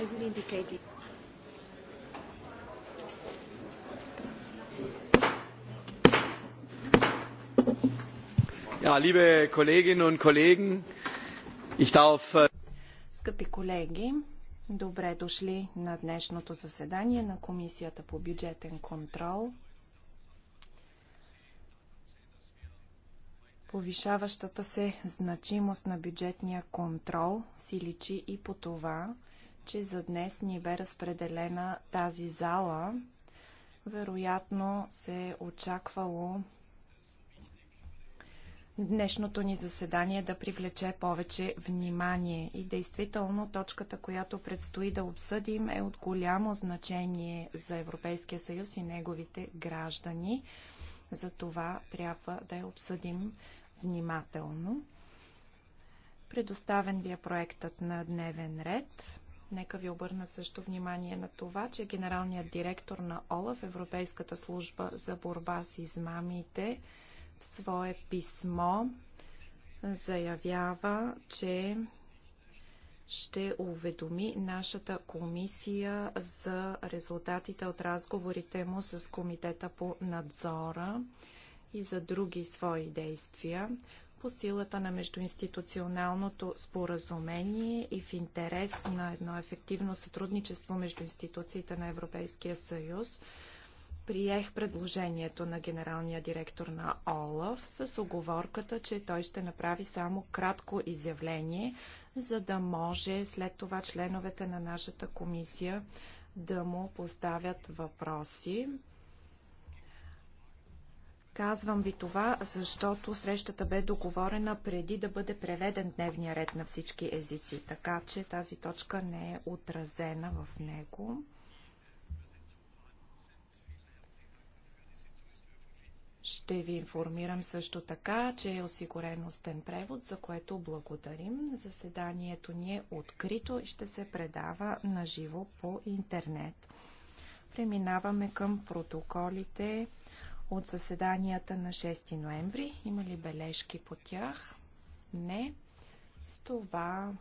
I will indicate it. Ja, liebe Kolleginnen und Kollegen, ich darf... Äh, Скъпи колеги, добре дошли на днешното заседание на Комисията по бюджетен контрол. Повишаващата се значимост на бюджетния контрол си личи и по това, че за днес ни бе разпределена тази зала. Вероятно се е очаквало днешното ни заседание да привлече повече внимание. И действително точката, която предстои да обсъдим е от голямо значение за Европейския съюз и неговите граждани. За това трябва да я обсъдим внимателно. Предоставен ви е проектът на дневен ред. Нека ви обърна също внимание на това, че генералният директор на ОЛАФ, Европейската служба за борба с измамите, в свое писмо заявява, че ще уведоми нашата комисия за резултатите от разговорите му с Комитета по надзора и за други свои действия по силата на междуинституционалното споразумение и в интерес на едно ефективно сътрудничество между институциите на Европейския съюз, приех предложението на генералния директор на ОЛАФ с оговорката, че той ще направи само кратко изявление, за да може след това членовете на нашата комисия да му поставят въпроси. Казвам ви това, защото срещата бе договорена преди да бъде преведен дневния ред на всички езици, така че тази точка не е отразена в него. Ще ви информирам също така, че е осигурен устен превод, за което благодарим. Заседанието ни е открито и ще се предава на живо по интернет. Преминаваме към протоколите от заседанията на 6 ноември. Има ли бележки по тях? Не. С това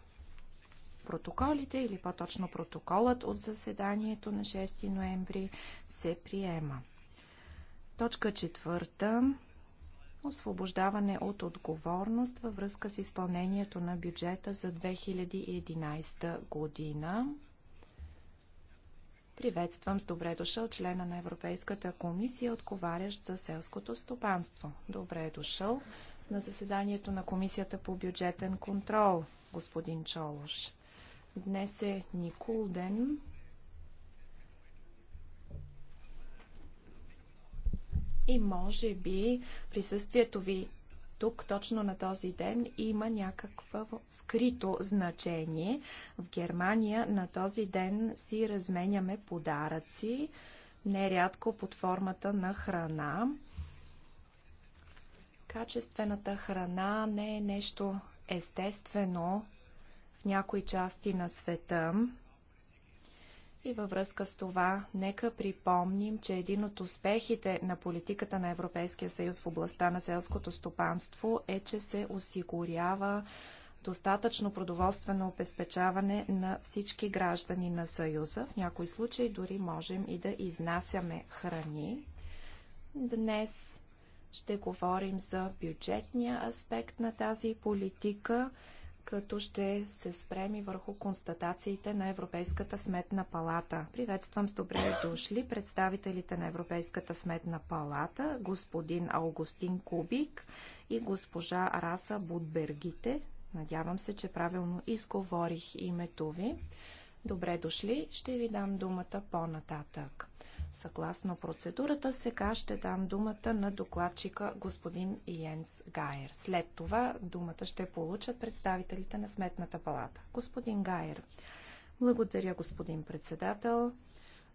протоколите или по-точно протоколът от заседанието на 6 ноември се приема. Точка четвърта освобождаване от отговорност във връзка с изпълнението на бюджета за 2011 година. Приветствам с добре дошъл члена на Европейската комисия, отговарящ за селското стопанство. Добре е дошъл на заседанието на Комисията по бюджетен контрол, господин Чолош. Днес е ден. И може би присъствието ви тук точно на този ден има някакво скрито значение. В Германия на този ден си разменяме подаръци, нерядко под формата на храна. Качествената храна не е нещо естествено в някои части на света. И във връзка с това, нека припомним, че един от успехите на политиката на Европейския съюз в областта на селското стопанство е, че се осигурява достатъчно продоволствено обезпечаване на всички граждани на Съюза. В някои случаи дори можем и да изнасяме храни. Днес ще говорим за бюджетния аспект на тази политика – като ще се спрем и върху констатациите на Европейската сметна палата. Приветствам с добре дошли представителите на Европейската сметна палата, господин Аугустин Кубик и госпожа Раса Будбергите. Надявам се, че правилно изговорих името ви. Добре дошли, ще ви дам думата по-нататък. Съгласно процедурата, сега ще дам думата на докладчика господин Йенс Гайер. След това думата ще получат представителите на Сметната палата. Господин Гайер, благодаря господин председател.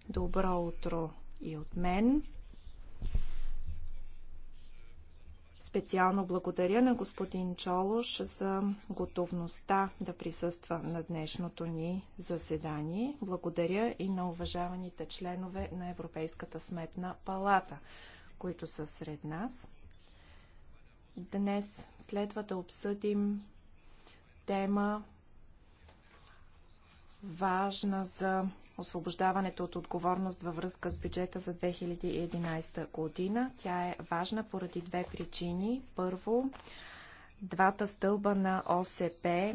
Добро утро и от мен. Специално благодаря на господин Чолош за готовността да присъства на днешното ни заседание. Благодаря и на уважаваните членове на Европейската сметна палата, които са сред нас. Днес следва да обсъдим тема важна за освобождаването от отговорност във връзка с бюджета за 2011 година. Тя е важна поради две причини. Първо, двата стълба на ОСП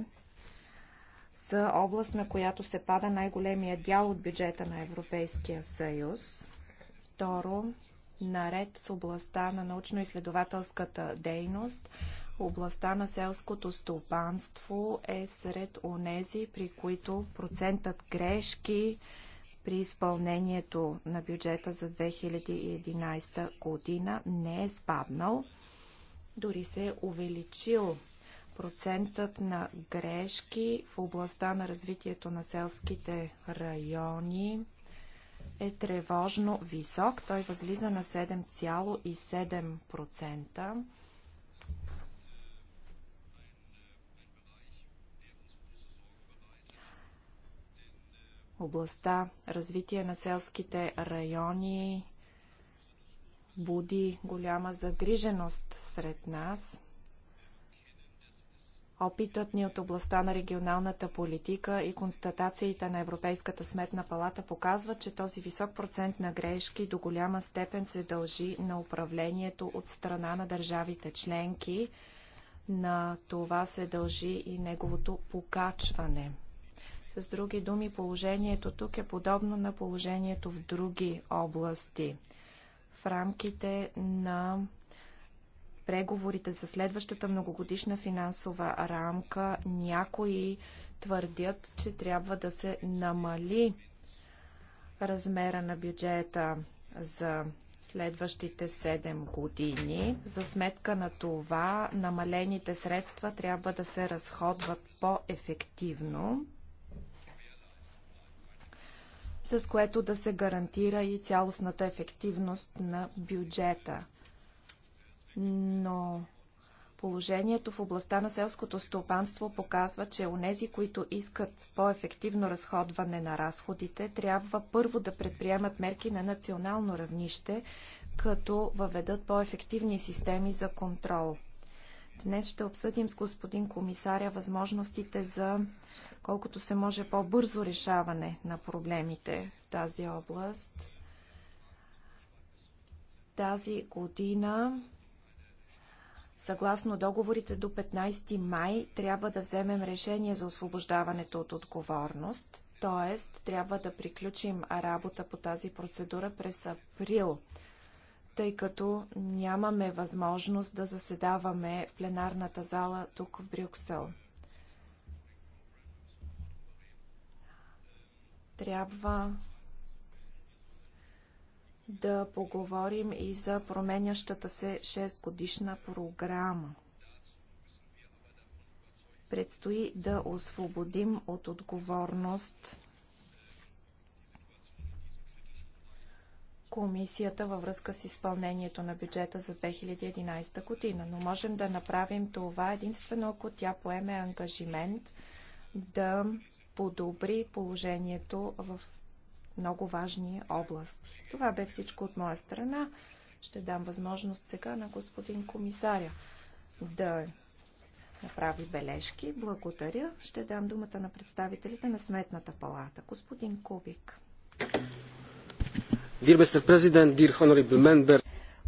са област, на която се пада най-големия дял от бюджета на Европейския съюз. Второ, наред с областта на научно-изследователската дейност, областта на селското стопанство е сред онези, при които процентът грешки при изпълнението на бюджета за 2011 година не е спаднал, дори се е увеличил процентът на грешки в областта на развитието на селските райони е тревожно висок. Той възлиза на 7,7%. областта развитие на селските райони буди голяма загриженост сред нас. Опитът ни от областта на регионалната политика и констатациите на Европейската сметна палата показват, че този висок процент на грешки до голяма степен се дължи на управлението от страна на държавите членки. На това се дължи и неговото покачване. С други думи, положението тук е подобно на положението в други области. В рамките на преговорите за следващата многогодишна финансова рамка някои твърдят, че трябва да се намали размера на бюджета за следващите 7 години. За сметка на това намалените средства трябва да се разходват по-ефективно, с което да се гарантира и цялостната ефективност на бюджета но положението в областта на селското стопанство показва, че онези, които искат по-ефективно разходване на разходите, трябва първо да предприемат мерки на национално равнище, като въведат по-ефективни системи за контрол. Днес ще обсъдим с господин комисаря възможностите за колкото се може по-бързо решаване на проблемите в тази област. Тази година Съгласно договорите до 15 май трябва да вземем решение за освобождаването от отговорност, т.е. трябва да приключим работа по тази процедура през април, тъй като нямаме възможност да заседаваме в пленарната зала тук в Брюксел. Трябва да поговорим и за променящата се 6 годишна програма. Предстои да освободим от отговорност комисията във връзка с изпълнението на бюджета за 2011 година, но можем да направим това единствено ако тя поеме ангажимент да подобри положението в много важни области. Това бе всичко от моя страна. Ще дам възможност сега на господин комисаря да направи бележки. Благодаря. Ще дам думата на представителите на Сметната палата. Господин Кубик. Дир мистер президент, дир хонорибл менбер,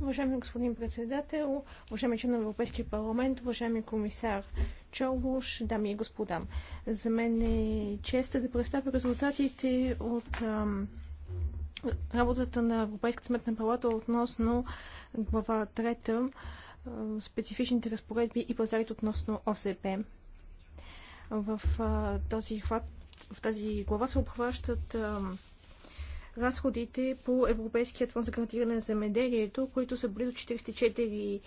Уважаеми господин председател, уважаеми член на Европейския парламент, уважаеми комисар Чолуш, дами и господа. За мен е чест да представя резултатите от ам, работата на Европейската сметна палата относно глава 3 специфичните разпоредби и пазарите относно ОСП. В, а, този хват, в тази глава се обхващат ам, разходите по Европейският фонд за гарантиране на земеделието, които са близо 44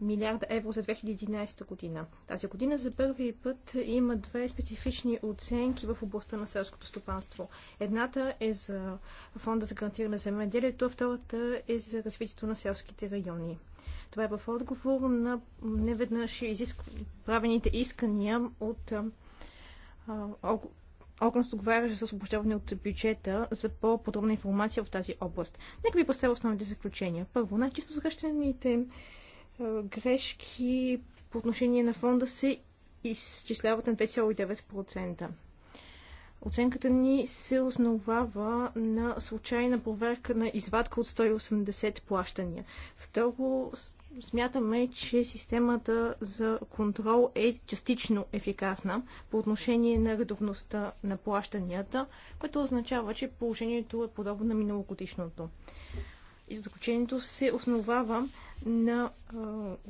милиарда евро за 2011 година. Тази година за първи път има две специфични оценки в областта на селското стопанство. Едната е за фонда за гарантиране на земеделието, а втората е за развитието на селските райони. Това е в отговор на неведнъж изиск... правените искания от орган отговаряше с обобщаване от бюджета за по-подробна информация в тази област. Нека ви представя основните заключения. Първо, най-чисто срещаните е, грешки по отношение на фонда се изчисляват на 2,9%. Оценката ни се основава на случайна проверка на извадка от 180 плащания. Второ, смятаме, че системата за контрол е частично ефикасна по отношение на редовността на плащанията, което означава, че положението е подобно на миналогодишното. И заключението се основава на а,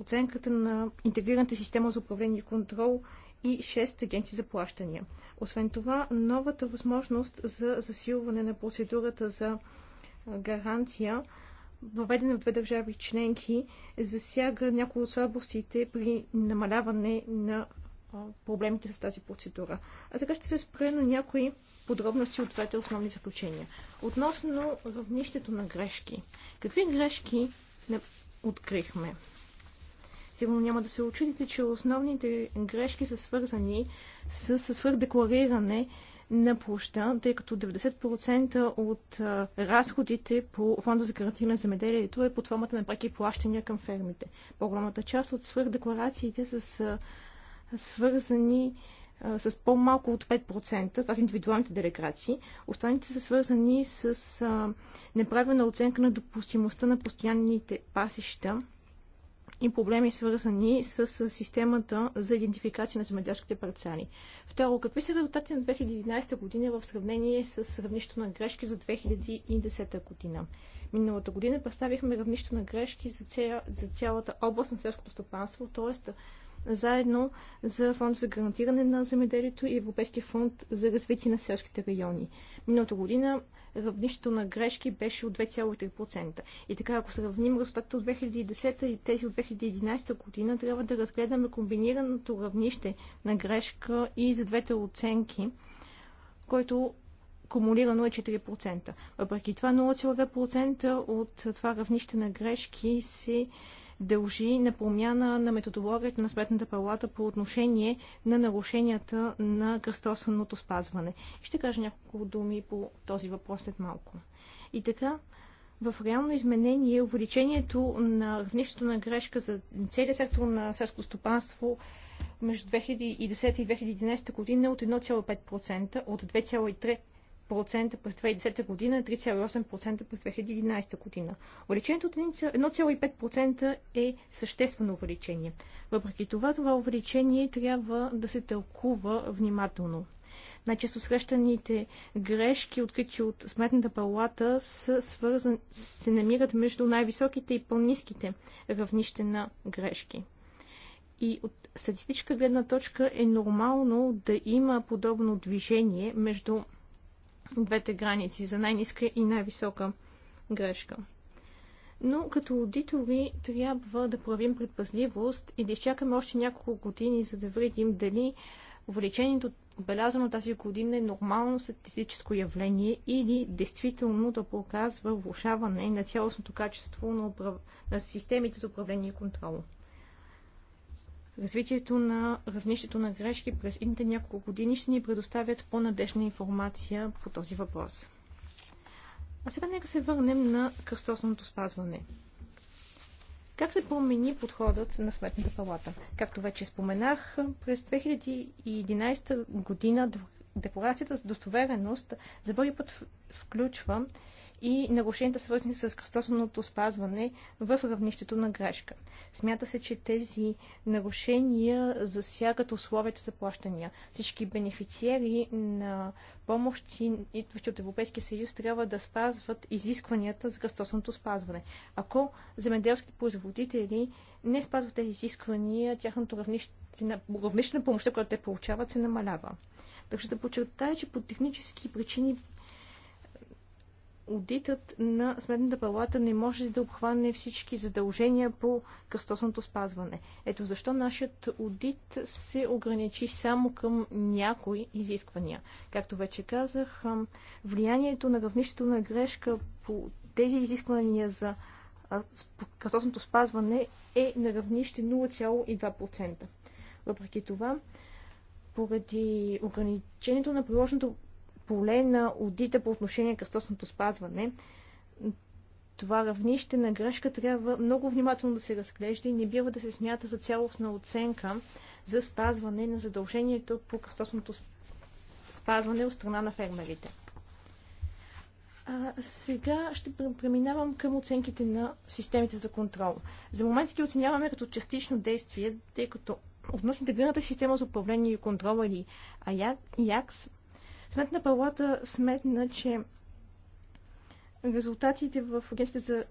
оценката на интегрираната система за управление и контрол и 6 агенти за плащания. Освен това, новата възможност за засилване на процедурата за гаранция въведена в две държави членки, засяга някои от слабостите при намаляване на проблемите с тази процедура. А сега ще се спре на някои подробности от двете основни заключения. Относно равнището на грешки. Какви грешки не открихме? Сигурно няма да се очудите, че основните грешки са свързани с свърхдеклариране на площа, тъй като 90% от разходите по фонда за гарантиране на земеделието е под формата на преки плащания към фермите. По-голямата част от свърхдекларациите са свързани с по-малко от 5%, това са индивидуалните делегации, Останите са свързани с неправилна оценка на допустимостта на постоянните пасища и проблеми, свързани с системата за идентификация на земеделските парцели. Второ, какви са резултатите на 2011 година в сравнение с равнището на грешки за 2010 година? Миналата година представихме равнището на грешки за, ця... за цялата област на селското стопанство, т.е. заедно за фонд за гарантиране на земеделието и Европейския фонд за развитие на селските райони. Миналата година равнището на грешки беше от 2,3%. И така, ако сравним резултатите от 2010 и тези от 2011 година, трябва да разгледаме комбинираното равнище на грешка и за двете оценки, който кумулирано е 4%. Въпреки това 0,2% от това равнище на грешки се дължи на промяна на методологията на Сметната палата по отношение на нарушенията на кръстосаното спазване. Ще кажа няколко думи по този въпрос след малко. И така, в реално изменение увеличението на равнището на грешка за целия сектор на селско стопанство между 2010 и 2011 година е от 1,5%, от 2,3% през 2010 година, 3,8% през 2011 година. Увеличението от 1,5% е съществено увеличение. Въпреки това, това увеличение трябва да се тълкува внимателно. Най-често срещаните грешки, открити от Сметната палата, са свързан, се намират между най-високите и по-низките равнища на грешки. И от статистическа гледна точка е нормално да има подобно движение между двете граници за най-ниска и най-висока грешка. Но като аудитори трябва да проявим предпазливост и да изчакаме още няколко години, за да видим дали увеличението отбелязано тази година е нормално статистическо явление или действително да показва влушаване на цялостното качество на, управ... на системите за управление и контрол. Развитието на равнището на грешки през идните няколко години ще ни предоставят по-надежна информация по този въпрос. А сега нека се върнем на кръстосното спазване. Как се промени подходът на Сметната палата? Както вече споменах, през 2011 година декларацията за достовереност за първи път включва и нарушенията, свързани с кръстосаното спазване в равнището на грешка. Смята се, че тези нарушения засягат условията за плащания. Всички бенефициери на помощи, идващи от Европейския съюз, трябва да спазват изискванията за кръстосаното спазване. Ако земеделски производители не спазват тези изисквания, тяхното равнище на, помощта, която те получават, се намалява. Държа да подчертая, че по технически причини аудитът на Сметната палата не може да обхване всички задължения по кръстосното спазване. Ето защо нашият аудит се ограничи само към някои изисквания. Както вече казах, влиянието на равнището на грешка по тези изисквания за кръстосното спазване е на равнище 0,2%. Въпреки това, поради ограничението на приложното поле на аудита по отношение кръстосното спазване, това равнище на грешка трябва много внимателно да се разглежда и не бива да се смята за цялостна оценка за спазване на задължението по кръстосното спазване от страна на фермерите. А, сега ще преминавам към оценките на системите за контрол. За момент ги оценяваме като частично действие, тъй като Относно интегрираната система за управление и контрол или АЯКС, Сметна палата сметна, че резултатите в Агенцията за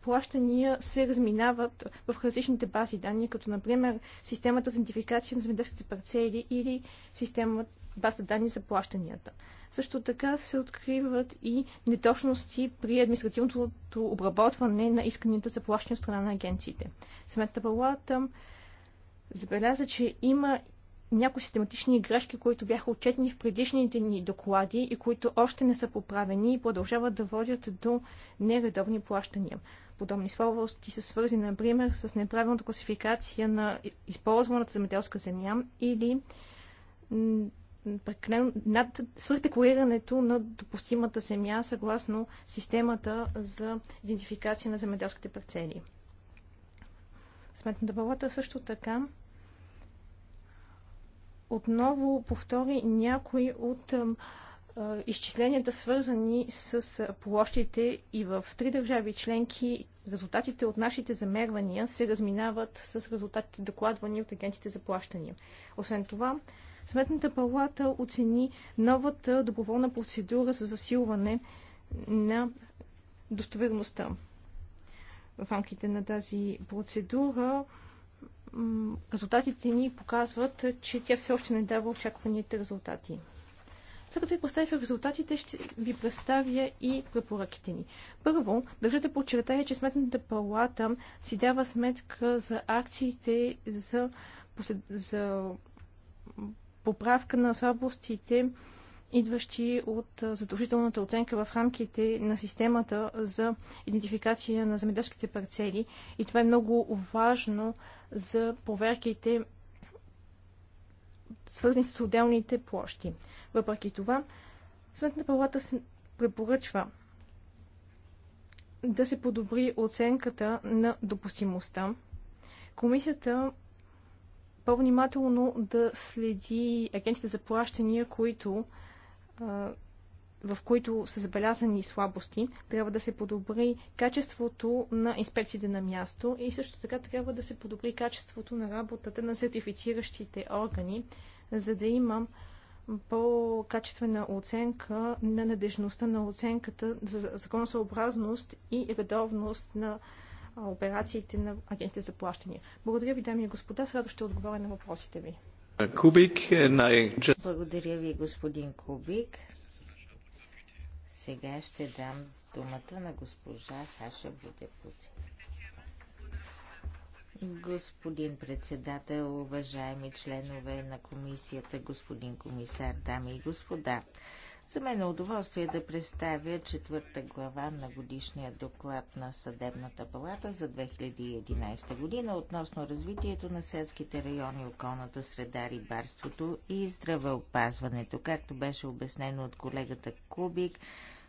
плащания се разминават в различните бази данни, като например системата за идентификация на земеделските парцели или системата база данни за плащанията. Също така се откриват и неточности при административното обработване на исканията за плащания от страна на агенциите. Сметната палата забеляза, че има някои систематични грешки, които бяха отчетени в предишните ни доклади и които още не са поправени и продължават да водят до нередовни плащания. Подобни слабости са свързани, например, с неправилната класификация на използваната земеделска земя или над свъртекулирането на допустимата земя съгласно системата за идентификация на земеделските парцели. Сметната палата също така отново повтори някои от изчисленията, свързани с площите и в три държави членки, резултатите от нашите замервания се разминават с резултатите докладвани от агентите за плащания. Освен това, Сметната палата оцени новата доброволна процедура за засилване на достоверността. В рамките на тази процедура резултатите ни показват, че тя все още не дава очакваните резултати. След като ви представих резултатите, ще ви представя и препоръките ни. Първо, държа да подчертая, че сметната палата си дава сметка за акциите за, за поправка на слабостите идващи от задължителната оценка в рамките на системата за идентификация на земеделските парцели. И това е много важно за проверките, свързани с отделните площи. Въпреки това, Сметната палата се препоръчва да се подобри оценката на допустимостта. Комисията по-внимателно да следи агентите за плащания, които в които са забелязани слабости, трябва да се подобри качеството на инспекциите на място и също така трябва да се подобри качеството на работата на сертифициращите органи, за да имам по-качествена оценка на надежността на оценката за законосъобразност и редовност на операциите на агентите за плащания. Благодаря ви, дами и господа. С радост ще отговоря на въпросите ви. Кубик. Благодаря ви, господин Кубик. Сега ще дам думата на госпожа Саша Будепути. Господин председател, уважаеми членове на комисията, господин комисар, дами и господа. За мен е удоволствие да представя четвърта глава на годишния доклад на Съдебната палата за 2011 година относно развитието на селските райони, околната среда, рибарството и здравеопазването. Както беше обяснено от колегата Кубик,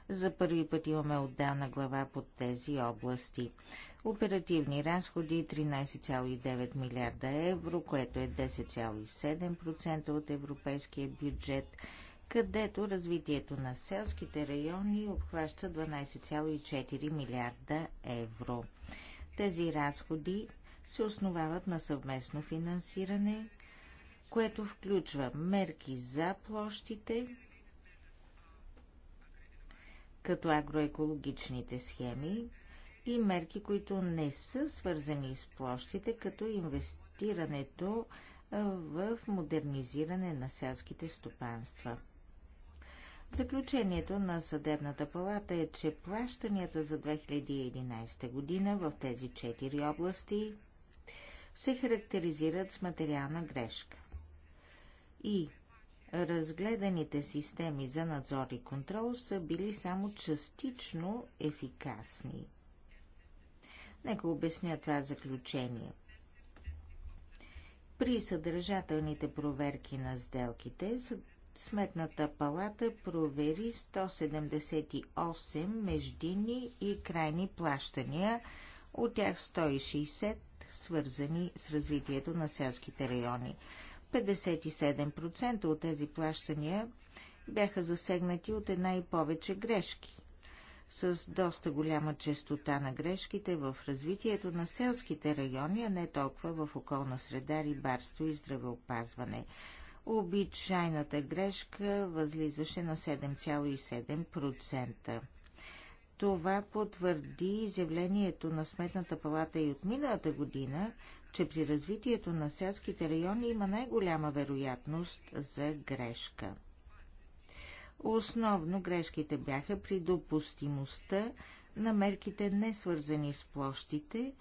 за първи път имаме отделна глава под тези области. Оперативни разходи 13,9 милиарда евро, което е 10,7% от европейския бюджет – където развитието на селските райони обхваща 12,4 милиарда евро. Тези разходи се основават на съвместно финансиране, което включва мерки за площите, като агроекологичните схеми и мерки, които не са свързани с площите, като инвестирането в модернизиране на селските стопанства. Заключението на Съдебната палата е, че плащанията за 2011 година в тези четири области се характеризират с материална грешка. И разгледаните системи за надзор и контрол са били само частично ефикасни. Нека обясня това заключение. При съдържателните проверки на сделките Сметната палата провери 178 междинни и крайни плащания, от тях 160 свързани с развитието на селските райони. 57% от тези плащания бяха засегнати от една и повече грешки. С доста голяма частота на грешките в развитието на селските райони, а не толкова в околна среда, рибарство и здравеопазване обичайната грешка възлизаше на 7,7%. Това потвърди изявлението на Сметната палата и от миналата година, че при развитието на селските райони има най-голяма вероятност за грешка. Основно грешките бяха при допустимостта на мерките не свързани с площите,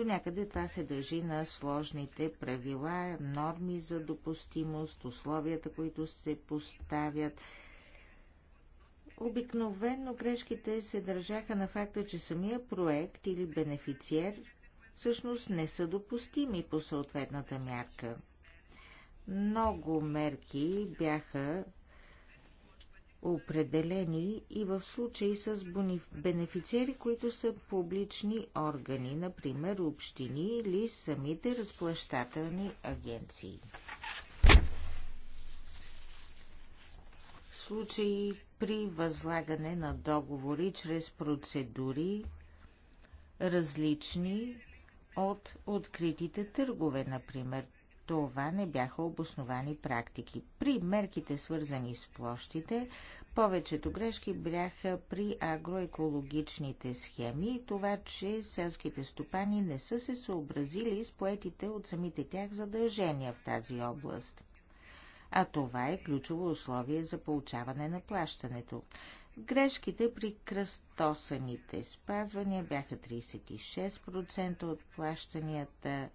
до някъде това се дължи на сложните правила, норми за допустимост, условията, които се поставят. Обикновено грешките се държаха на факта, че самия проект или бенефициер всъщност не са допустими по съответната мярка. Много мерки бяха определени и в случаи с бенефициери, които са публични органи, например общини или самите разплащателни агенции. Случаи при възлагане на договори чрез процедури, различни от откритите търгове, например това не бяха обосновани практики. При мерките свързани с площите, повечето грешки бяха при агроекологичните схеми и това, че селските стопани не са се съобразили с поетите от самите тях задължения в тази област. А това е ключово условие за получаване на плащането. Грешките при кръстосаните спазвания бяха 36% от плащанията,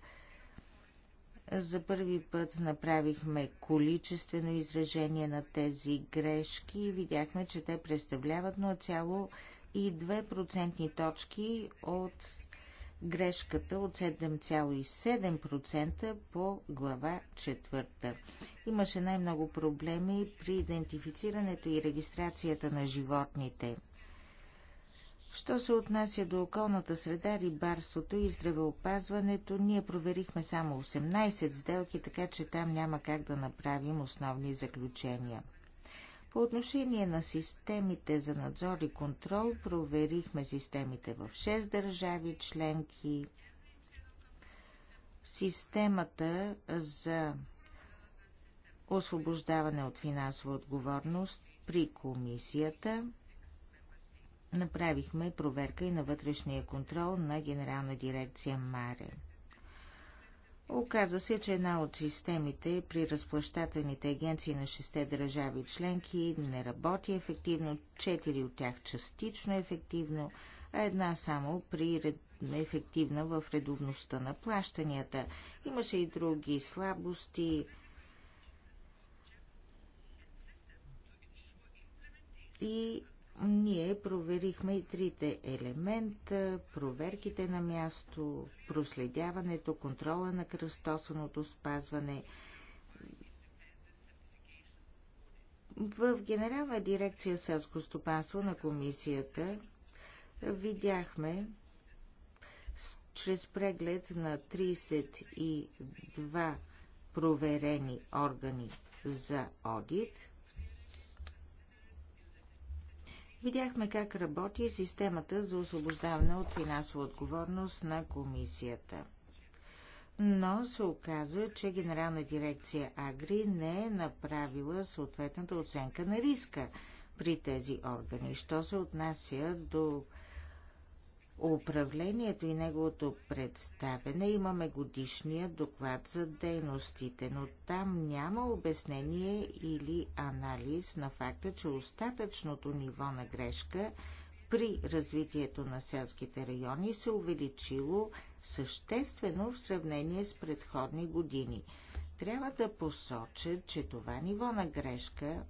за първи път направихме количествено изражение на тези грешки и видяхме, че те представляват 0,2% точки от грешката от 7,7% по глава 4. Имаше най-много проблеми при идентифицирането и регистрацията на животните – Що се отнася до околната среда, рибарството и здравеопазването, ние проверихме само 18 сделки, така че там няма как да направим основни заключения. По отношение на системите за надзор и контрол, проверихме системите в 6 държави членки. Системата за освобождаване от финансова отговорност при комисията – направихме проверка и на вътрешния контрол на Генерална дирекция Маре. Оказа се, че една от системите при разплащателните агенции на шесте държави членки не работи ефективно, четири от тях частично ефективно, а една само при ред... ефективна в редовността на плащанията. Имаше и други слабости. И ние проверихме и трите елемента, проверките на място, проследяването, контрола на кръстосаното спазване. В Генерална дирекция селско стопанство на комисията видяхме чрез преглед на 32 проверени органи за одит – Видяхме как работи системата за освобождаване от финансова отговорност на комисията. Но се оказа, че Генерална дирекция Агри не е направила съответната оценка на риска при тези органи. Що се отнася до управлението и неговото представене имаме годишния доклад за дейностите, но там няма обяснение или анализ на факта, че остатъчното ниво на грешка при развитието на селските райони се увеличило съществено в сравнение с предходни години. Трябва да посоча, че това ниво на грешка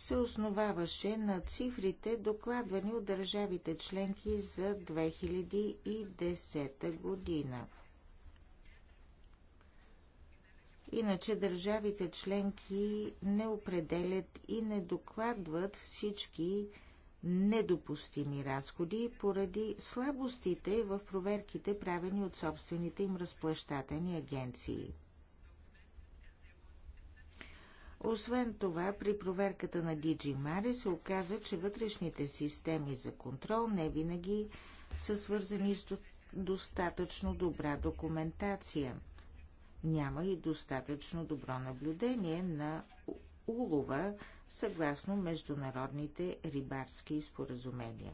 се основаваше на цифрите, докладвани от държавите членки за 2010 година. Иначе държавите членки не определят и не докладват всички недопустими разходи поради слабостите в проверките, правени от собствените им разплащателни агенции. Освен това, при проверката на DigiMare се оказа, че вътрешните системи за контрол не винаги са свързани с достатъчно добра документация. Няма и достатъчно добро наблюдение на улова съгласно международните рибарски споразумения.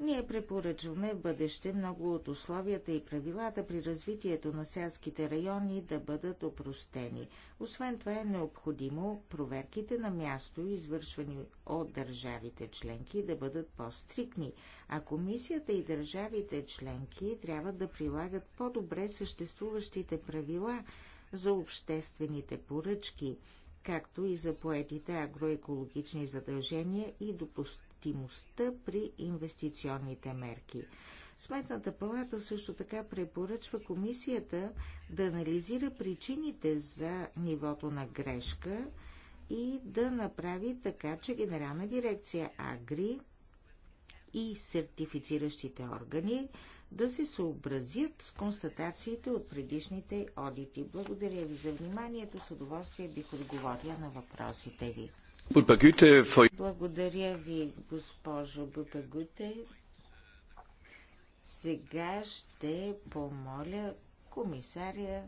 Ние препоръчваме в бъдеще много от условията и правилата при развитието на селските райони да бъдат опростени. Освен това е необходимо проверките на място, извършвани от държавите членки, да бъдат по-стрикни, а комисията и държавите членки трябва да прилагат по-добре съществуващите правила за обществените поръчки, както и за поетите агроекологични задължения и допустимите допустимостта при инвестиционните мерки. Сметната палата също така препоръчва комисията да анализира причините за нивото на грешка и да направи така, че Генерална дирекция Агри и сертифициращите органи да се съобразят с констатациите от предишните одити. Благодаря ви за вниманието. С удоволствие бих отговорила на въпросите ви. Благодаря ви, госпожо Бупагуте. Сега ще помоля комисаря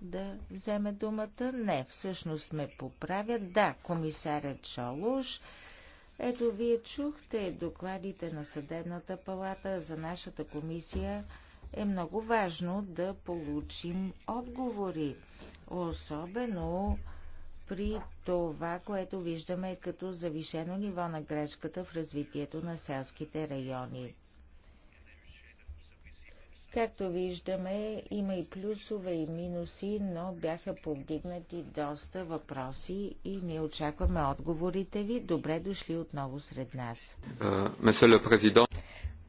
да вземе думата. Не, всъщност ме поправят. Да, комисаря Чолуш. Ето, вие чухте докладите на Съдебната палата за нашата комисия. Е много важно да получим отговори, особено при това, което виждаме като завишено ниво на грешката в развитието на селските райони. Както виждаме, има и плюсове и минуси, но бяха повдигнати доста въпроси и ние очакваме отговорите ви. Добре дошли отново сред нас.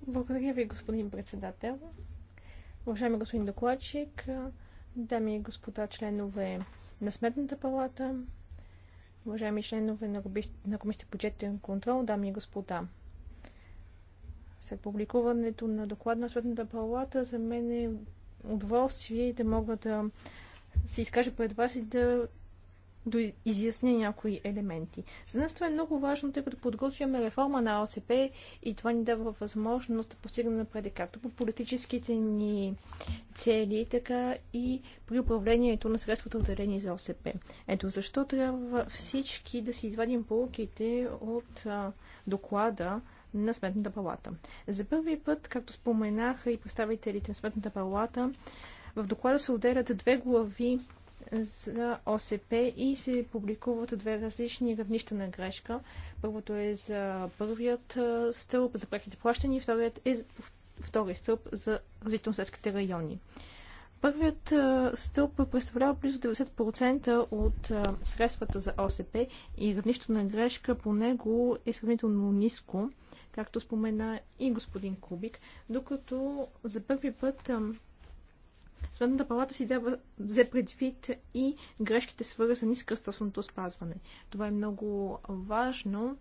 Благодаря ви, господин председател. Уважаеми господин докладчик, дами и господа членове на Сметната палата, уважаеми членове на, Комисията по Комисията бюджетен контрол, дами и господа. След публикуването на доклад на Сметната палата, за мен е удоволствие да мога да се изкажа пред вас и да до изясня някои елементи. За нас това е много важно, тъй като подготвяме реформа на ОСП и това ни дава възможност да постигнем напреди както по политическите ни цели, така и при управлението на средствата отделени за ОСП. Ето защо трябва всички да си извадим полуките от а, доклада, на Сметната палата. За първи път, както споменаха и представителите на Сметната палата, в доклада се отделят две глави за ОСП и се публикуват две различни равнища на грешка. Първото е за първият стълб за преките плащания и вторият е втори стълб за развитието на райони. Първият стълб представлява близо 90% от средствата за ОСП и равнището на грешка по него е сравнително ниско, както спомена и господин Кубик, докато за първи път Сметната палата си дава, взе предвид и грешките свързани с кръстосното спазване. Това е много важно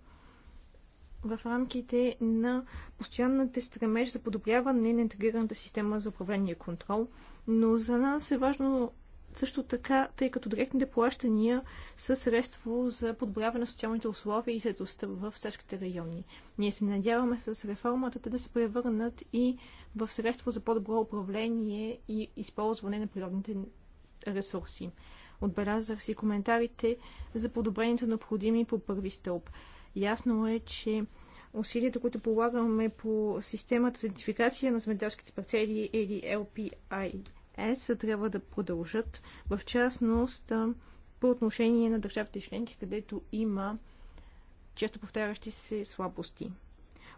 в рамките на постоянната стремеж за подобряване на интегрираната система за управление и контрол. Но за нас е важно също така, тъй като директните плащания са средство за подобряване на социалните условия и заедостта в селските райони. Ние се надяваме с реформата да се превърнат и в средство за по-добро управление и използване на природните ресурси. Отбелязах си коментарите за подобренията необходими по първи стълб. Ясно е, че усилията, които полагаме по системата за идентификация на земеделските парцели или LPIS, трябва да продължат. В частност, по отношение на държавите членки, където има често повтарящи се слабости.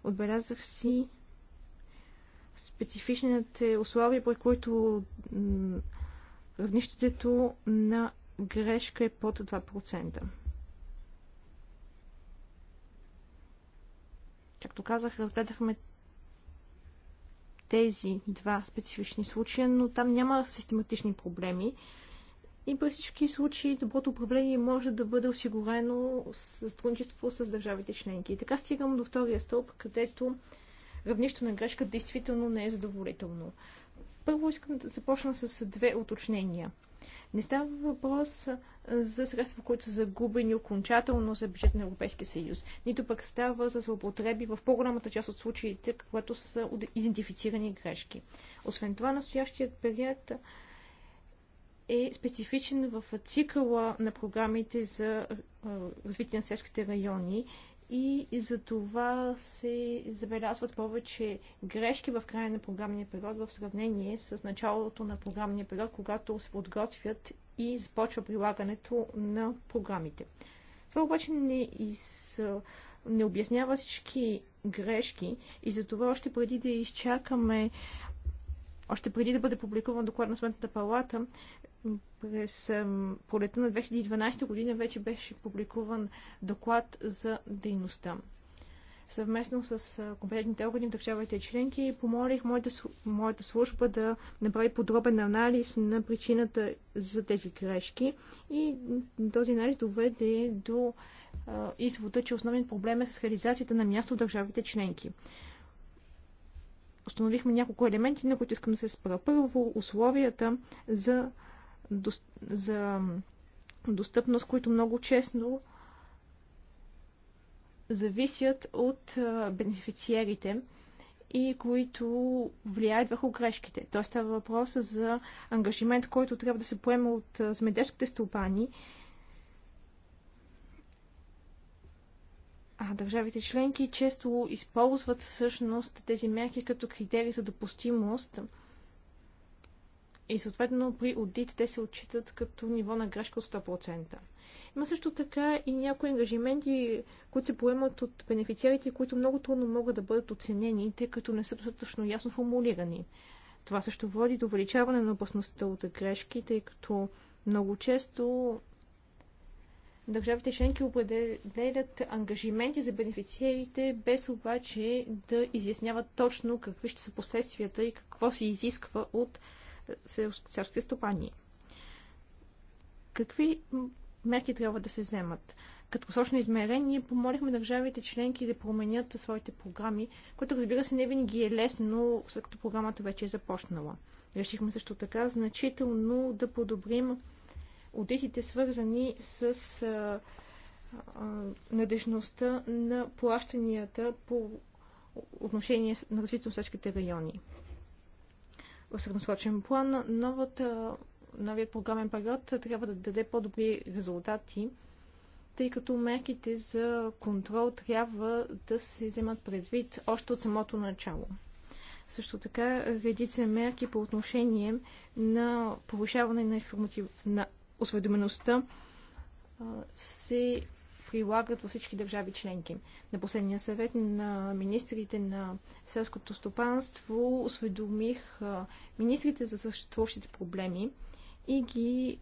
Отбелязах си специфичните условия, при които равнището на грешка е под 2%. Както казах, разгледахме тези два специфични случая, но там няма систематични проблеми. И при всички случаи доброто управление може да бъде осигурено с сътрудничество с държавите членки. И така стигам до втория стълб, където равнището на грешка действително не е задоволително. Първо искам да започна с две уточнения. Не става въпрос за средства, които са загубени окончателно за бюджет на Европейския съюз. Нито пък става за злоупотреби в по-голямата част от случаите, когато са идентифицирани грешки. Освен това, настоящият период е специфичен в цикъла на програмите за развитие на селските райони и за това се забелязват повече грешки в края на програмния период в сравнение с началото на програмния период, когато се подготвят и започва прилагането на програмите. Това обаче не, из, не обяснява всички грешки и затова още преди да изчакаме още преди да бъде публикуван доклад на Сметната палата, през пролета на 2012 година вече беше публикуван доклад за дейността. Съвместно с компетентните органи в държавите и членки помолих моята, моята служба да направи подробен анализ на причината за тези грешки и този анализ доведе до извода, че основен проблем е с реализацията на място в държавите членки установихме няколко елементи, на които искам да се спра. Първо, условията за, за достъпност, които много честно зависят от бенефициерите и които влияят върху грешките. Тоест става въпрос за ангажимент, който трябва да се поема от земеделските стопани А държавите членки често използват всъщност тези мерки като критерии за допустимост и съответно при аудит те се отчитат като ниво на грешка от 100%. Има също така и някои ангажименти, които се поемат от бенефициарите, които много трудно могат да бъдат оценени, тъй като не са достатъчно ясно формулирани. Това също води до увеличаване на опасността от грешки, тъй като много често държавите членки определят ангажименти за бенефициерите, без обаче да изясняват точно какви ще са последствията и какво се изисква от е, селските стопани. Какви мерки трябва да се вземат? Като срочно измерение, помолихме държавите членки да променят своите програми, което разбира се не винаги е лесно, след като програмата вече е започнала. Решихме също така значително да подобрим одитите, свързани с а, а, надежността на плащанията по отношение на развитието на всичките райони. В средносрочен план новата, новият програмен период трябва да даде по-добри резултати, тъй като мерките за контрол трябва да се вземат предвид още от самото начало. Също така редица мерки по отношение на повишаване на, информатив... на осведомеността се прилагат във всички държави членки. На последния съвет на министрите на селското стопанство осведомих министрите за съществуващите проблеми и ги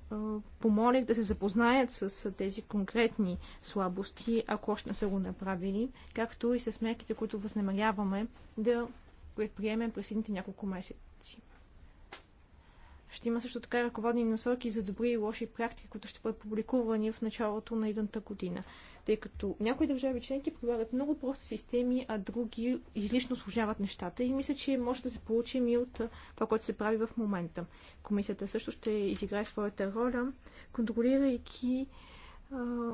помолих да се запознаят с тези конкретни слабости, ако още не са го направили, както и с мерките, които възнамеряваме да предприемем през следните няколко месеци. Ще има също така ръководни насоки за добри и лоши практики, които ще бъдат публикувани в началото на идната година. Тъй като някои държави членки прилагат много прости системи, а други излишно служават нещата и мисля, че може да се получим и от това, което се прави в момента. Комисията също ще изиграе своята роля, контролирайки а,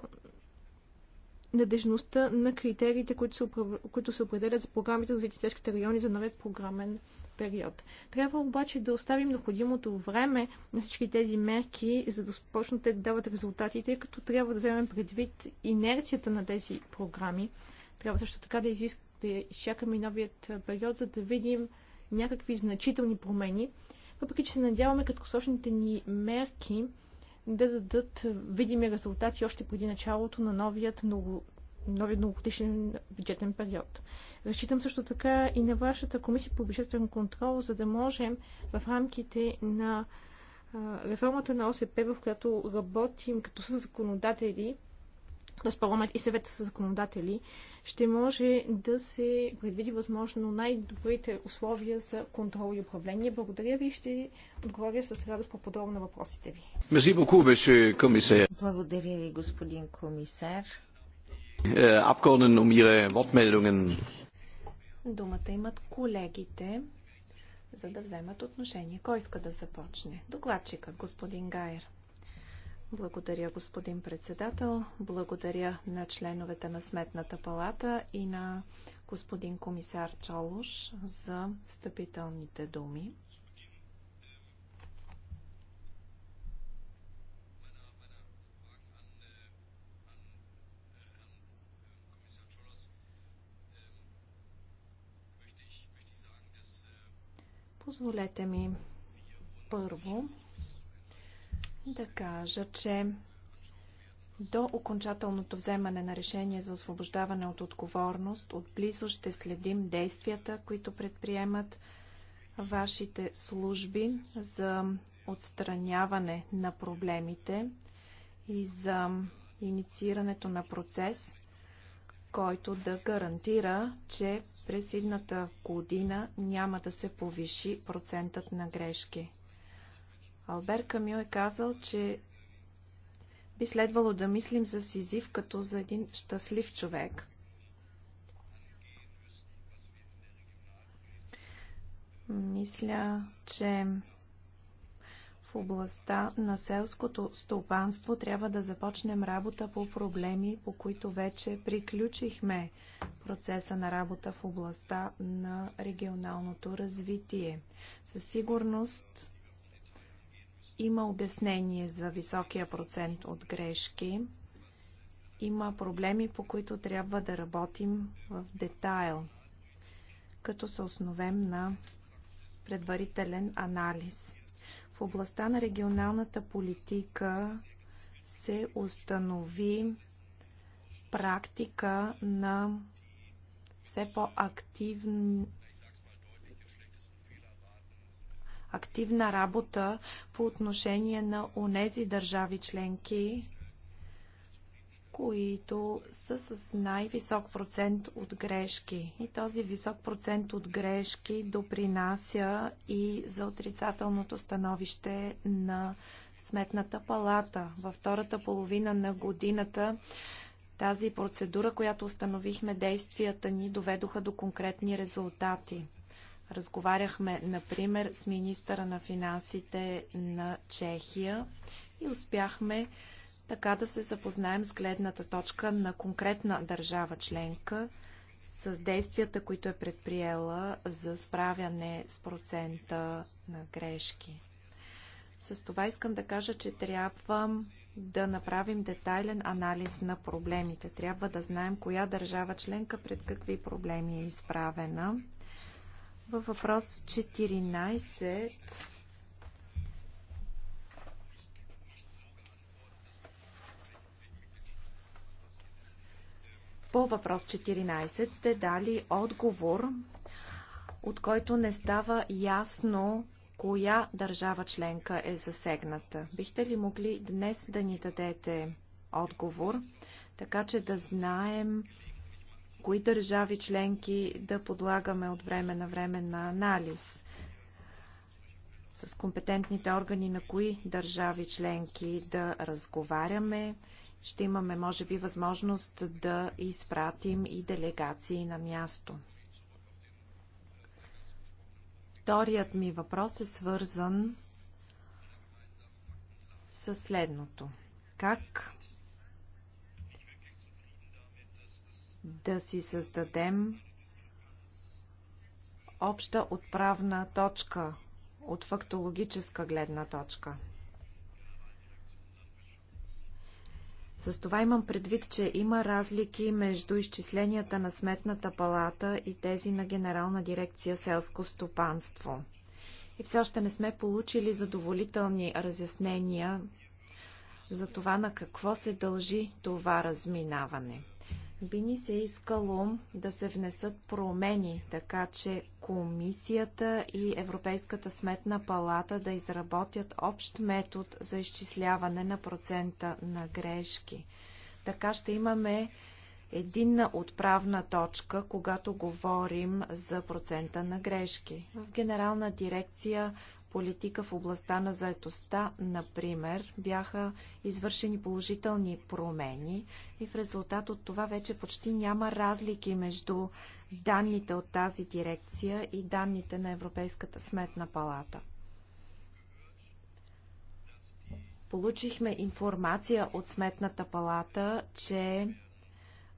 надежността на критериите, които се, които се определят за програмите за развитие райони за новият програмен период. Трябва обаче да оставим необходимото време на всички тези мерки, за да започнат да дават резултатите, като трябва да вземем предвид инерцията на тези програми. Трябва също така да, изискаме да изчакаме новият период, за да видим някакви значителни промени, въпреки че се надяваме краткосрочните ни мерки да дадат видими резултати още преди началото на новият много нови многогодишен бюджетен период. Разчитам също така и на вашата комисия по бюджетен контрол, за да можем в рамките на реформата на ОСП, в която работим като са законодатели, т.е. парламент и съвет са законодатели, ще може да се предвиди възможно най-добрите условия за контрол и управление. Благодаря ви и ще отговоря с радост по-подробно на въпросите ви. Благодаря ви, господин комисар. Äh, um Думата имат колегите, за да вземат отношение. Кой иска да започне? Докладчика, господин Гайер. Благодаря, господин председател. Благодаря на членовете на Сметната палата и на господин комисар Чолуш за стъпителните думи. Позволете ми първо да кажа, че до окончателното вземане на решение за освобождаване от отговорност, отблизо ще следим действията, които предприемат вашите служби за отстраняване на проблемите и за инициирането на процес, който да гарантира, че през идната година няма да се повиши процентът на грешки. Албер Камю е казал, че би следвало да мислим за Сизив като за един щастлив човек. Мисля, че в областта на селското стопанство трябва да започнем работа по проблеми, по които вече приключихме процеса на работа в областта на регионалното развитие. Със сигурност има обяснение за високия процент от грешки. Има проблеми, по които трябва да работим в детайл, като се основем на предварителен анализ областта на регионалната политика се установи практика на все по активна работа по отношение на онези държави членки, които са с най-висок процент от грешки. И този висок процент от грешки допринася и за отрицателното становище на Сметната палата. Във втората половина на годината тази процедура, която установихме, действията ни доведоха до конкретни резултати. Разговаряхме, например, с министъра на финансите на Чехия и успяхме така да се запознаем с гледната точка на конкретна държава членка, с действията, които е предприела за справяне с процента на грешки. С това искам да кажа, че трябва да направим детайлен анализ на проблемите. Трябва да знаем коя държава членка пред какви проблеми е изправена. Във въпрос 14 По въпрос 14 сте дали отговор, от който не става ясно коя държава членка е засегната. Бихте ли могли днес да ни дадете отговор, така че да знаем кои държави членки да подлагаме от време на време на анализ? С компетентните органи на кои държави членки да разговаряме? ще имаме, може би, възможност да изпратим и делегации на място. Вторият ми въпрос е свързан със следното. Как да си създадем обща отправна точка от фактологическа гледна точка – С това имам предвид, че има разлики между изчисленията на Сметната палата и тези на Генерална дирекция селско стопанство. И все още не сме получили задоволителни разяснения за това на какво се дължи това разминаване. Би ни се искало да се внесат промени, така че Комисията и Европейската сметна палата да изработят общ метод за изчисляване на процента на грешки. Така ще имаме единна отправна точка, когато говорим за процента на грешки. В Генерална дирекция политика в областта на заетостта, например, бяха извършени положителни промени и в резултат от това вече почти няма разлики между данните от тази дирекция и данните на Европейската сметна палата. Получихме информация от Сметната палата, че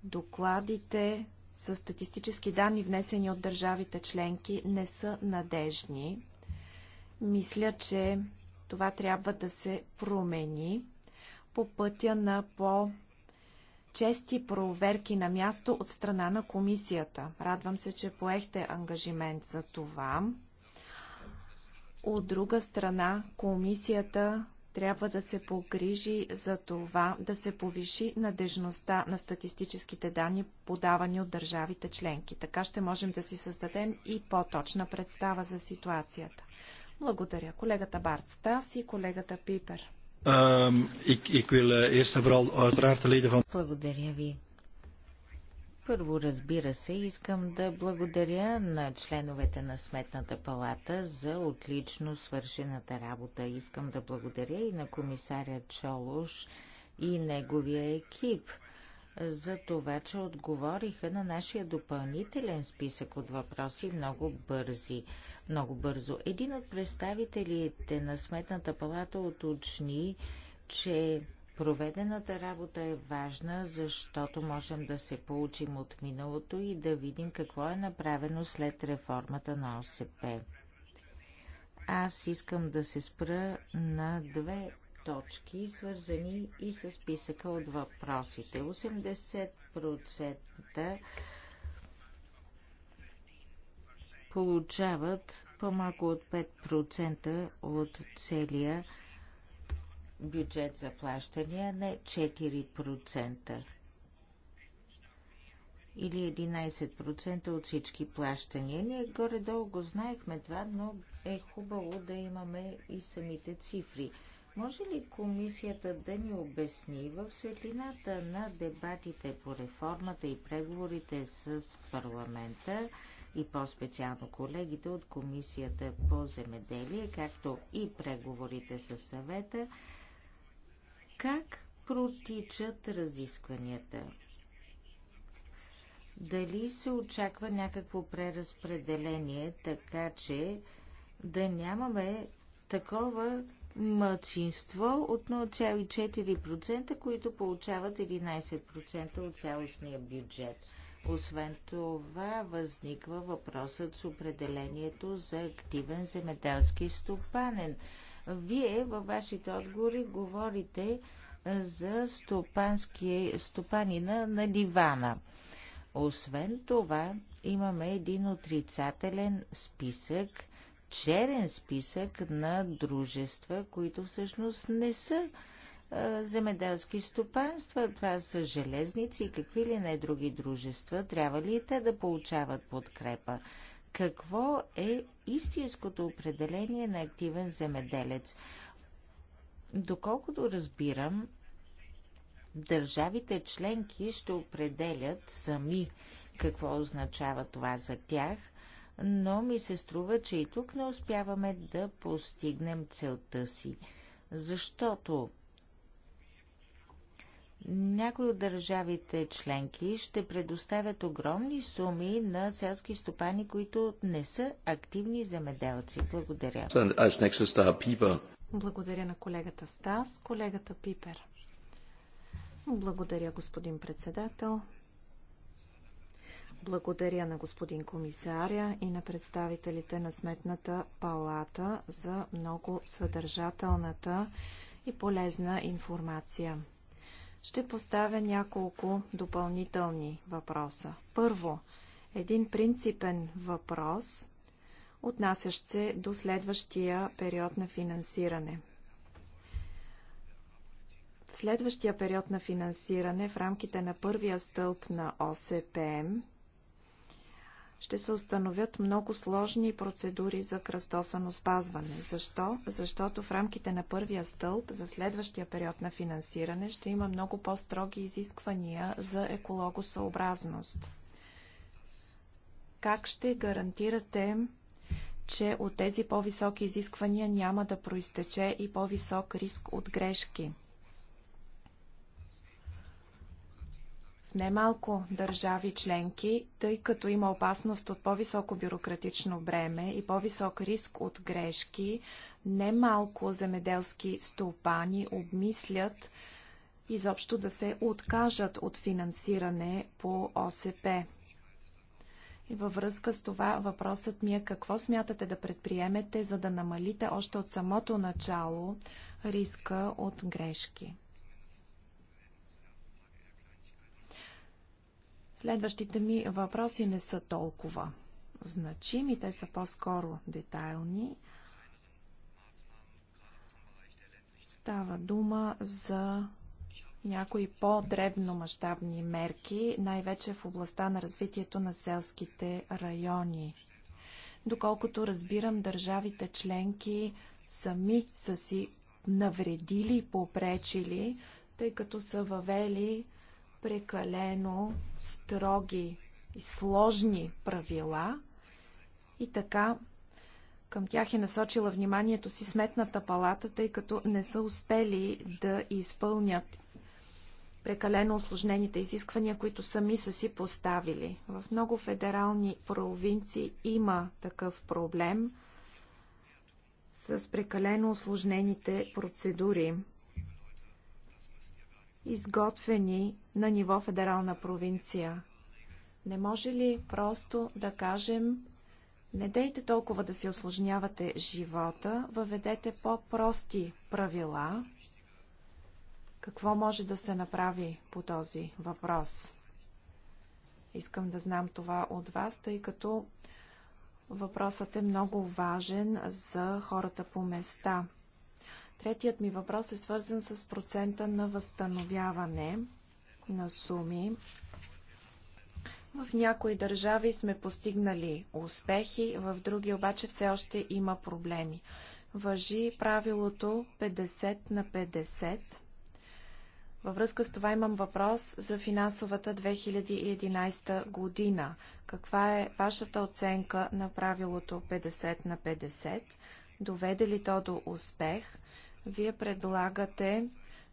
докладите с статистически данни, внесени от държавите членки, не са надежни. Мисля, че това трябва да се промени по пътя на по- чести проверки на място от страна на комисията. Радвам се, че поехте ангажимент за това. От друга страна, комисията трябва да се погрижи за това да се повиши надежността на статистическите данни, подавани от държавите членки. Така ще можем да си създадем и по-точна представа за ситуацията. Благодаря. Колегата Барт Стас и колегата Пипер. Е, благодаря ви. Първо, разбира се, искам да благодаря на членовете на Сметната палата за отлично свършената работа. Искам да благодаря и на комисаря Чолуш и неговия екип за това, че отговориха на нашия допълнителен списък от въпроси много бързи много бързо. Един от представителите на Сметната палата уточни, че Проведената работа е важна, защото можем да се получим от миналото и да видим какво е направено след реформата на ОСП. Аз искам да се спра на две точки, свързани и с списъка от въпросите. 80% получават по-малко от 5% от целия бюджет за плащания, не 4% или 11% от всички плащания. Ние горе-долу го знаехме това, но е хубаво да имаме и самите цифри. Може ли комисията да ни обясни в светлината на дебатите по реформата и преговорите с парламента, и по-специално колегите от Комисията по земеделие, както и преговорите с съвета, как протичат разискванията. Дали се очаква някакво преразпределение, така че да нямаме такова мъчинство от 0,4%, които получават 11% от цялостния бюджет – освен това възниква въпросът с определението за активен земеделски стопанен. Вие във вашите отговори говорите за стопанина на дивана. Освен това, имаме един отрицателен списък, черен списък на дружества, които всъщност не са земеделски стопанства, това са железници и какви ли не други дружества, трябва ли и те да получават подкрепа? Какво е истинското определение на активен земеделец? Доколкото разбирам, държавите членки ще определят сами какво означава това за тях, но ми се струва, че и тук не успяваме да постигнем целта си, защото някои от държавите членки ще предоставят огромни суми на селски стопани, които не са активни земеделци. Благодаря. Благодаря на колегата Стас, колегата Пипер. Благодаря, господин председател. Благодаря на господин комисаря и на представителите на Сметната палата за много съдържателната и полезна информация. Ще поставя няколко допълнителни въпроса. Първо, един принципен въпрос, отнасящ се до следващия период на финансиране. В следващия период на финансиране в рамките на първия стълб на ОСПМ ще се установят много сложни процедури за кръстосано спазване. Защо? Защото в рамките на първия стълб за следващия период на финансиране ще има много по-строги изисквания за екологосъобразност. Как ще гарантирате, че от тези по-високи изисквания няма да проистече и по-висок риск от грешки? немалко държави членки, тъй като има опасност от по-високо бюрократично бреме и по-висок риск от грешки, немалко земеделски стопани обмислят изобщо да се откажат от финансиране по ОСП. И във връзка с това въпросът ми е какво смятате да предприемете, за да намалите още от самото начало риска от грешки? Следващите ми въпроси не са толкова значими, те са по-скоро детайлни. Става дума за някои по-дребно мащабни мерки, най-вече в областта на развитието на селските райони. Доколкото разбирам, държавите членки сами са си навредили и попречили, тъй като са въвели прекалено строги и сложни правила и така към тях е насочила вниманието си сметната палата, тъй като не са успели да изпълнят прекалено осложнените изисквания, които сами са си поставили. В много федерални провинции има такъв проблем с прекалено осложнените процедури изготвени на ниво федерална провинция. Не може ли просто да кажем, не дейте толкова да си осложнявате живота, въведете по-прости правила. Какво може да се направи по този въпрос? Искам да знам това от вас, тъй като въпросът е много важен за хората по места. Третият ми въпрос е свързан с процента на възстановяване на суми. В някои държави сме постигнали успехи, в други обаче все още има проблеми. Въжи правилото 50 на 50. Във връзка с това имам въпрос за финансовата 2011 година. Каква е вашата оценка на правилото 50 на 50? Доведе ли то до успех? Вие предлагате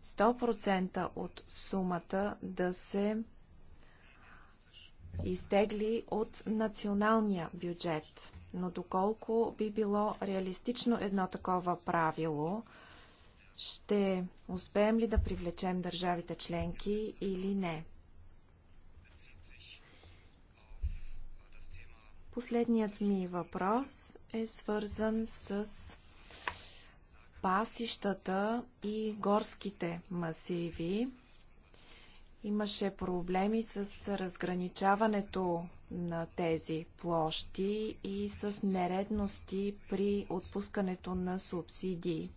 100% от сумата да се изтегли от националния бюджет. Но доколко би било реалистично едно такова правило, ще успеем ли да привлечем държавите членки или не? Последният ми въпрос е свързан с пасищата и горските масиви. Имаше проблеми с разграничаването на тези площи и с нередности при отпускането на субсидии.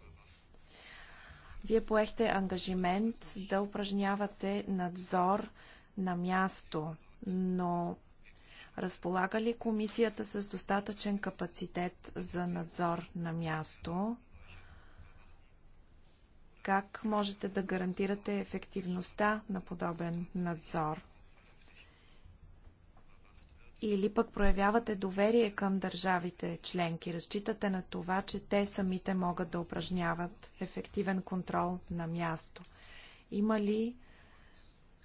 Вие поехте ангажимент да упражнявате надзор на място, но разполага ли комисията с достатъчен капацитет за надзор на място? Как можете да гарантирате ефективността на подобен надзор? Или пък проявявате доверие към държавите членки? Разчитате на това, че те самите могат да упражняват ефективен контрол на място? Има ли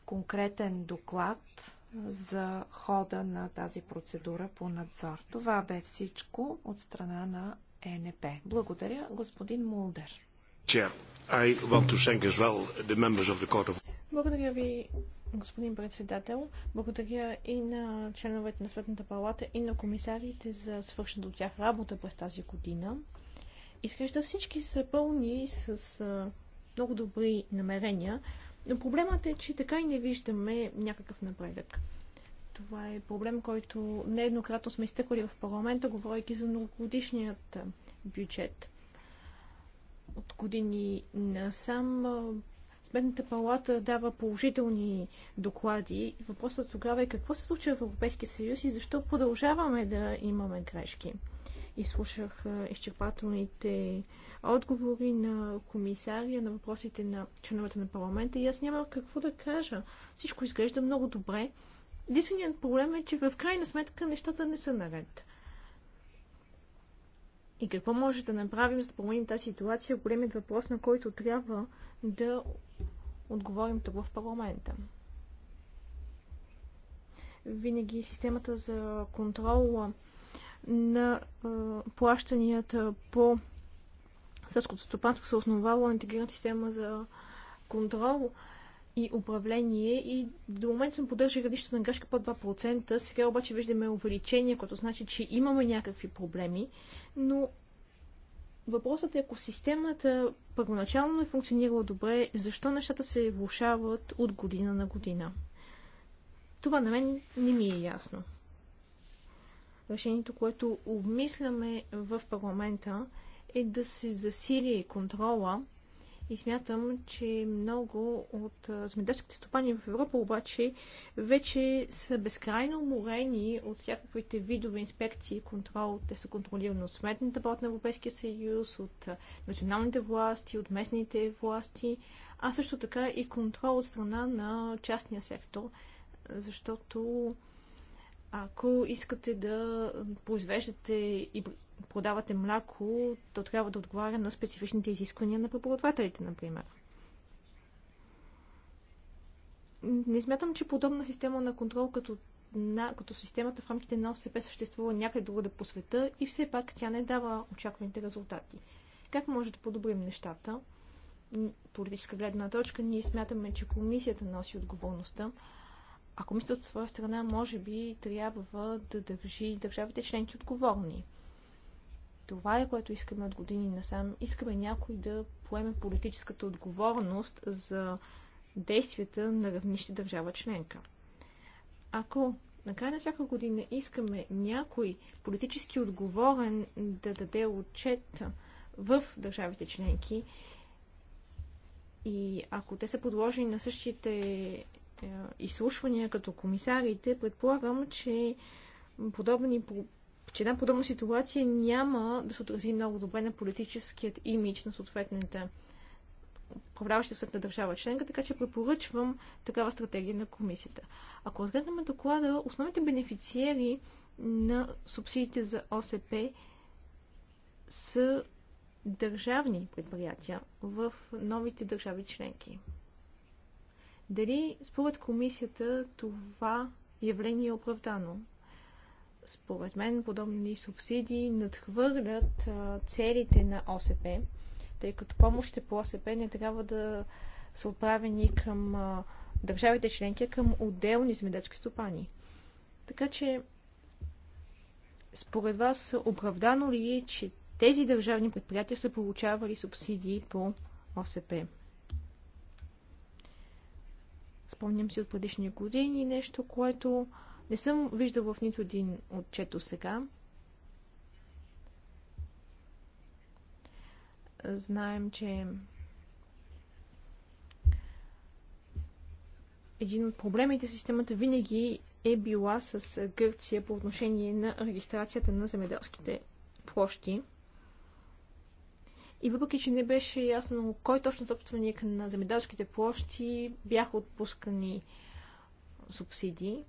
конкретен доклад за хода на тази процедура по надзор. Това бе всичко от страна на ЕНП. Благодаря, господин Мулдер. Благодаря ви, господин председател. Благодаря и на членовете на Сметната палата и на комисарите за свършена от тях работа през тази година. Изглежда всички са пълни с а, много добри намерения, но проблемът е, че така и не виждаме някакъв напредък. Това е проблем, който нееднократно сме изтъквали в парламента, говоряки за многогодишният бюджет от години насам Сметната палата дава положителни доклади. Въпросът тогава е какво се случва в Европейския съюз и защо продължаваме да имаме грешки. Изслушах изчерпателните отговори на комисария на въпросите на членовете на парламента и аз нямам какво да кажа. Всичко изглежда много добре. Единственият проблем е, че в крайна сметка нещата не са наред. И какво може да направим, за да променим тази ситуация, големият въпрос, на който трябва да отговорим тук в парламента. Винаги системата за контрол на е, плащанията по сърското стопанство се основава на интегрирана система за контрол, и управление и до момента сме поддържали градището на грешка под 2%. Сега обаче виждаме увеличение, което значи, че имаме някакви проблеми, но въпросът е, ако системата първоначално е функционирала добре, защо нещата се влушават от година на година? Това на мен не ми е ясно. Решението, което обмисляме в парламента, е да се засили контрола и смятам, че много от земеделските стопани в Европа обаче вече са безкрайно уморени от всякаквите видове инспекции и контрол. Те са контролирани от Сметната палата на Европейския съюз, от националните власти, от местните власти, а също така и контрол от страна на частния сектор, защото ако искате да произвеждате и продавате мляко, то трябва да отговаря на специфичните изисквания на преподавателите, например. Не смятам, че подобна система на контрол като, на, като системата в рамките на ОСП съществува някъде другаде по света и все пак тя не дава очакваните резултати. Как може да подобрим нещата? Политическа гледна точка ние смятаме, че комисията носи отговорността. А комисията от своя страна може би трябва да държи държавите членки отговорни. Това е което искаме от години насам. Искаме някой да поеме политическата отговорност за действията на равнище държава членка. Ако на края на всяка година искаме някой политически отговорен да даде отчет в държавите членки и ако те са подложени на същите е, изслушвания като комисарите, предполагам, че подобни че една подобна ситуация няма да се отрази много добре на политическият имидж на съответната управляваща съответната държава членка, така че препоръчвам такава стратегия на комисията. Ако разгледаме доклада, основните бенефициери на субсидиите за ОСП са държавни предприятия в новите държави членки. Дали според комисията това явление е оправдано? Според мен подобни субсидии надхвърлят целите на ОСП, тъй като помощите по ОСП не трябва да са отправени към държавите членки, а към отделни земеделски стопани. Така че, според вас, оправдано ли е, че тези държавни предприятия са получавали субсидии по ОСП? Спомням си от предишни години нещо, което не съм виждал в нито един отчето сега. Знаем, че един от проблемите с системата винаги е била с Гърция по отношение на регистрацията на земеделските площи. И въпреки, че не беше ясно кой точно собственик на земеделските площи, бяха отпускани субсидии.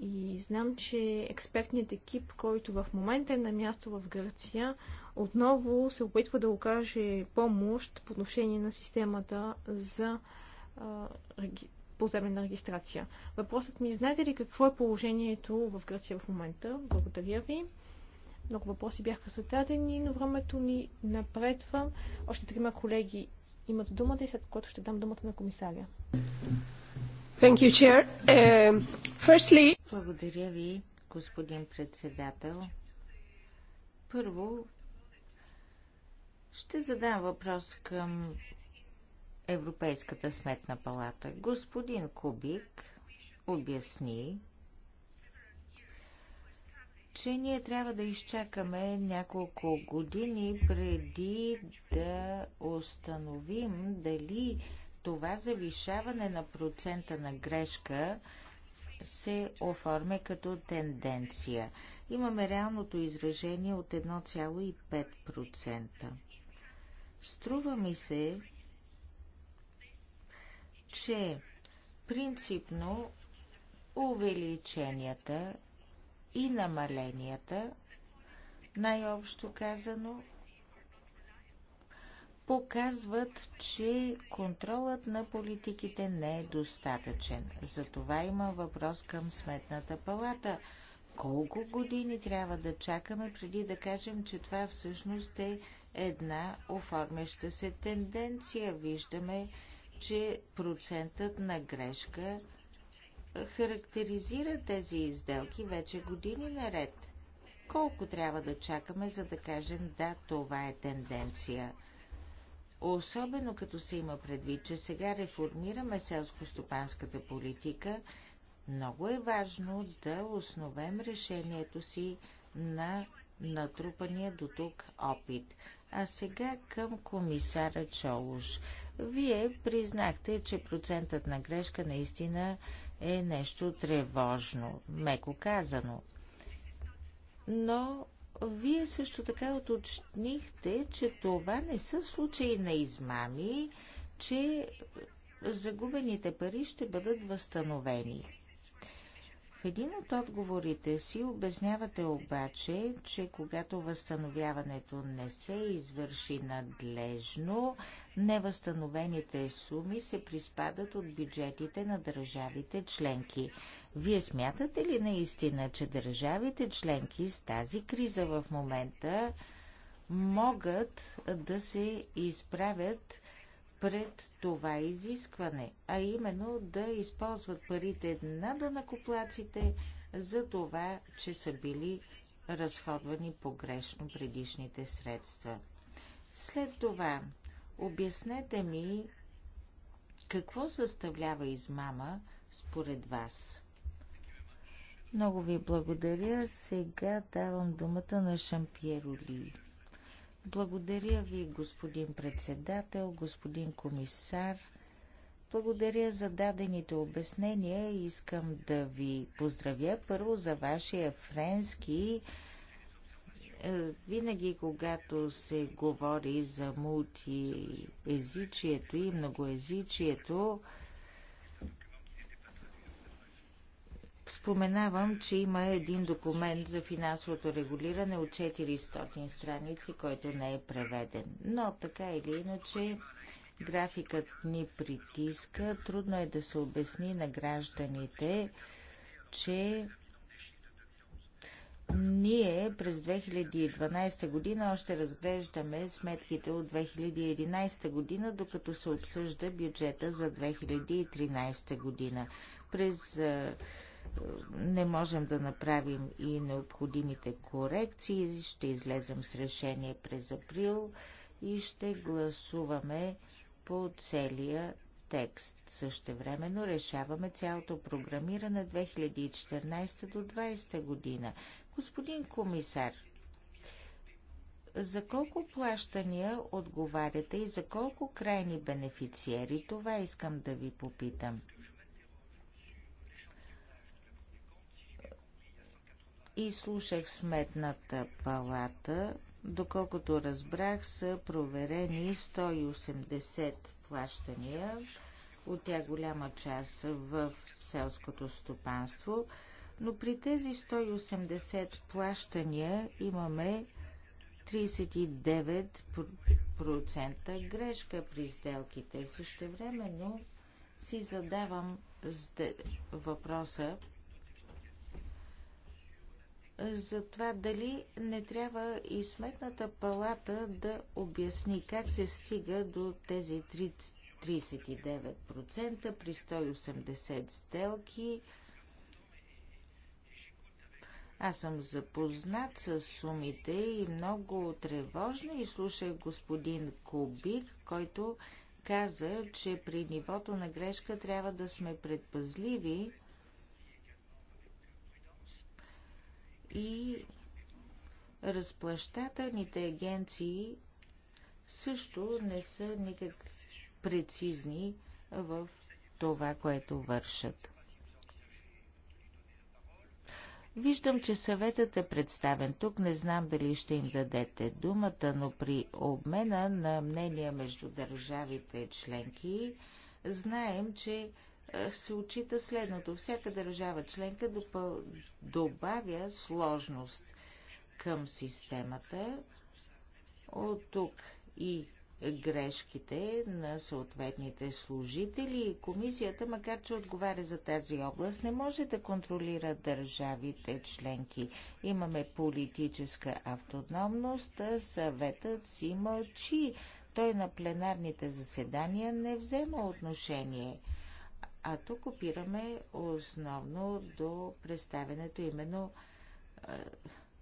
И знам, че експертният екип, който в момента е на място в Гърция, отново се опитва да окаже помощ по отношение на системата за реги... поземлена регистрация. Въпросът ми, е, знаете ли какво е положението в Гърция в момента? Благодаря ви. Много въпроси бяха зададени, но времето ни напредва. Още трима колеги имат думата и след което ще дам думата на комисаря. Thank you, Chair. Uh, firstly... Благодаря ви, господин председател. Първо, ще задам въпрос към Европейската сметна палата. Господин Кубик обясни, че ние трябва да изчакаме няколко години преди да установим дали това завишаване на процента на грешка се оформя като тенденция. Имаме реалното изражение от 1,5%. Струва ми се, че принципно увеличенията и намаленията, най-общо казано, показват, че контролът на политиките не е достатъчен. Затова има въпрос към Сметната палата. Колко години трябва да чакаме преди да кажем, че това всъщност е една оформяща се тенденция? Виждаме, че процентът на грешка характеризира тези изделки вече години наред. Колко трябва да чакаме, за да кажем да, това е тенденция? Особено като се има предвид, че сега реформираме селско-стопанската политика, много е важно да основем решението си на натрупания до тук опит. А сега към комисара Чолуш. Вие признахте, че процентът на грешка наистина е нещо тревожно, меко казано. Но вие също така уточнихте, че това не са случаи на измами, че загубените пари ще бъдат възстановени. В един от отговорите си обяснявате обаче, че когато възстановяването не се извърши надлежно, невъзстановените суми се приспадат от бюджетите на държавите членки. Вие смятате ли наистина, че държавите членки с тази криза в момента могат да се изправят пред това изискване, а именно да използват парите на данакоплаците за това, че са били разходвани погрешно предишните средства. След това, обяснете ми какво съставлява измама според вас. Много ви благодаря. Сега давам думата на Шампиер Оли. Благодаря ви, господин председател, господин комисар. Благодаря за дадените обяснения. Искам да ви поздравя първо за вашия френски. Е, винаги, когато се говори за мултиезичието и многоезичието, Споменавам, че има един документ за финансовото регулиране от 400 страници, който не е преведен. Но така или иначе, графикът ни притиска. Трудно е да се обясни на гражданите, че ние през 2012 година още разглеждаме сметките от 2011 година, докато се обсъжда бюджета за 2013 година. През не можем да направим и необходимите корекции, ще излезем с решение през април и ще гласуваме по целия текст. Същевременно решаваме цялото програмиране 2014 до 2020 година. Господин комисар, за колко плащания отговаряте и за колко крайни бенефициери? Това искам да ви попитам. и слушах сметната палата. Доколкото разбрах, са проверени 180 плащания, от тях голяма част в селското стопанство, но при тези 180 плащания имаме 39% грешка при сделките. времено си задавам въпроса за това дали не трябва и сметната палата да обясни как се стига до тези 39% при 180 сделки. Аз съм запознат с сумите и много тревожно и слушах господин Кубик, който каза, че при нивото на грешка трябва да сме предпазливи, и разплащателните агенции също не са никак прецизни в това, което вършат. Виждам, че съветът е представен тук. Не знам дали ще им дадете думата, но при обмена на мнения между държавите членки знаем, че е, се отчита следното. Всяка държава членка допъл... добавя сложност към системата. От тук и грешките на съответните служители. Комисията, макар че отговаря за тази област, не може да контролира държавите членки. Имаме политическа автономност, съветът си мълчи. Той на пленарните заседания не взема отношение. А тук опираме основно до представенето именно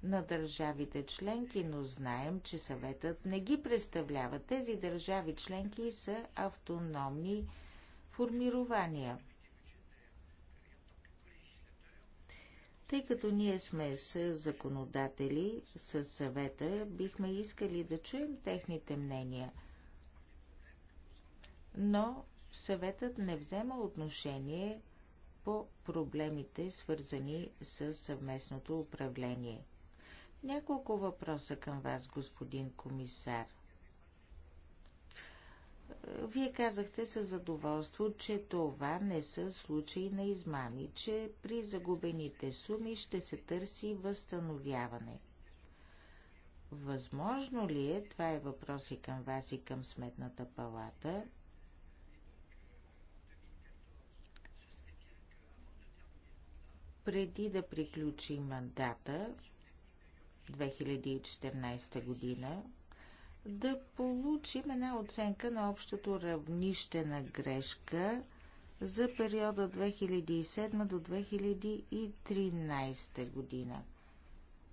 на държавите членки, но знаем, че съветът не ги представлява. Тези държави членки са автономни формирования. Тъй като ние сме с законодатели, с съвета, бихме искали да чуем техните мнения. Но съветът не взема отношение по проблемите, свързани с съвместното управление. Няколко въпроса към вас, господин комисар. Вие казахте със задоволство, че това не са случаи на измами, че при загубените суми ще се търси възстановяване. Възможно ли е, това е въпрос и към вас и към Сметната палата, преди да приключи мандата 2014 година, да получим една оценка на общото равнище на грешка за периода 2007 до 2013 година.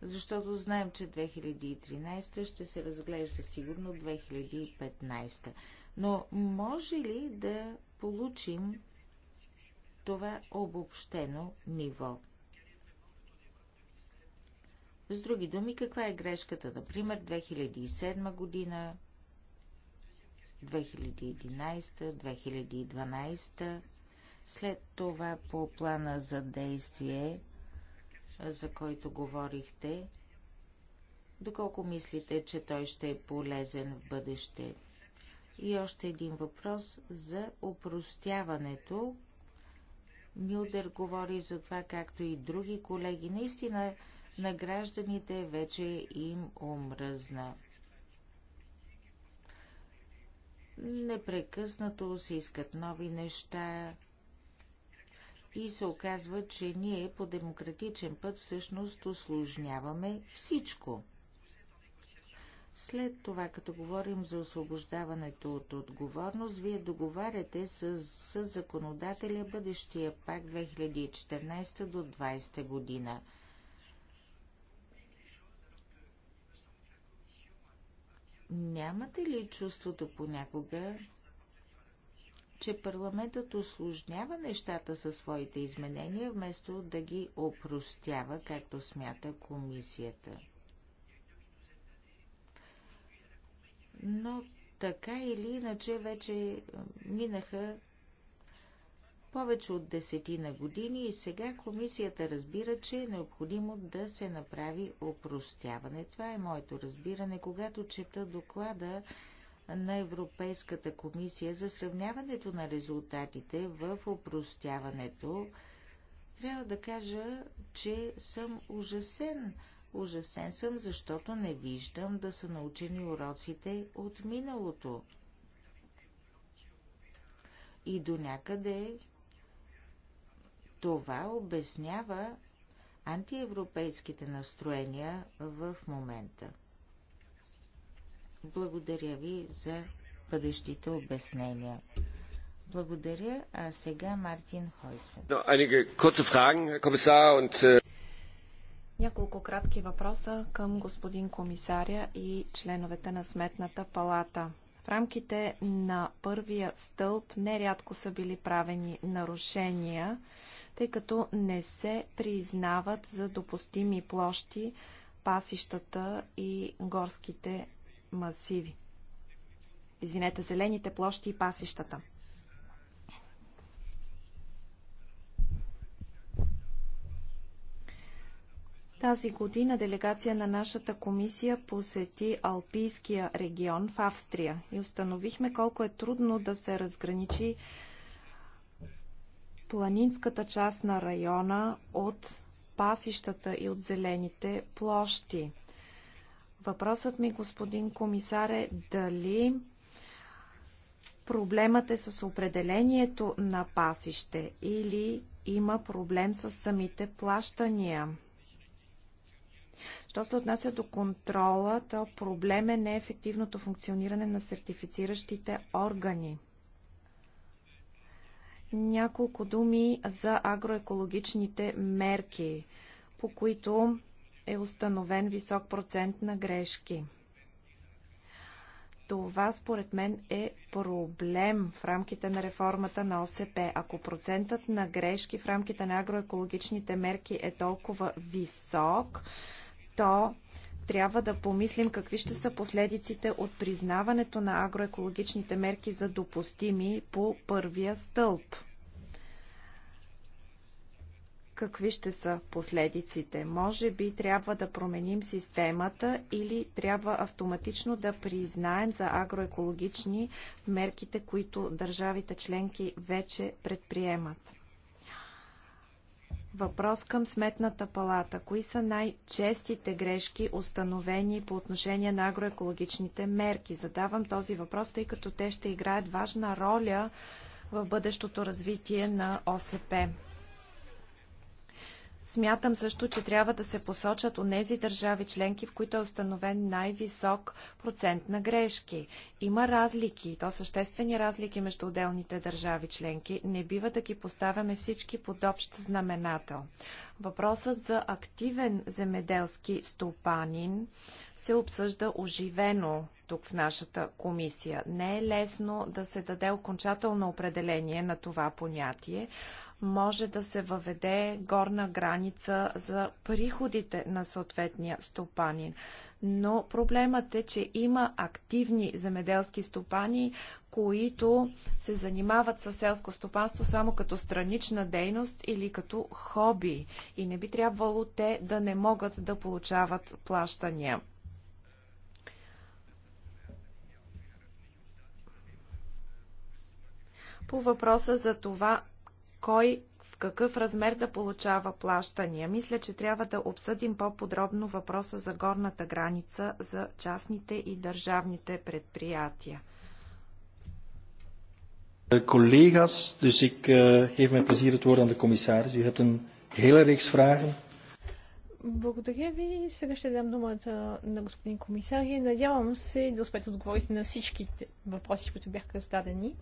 Защото знаем, че 2013 ще се разглежда сигурно 2015. Но може ли да получим това обобщено ниво. С други думи, каква е грешката? Например, 2007 година, 2011, 2012, след това по плана за действие, за който говорихте, доколко мислите, че той ще е полезен в бъдеще? И още един въпрос за упростяването Нюдер говори за това, както и други колеги. Наистина на гражданите вече им омръзна. Непрекъснато се искат нови неща и се оказва, че ние по демократичен път всъщност осложняваме всичко. След това, като говорим за освобождаването от отговорност, вие договаряте с, с законодателя бъдещия пак 2014 до 2020 година. Нямате ли чувството понякога, че парламентът осложнява нещата със своите изменения, вместо да ги опростява, както смята комисията? но така или иначе вече минаха повече от десетина години и сега комисията разбира, че е необходимо да се направи опростяване. Това е моето разбиране. Когато чета доклада на Европейската комисия за сравняването на резултатите в опростяването, трябва да кажа, че съм ужасен Ужасен съм, защото не виждам да са научени уроците от миналото. И до някъде това обяснява антиевропейските настроения в момента. Благодаря ви за бъдещите обяснения. Благодаря, а сега Мартин Хойсман. Няколко кратки въпроса към господин комисаря и членовете на Сметната палата. В рамките на първия стълб нерядко са били правени нарушения, тъй като не се признават за допустими площи пасищата и горските масиви. Извинете, зелените площи и пасищата. Тази година делегация на нашата комисия посети Алпийския регион в Австрия и установихме колко е трудно да се разграничи планинската част на района от пасищата и от зелените площи. Въпросът ми, господин комисар, е дали проблемът е с определението на пасище или има проблем с самите плащания. Що се отнася до контрола, то проблем е неефективното функциониране на сертифициращите органи. Няколко думи за агроекологичните мерки, по които е установен висок процент на грешки. Това според мен е проблем в рамките на реформата на ОСП. Ако процентът на грешки в рамките на агроекологичните мерки е толкова висок, то трябва да помислим какви ще са последиците от признаването на агроекологичните мерки за допустими по първия стълб. Какви ще са последиците? Може би трябва да променим системата или трябва автоматично да признаем за агроекологични мерките, които държавите членки вече предприемат. Въпрос към Сметната палата. Кои са най-честите грешки, установени по отношение на агроекологичните мерки? Задавам този въпрос, тъй като те ще играят важна роля в бъдещото развитие на ОСП. Смятам също, че трябва да се посочат у нези държави членки, в които е установен най-висок процент на грешки. Има разлики, то съществени разлики между отделните държави членки. Не бива да ги поставяме всички под общ знаменател. Въпросът за активен земеделски стопанин се обсъжда оживено тук в нашата комисия. Не е лесно да се даде окончателно определение на това понятие, може да се въведе горна граница за приходите на съответния стопанин. Но проблемът е, че има активни земеделски стопани, които се занимават с селско стопанство само като странична дейност или като хоби. И не би трябвало те да не могат да получават плащания. по въпроса за това кой в какъв размер да получава плащания. Мисля, че трябва да обсъдим по-подробно въпроса за горната граница за частните и държавните предприятия. Е, колегас, dus ik е, geef plezier het woord aan de commissaris. U hebt een hele reeks vragen. Благодаря ви. Сега ще дам думата на господин комисар и надявам се да успеете да отговорите на всичките въпроси, които бяха зададени.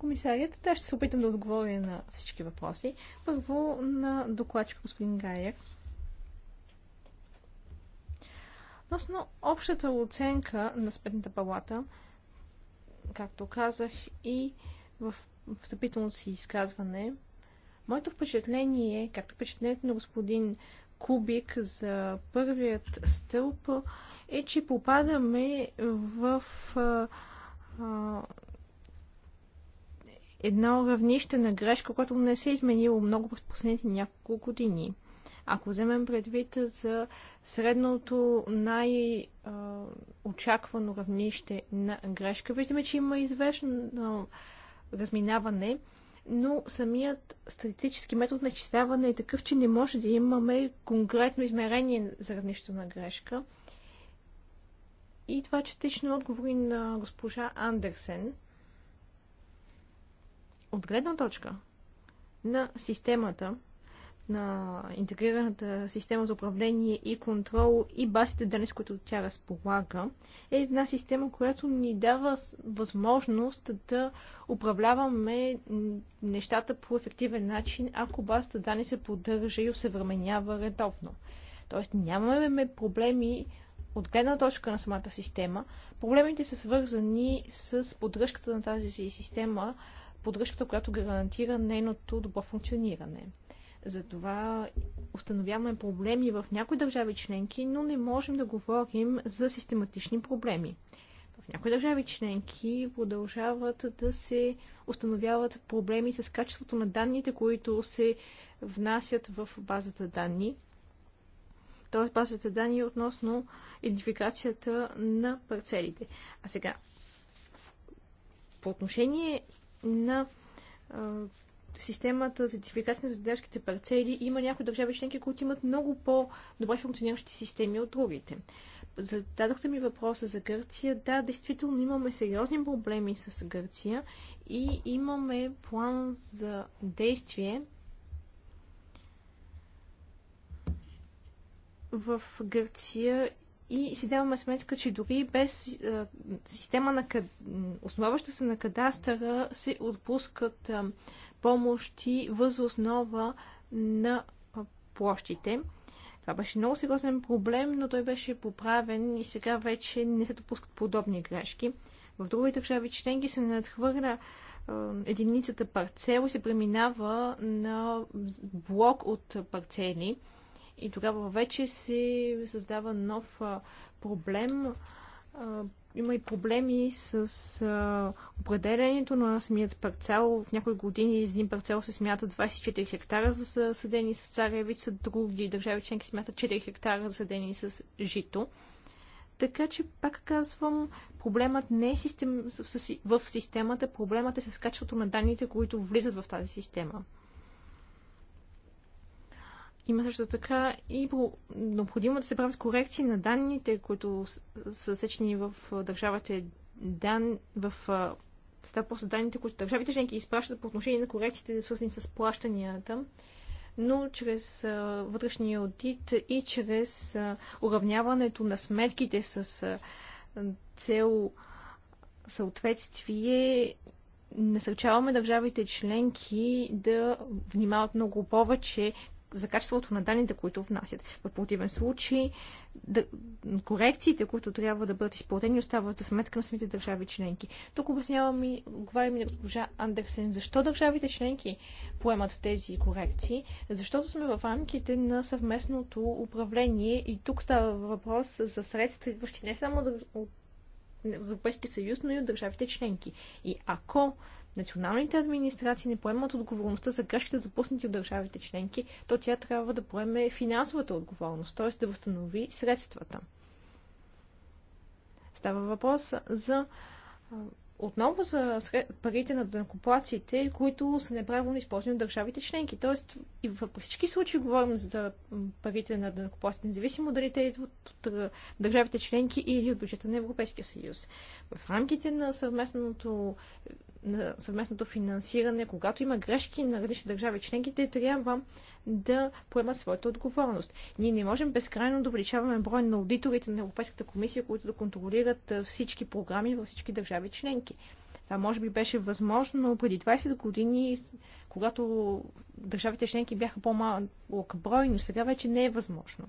Комисарията, Да, ще се опитам да отговоря на всички въпроси. Първо на докладчика господин Гайер. Относно общата оценка на Сметната палата, както казах и в встъпителното си изказване, моето впечатление, както впечатлението на господин кубик за първият стълб е, че попадаме в едно равнище на грешка, което не се е изменило много през последните няколко години. Ако вземем предвид за средното най-очаквано равнище на грешка, виждаме, че има известно разминаване, но самият статистически метод на изчисляване е такъв, че не може да имаме конкретно измерение за равнището на грешка. И това частично отговори на госпожа Андерсен – от гледна точка на системата, на интегрираната система за управление и контрол и базите данни, с които тя разполага, е една система, която ни дава възможност да управляваме нещата по ефективен начин, ако базата данни се поддържа и усъвременява редовно. Тоест нямаме проблеми от гледна точка на самата система. Проблемите са свързани с поддръжката на тази система, поддръжката, която гарантира нейното добро функциониране. Затова установяваме проблеми в някои държави членки, но не можем да говорим за систематични проблеми. В някои държави членки продължават да се установяват проблеми с качеството на данните, които се внасят в базата данни. Т.е. базата данни е относно идентификацията на парцелите. А сега, по отношение на системата за идентификация на земеделските парцели има някои държави членки, които имат много по-добре функциониращи системи от другите. Зададохте ми въпроса за Гърция. Да, действително имаме сериозни проблеми с Гърция и имаме план за действие. В Гърция и си даваме сметка, че дори без а, е, система, на къд... основаваща се на кадастъра, се отпускат а, е, помощи въз основа на а, е, площите. Това беше много сериозен проблем, но той беше поправен и сега вече не се допускат подобни грешки. В другите държави членки се надхвърля единицата парцел и се преминава на блок от парцели. И тогава вече се създава нов проблем. Има и проблеми с определението на самият парцел. В някои години с един парцел се смята 24 хектара за съдени с царевица, други държави членки смятат 4 хектара за съдени с жито. Така че, пак казвам, проблемът не е систем... в системата, проблемът е с качеството на данните, които влизат в тази система. Има също така и необходимо да се правят корекции на данните, които са сечени в държавите дан, в става просто данните, които държавите членки изпращат по отношение на корекциите, свързани с плащанията, но чрез а, вътрешния аудит и чрез а, уравняването на сметките с а, цел съответствие, насърчаваме държавите членки да внимават много повече за качеството на данните, които внасят. В противен случай да, корекциите, които трябва да бъдат изплатени, остават за сметка на самите държави членки. Тук обяснявам и говорим на госпожа Андерсен, защо държавите членки поемат тези корекции, защото сме в рамките на съвместното управление и тук става въпрос за средства, идващи не само от Европейския съюз, но и от държавите членки. И ако националните администрации не поемат отговорността за грешките, допуснати от държавите членки, то тя трябва да поеме финансовата отговорност, т.е. да възстанови средствата. Става въпрос за отново за парите на дънкоплаците, които са неправилно използвани от държавите членки. Тоест, и във всички случаи говорим за парите на дънкоплаците, независимо дали те идват от държавите членки или от бюджета на Европейския съюз. В рамките на съвместното на съвместното финансиране, когато има грешки на различни държави членки, те трябва да поемат своята отговорност. Ние не можем безкрайно да увеличаваме броя на аудиторите на Европейската комисия, които да контролират всички програми във всички държави членки. Това може би беше възможно преди 20 години, когато държавите членки бяха по-малък брой, но сега вече не е възможно.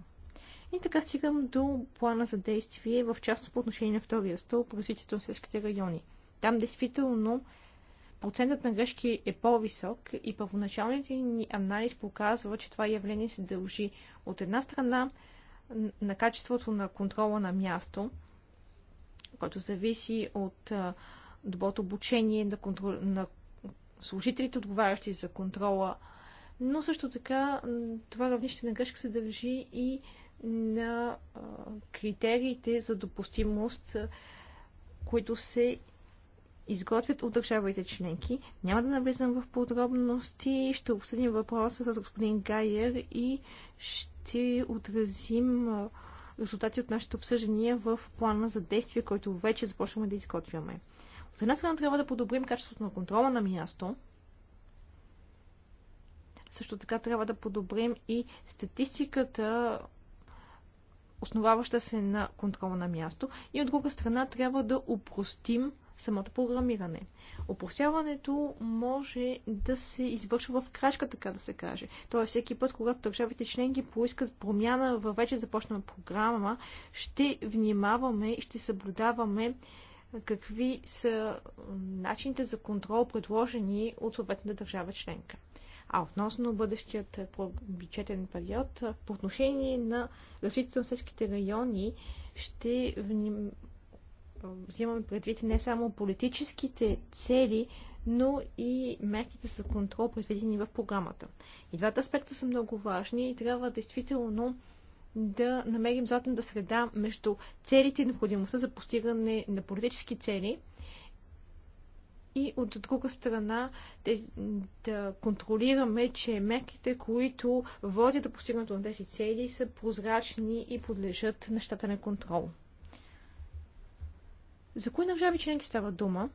И така стигам до плана за действие, в частност по отношение на втория стълб, развитието на селските райони. Там действително процентът на грешки е по-висок и първоначалният ни анализ показва, че това явление се дължи от една страна на качеството на контрола на място, който зависи от доброто обучение на, контрол... на служителите, отговарящи за контрола, но също така това равнище на грешка се държи и на критериите за допустимост, които се изготвят от държавите членки. Няма да навлизам в подробности, ще обсъдим въпроса с господин Гайер и ще отразим резултати от нашите обсъждания в плана за действие, който вече започваме да изготвяме. От една страна трябва да подобрим качеството на контрола на място, също така трябва да подобрим и статистиката, основаваща се на контрола на място. И от друга страна трябва да упростим самото програмиране. Опростяването може да се извършва в крачка, така да се каже. Тоест, всеки път, когато държавите членки поискат промяна във вече започнала програма, ще внимаваме и ще съблюдаваме какви са начините за контрол, предложени от съответната държава членка. А относно бъдещият бюджетен период, по отношение на развитието на селските райони, ще внимаваме взимаме предвид не само политическите цели, но и мерките за контрол, предвидени в програмата. И двата аспекта са много важни и трябва действително да намерим златната среда между целите и необходимостта за постигане на политически цели и от друга страна да контролираме, че мерките, които водят до постигането на тези цели, са прозрачни и подлежат на щата на контрол. За кои държави членки става дума?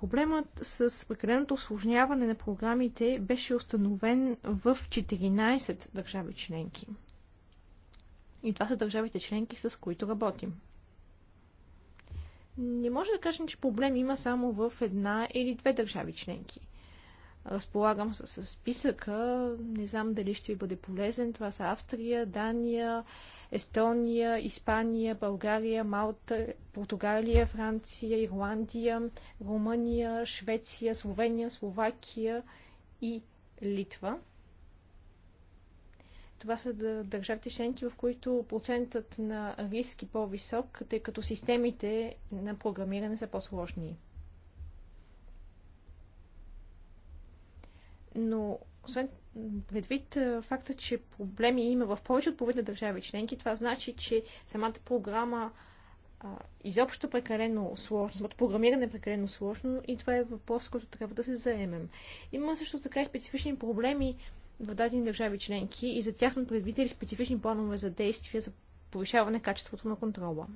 Проблемът с прекаленото осложняване на програмите беше установен в 14 държави членки. И това са държавите членки, с които работим. Не може да кажем, че проблем има само в една или две държави членки разполагам с, с списъка. Не знам дали ще ви бъде полезен. Това са Австрия, Дания, Естония, Испания, България, Малта, Португалия, Франция, Ирландия, Румъния, Швеция, Словения, Словакия и Литва. Това са държавите членки, в които процентът на риск е по-висок, тъй като системите на програмиране са по-сложни. Но, освен предвид факта, че проблеми има в повече от половина държави членки, това значи, че самата програма а, изобщо прекалено сложно, самото програмиране е прекалено сложно и това е въпрос, който трябва да се заемем. Има също така и специфични проблеми в дадени държави членки и за тях сме предвидели специфични планове за действия за повишаване качеството на контрола.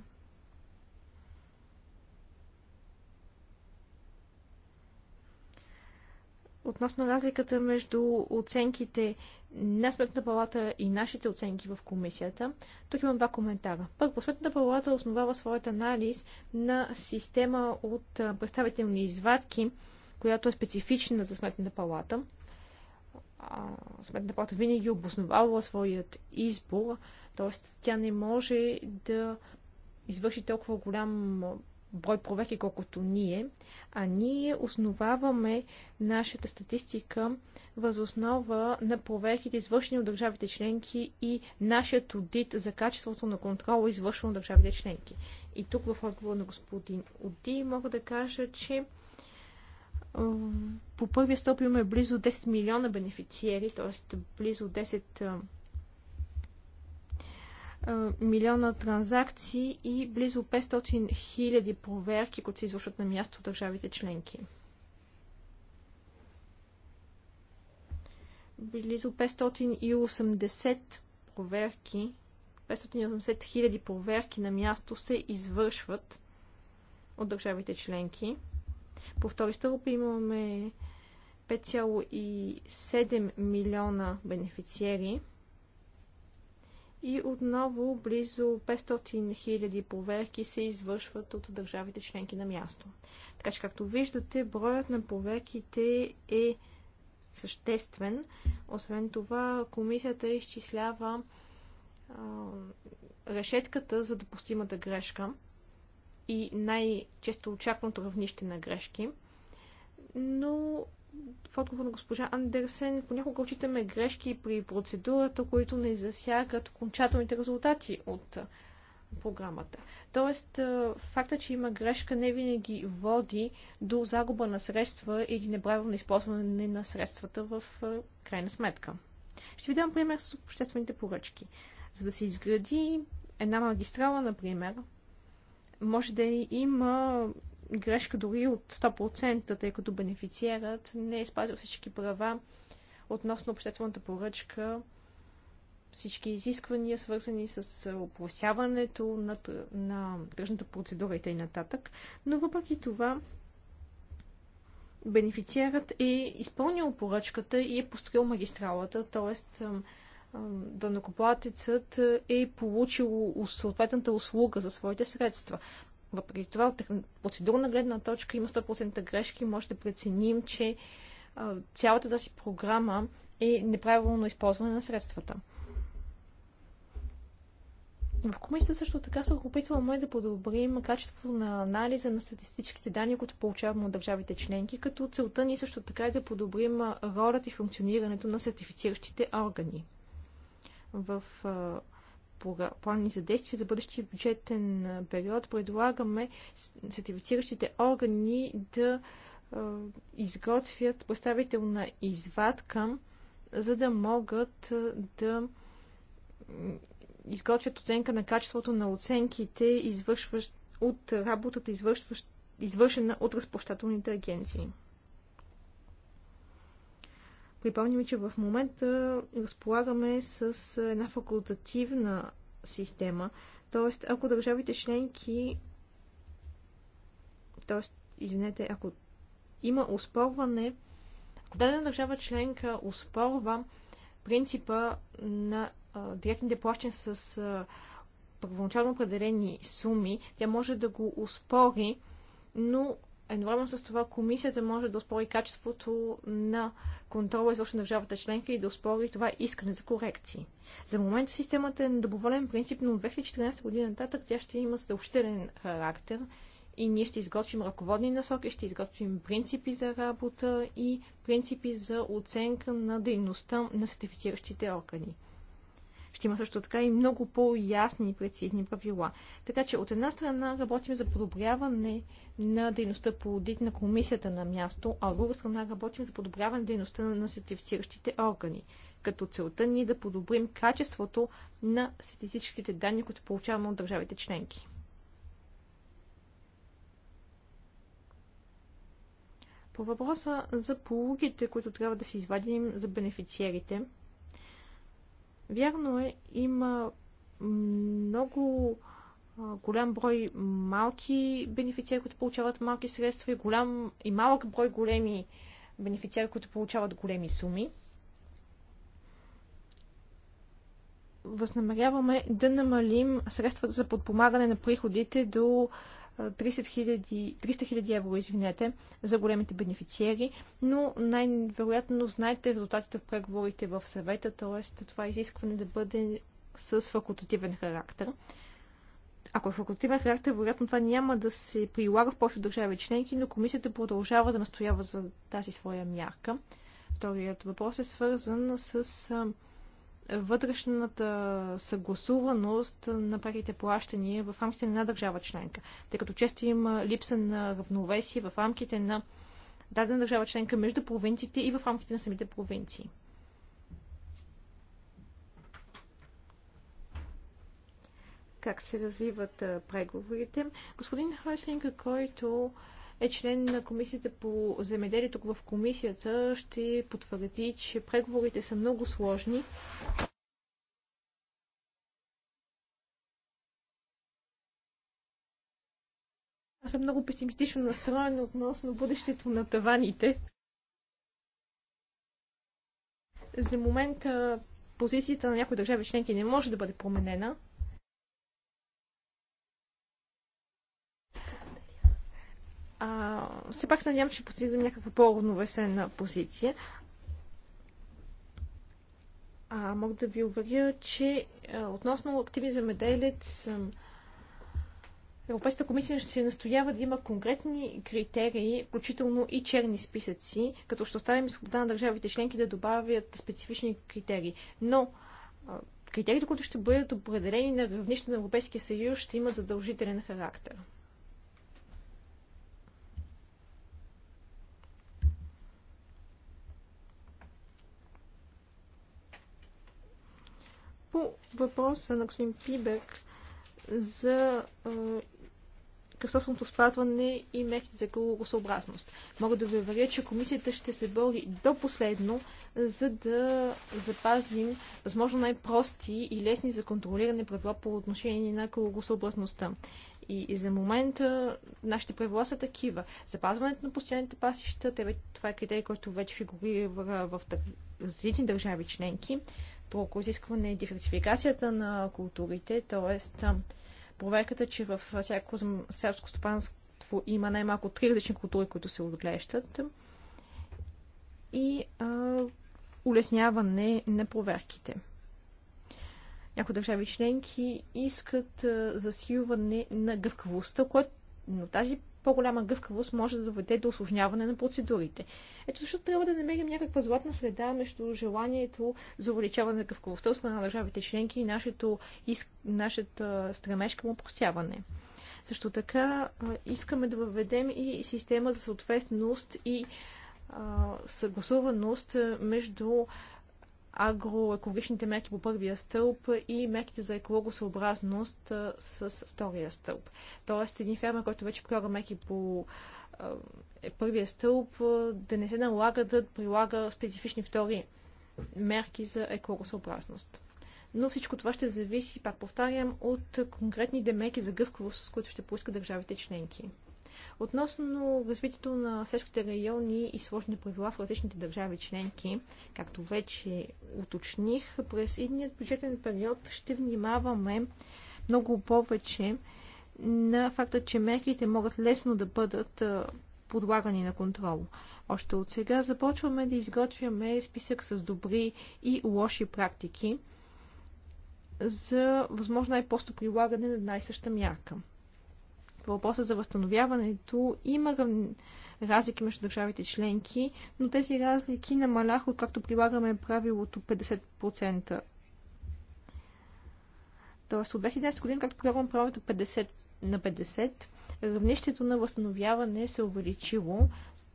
относно разликата между оценките на Сметната палата и нашите оценки в комисията, тук имам два коментара. Първо, Сметната палата основава своят анализ на система от представителни извадки, която е специфична за Сметната палата. Сметната палата винаги е обосновава своят избор, т.е. тя не може да извърши толкова голям брой проверки, колкото ние, а ние основаваме нашата статистика възоснова на проверките, извършени от държавите членки и нашият аудит за качеството на контрола, извършен от държавите членки. И тук в отговор на господин Оди мога да кажа, че по първия стоп имаме близо 10 милиона бенефициери, т.е. близо 10 милиона транзакции и близо 500 хиляди проверки, които се извършват на място в държавите членки. Близо 580 проверки, 580 хиляди проверки на място се извършват от държавите членки. По втори стълб имаме 5,7 милиона бенефициери – и отново близо 500 000 проверки се извършват от държавите членки на място. Така че, както виждате, броят на проверките е съществен. Освен това, комисията изчислява а, решетката за допустимата грешка и най-често очакваното равнище на грешки. Но в отговор на госпожа Андерсен, понякога отчитаме грешки при процедурата, които не засягат окончателните резултати от програмата. Тоест, факта, че има грешка не винаги води до загуба на средства или неправилно използване на средствата в крайна сметка. Ще ви дам пример с обществените поръчки. За да се изгради една магистрала, например, може да има грешка дори от 100%, тъй като бенефициерът не е спазил всички права относно обществената поръчка, всички изисквания, свързани с оповестяването на, на тръжната процедура и т.н. Но въпреки това, бенефициерът е изпълнил поръчката и е построил магистралата, т.е. данокоплатецът е получил съответната услуга за своите средства. Въпреки това, от процедурна гледна точка има 100% грешки. Може да преценим, че цялата тази програма е неправилно използване на средствата. В комисията също така се опитваме да подобрим качеството на анализа на статистическите данни, които получаваме от държавите членки, като целта ни също така е да подобрим ролята и функционирането на сертифициращите органи. В плани за действие за бъдещия бюджетен период, предлагаме сертифициращите органи да изготвят представителна извадка, за да могат да изготвят оценка на качеството на оценките извършващ, от работата, извършена от разплащателните агенции. Припомним, че в момента разполагаме с една факултативна система, т.е. ако държавите членки, т.е. извинете, ако има успорване, ако дадена държава членка успорва принципа на а, директните плащания с а, първоначално определени суми, тя може да го успори, но едновременно с това комисията може да успори качеството на контрола, на държавата членка и да успори това искане за корекции. За момента системата е на доброволен принцип, но от 2014 година нататък тя ще има съобщителен характер и ние ще изготвим ръководни насоки, ще изготвим принципи за работа и принципи за оценка на дейността на сертифициращите органи. Ще има също така и много по-ясни и прецизни правила. Така че от една страна работим за подобряване на дейността по аудит на комисията на място, а от друга страна работим за подобряване на дейността на сертифициращите органи. Като целта ни е да подобрим качеството на статистическите данни, които получаваме от държавите членки. По въпроса за полугите, които трябва да се извадим за бенефициерите – Вярно е, има много голям брой малки бенефициари, които получават малки средства и, голям, и малък брой големи бенефициари, които получават големи суми. Възнамеряваме да намалим средствата за подпомагане на приходите до 300 хиляди 000 евро, извинете, за големите бенефициери, но най-вероятно знаете резултатите в преговорите в съвета, т.е. това изискване да бъде с факултативен характер. Ако е факултативен характер, вероятно това няма да се прилага в повече държави членки, но комисията продължава да настоява за тази своя мярка. Вторият въпрос е свързан с вътрешната съгласуваност на парите плащания в рамките на една държава членка. Тъй като често има липса на равновесие в рамките на дадена държава членка между провинциите и в рамките на самите провинции. Как се развиват преговорите? Господин Хойслинг, който е член на Комисията по земеделие тук в Комисията, ще потвърди, че преговорите са много сложни. Аз съм много песимистично настроена относно бъдещето на таваните. За момента позицията на някои държави членки не може да бъде променена. А, все пак се надявам, че постигнем някаква по-равновесена позиция. А, мога да ви уверя, че а, относно активни земеделец, Европейската комисия ще се настоява да има конкретни критерии, включително и черни списъци, като ще оставим свобода на държавите членки да добавят специфични критерии. Но критериите, които ще бъдат определени на равнище на Европейския съюз, ще имат задължителен характер. По въпроса на господин Пибек за късосното спазване и мерките за кругосъобразност. Мога да ви уверя, че комисията ще се бори до последно, за да запазим възможно най-прости и лесни за контролиране правила по отношение на кругосъобразността. И, и за момента нашите правила са такива. Запазването на постоянните пасища, това е критерий, който вече фигурира в различни държави членки друго изискване е диверсификацията на културите, т.е. проверката, че във всяко селско стопанство има най-малко три различни култури, които се отглеждат и а, улесняване на проверките. Някои държави членки искат а, засилване на гъвкавостта, което, но тази по-голяма гъвкавост може да доведе до осложняване на процедурите. Ето защото трябва да намерим някаква златна среда между желанието за увеличаване на гъвкавостта от страна на държавите членки и нашето, иск, нашата стремеж към упростяване. Също така искаме да въведем и система за съответност и съгласуваност между агроекологичните мерки по първия стълб и мерките за екологосъобразност с втория стълб. Тоест, един фермер, който вече прилага мерки по е първия стълб, да не се налага да прилага специфични втори мерки за екологосъобразност. Но всичко това ще зависи, пак повтарям, от конкретните мерки за гъвкавост, които ще поиска държавите членки. Относно развитието на селските райони и сложни правила в различните държави членки, както вече уточних, през едният бюджетен период ще внимаваме много повече на факта, че мерките могат лесно да бъдат подлагани на контрол. Още от сега започваме да изготвяме списък с добри и лоши практики за възможно най-просто прилагане на една и съща мярка въпроса за възстановяването има разлики между държавите членки, но тези разлики намаляха, откакто прилагаме правилото 50%. Тоест от 2011 година, както прилагаме правилото 50 на 50, равнището на възстановяване се е увеличило.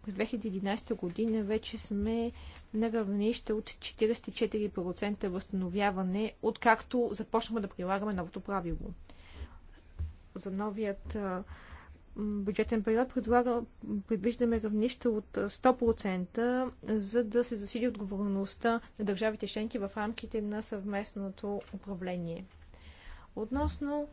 През 2011 година вече сме на равнище от 44% възстановяване, откакто започнахме да прилагаме новото правило за новият бюджетен период предлага, предвиждаме равнище от 100%, за да се засили отговорността на държавите членки в рамките на съвместното управление. Относно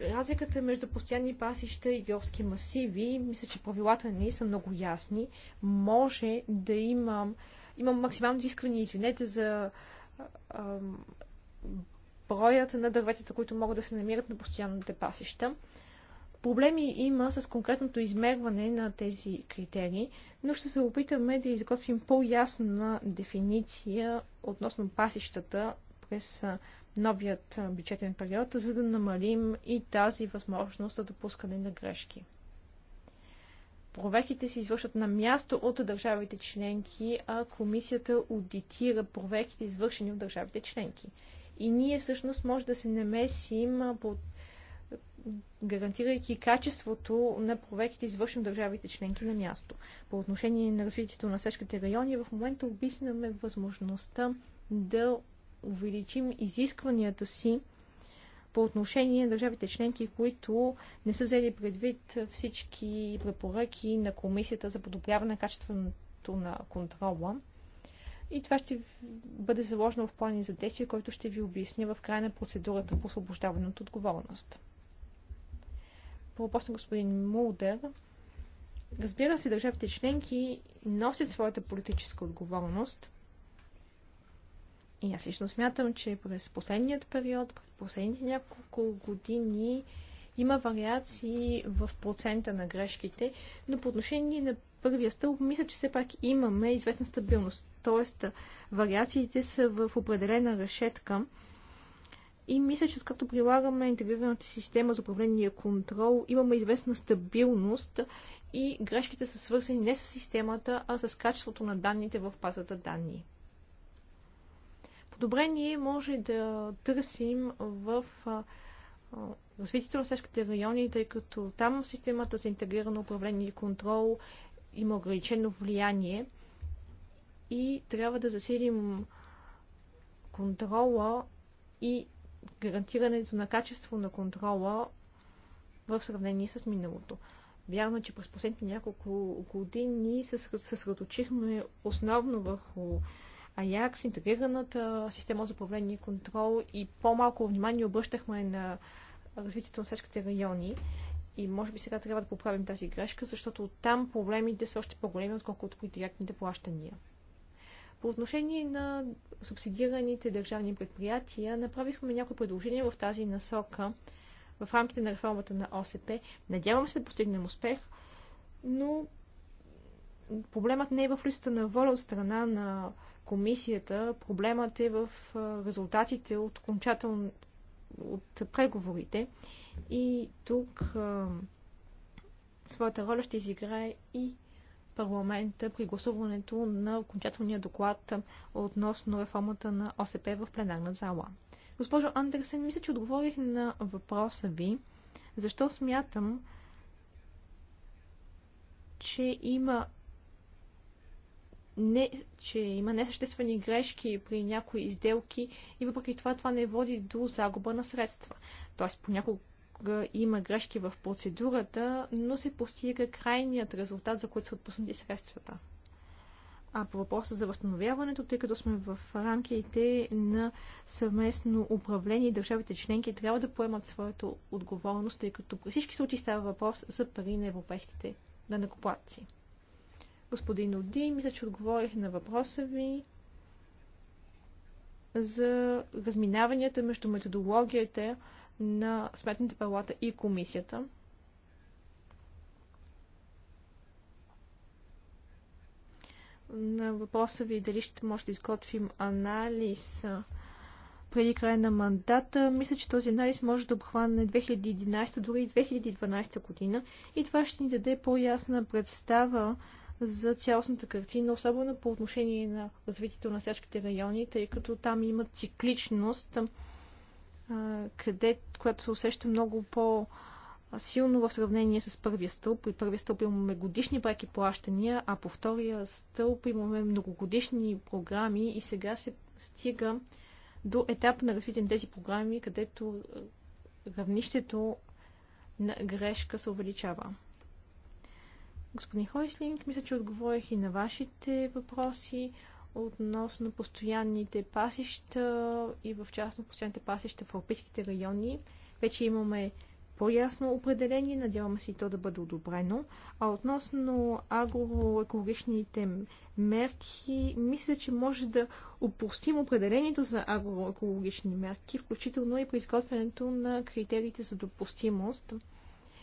разликата между постоянни пасища и горски масиви, мисля, че правилата не са много ясни. Може да имам, имам максимално искане, извинете, за а, а, броят на дърветата, които могат да се намират на постоянните пасища. Проблеми има с конкретното измерване на тези критерии, но ще се опитаме да изготвим по-ясна дефиниция относно пасищата през новият бюджетен период, за да намалим и тази възможност за допускане на грешки. Проверките се извършват на място от държавите членки, а комисията аудитира проверките, извършени от държавите членки и ние всъщност може да се намесим под гарантирайки качеството на проверките, извършени от държавите членки на място. По отношение на развитието на сешките райони, в момента обиснаме възможността да увеличим изискванията си по отношение на държавите членки, които не са взели предвид всички препоръки на Комисията за подобряване на качеството на контрола. И това ще бъде заложено в плани за действие, който ще ви обясня в края на процедурата по освобождаване от отговорност. По въпрос на господин Мулдер, разбира се, държавите членки носят своята политическа отговорност. И аз лично смятам, че през последният период, през последните няколко години, има вариации в процента на грешките, но по отношение на първия стълб, мисля, че все пак имаме известна стабилност. Тоест, вариациите са в определена решетка. И мисля, че откакто прилагаме интегрираната система за управление и контрол, имаме известна стабилност и грешките са свързани не с системата, а с качеството на данните в базата данни. Подобрение може да търсим в развитието на селските райони, тъй като там системата за интегрирано управление и контрол има ограничено влияние и трябва да засилим контрола и гарантирането на качество на контрола в сравнение с миналото. Вярно, че през последните няколко години се съсредоточихме основно върху Аякс, интегрираната система за управление и контрол и по-малко внимание обръщахме на развитието на селските райони. И може би сега трябва да поправим тази грешка, защото там проблемите са още по-големи, отколкото при директните плащания. По отношение на субсидираните държавни предприятия, направихме някои предложения в тази насока в рамките на реформата на ОСП. Надявам се да постигнем успех, но проблемът не е в листа на воля от страна на комисията, проблемът е в резултатите от, от преговорите и тук а, своята роля ще изиграе и парламента при гласуването на окончателния доклад относно реформата на ОСП в пленарна зала. Госпожо Андерсен, мисля, че отговорих на въпроса ви. Защо смятам, че има не, че има несъществени грешки при някои изделки и въпреки това това не води до загуба на средства. Тоест, понякога понякога е, има грешки в процедурата, но се постига крайният резултат, за който са отпуснати средствата. А по въпроса за възстановяването, тъй като сме в рамките на съвместно управление, държавите членки трябва да поемат своята отговорност, тъй като при всички случаи става въпрос за пари на европейските данъкоплатци. Господин Оди, мисля, че отговорих на въпроса ви за разминаванията между методологията на сметните палата и комисията. На въпроса ви дали ще може да изготвим анализ преди края на мандата. Мисля, че този анализ може да обхване 2011, дори и 2012 година и това ще ни даде по-ясна представа за цялостната картина, особено по отношение на развитието на всяките райони, тъй като там има цикличност къде, което се усеща много по- силно в сравнение с първия стълб. При първия стълб имаме годишни преки плащания, а по втория стълб имаме многогодишни програми и сега се стига до етап на развитие на тези програми, където равнището на грешка се увеличава. Господин Хойслинг, мисля, че отговорих и на вашите въпроси относно постоянните пасища и в частно постоянните пасища в алпийските райони. Вече имаме по-ясно определение, надяваме се и то да бъде одобрено. А относно агроекологичните мерки, мисля, че може да упростим определението за агроекологични мерки, включително и при изготвянето на критериите за допустимост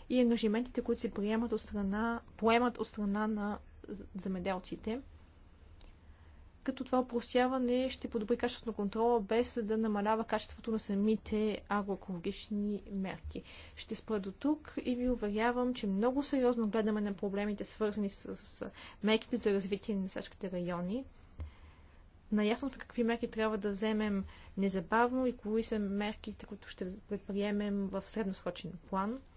и ангажиментите, които се приемат от страна, поемат от страна на земеделците като това опросяване ще подобри качеството на контрола, без да намалява качеството на самите агроекологични мерки. Ще спра до тук и ви уверявам, че много сериозно гледаме на проблемите, свързани с, с мерките за развитие на сачките райони. Наясно сме какви мерки трябва да вземем незабавно и кои са мерките, които ще предприемем в средносрочен план –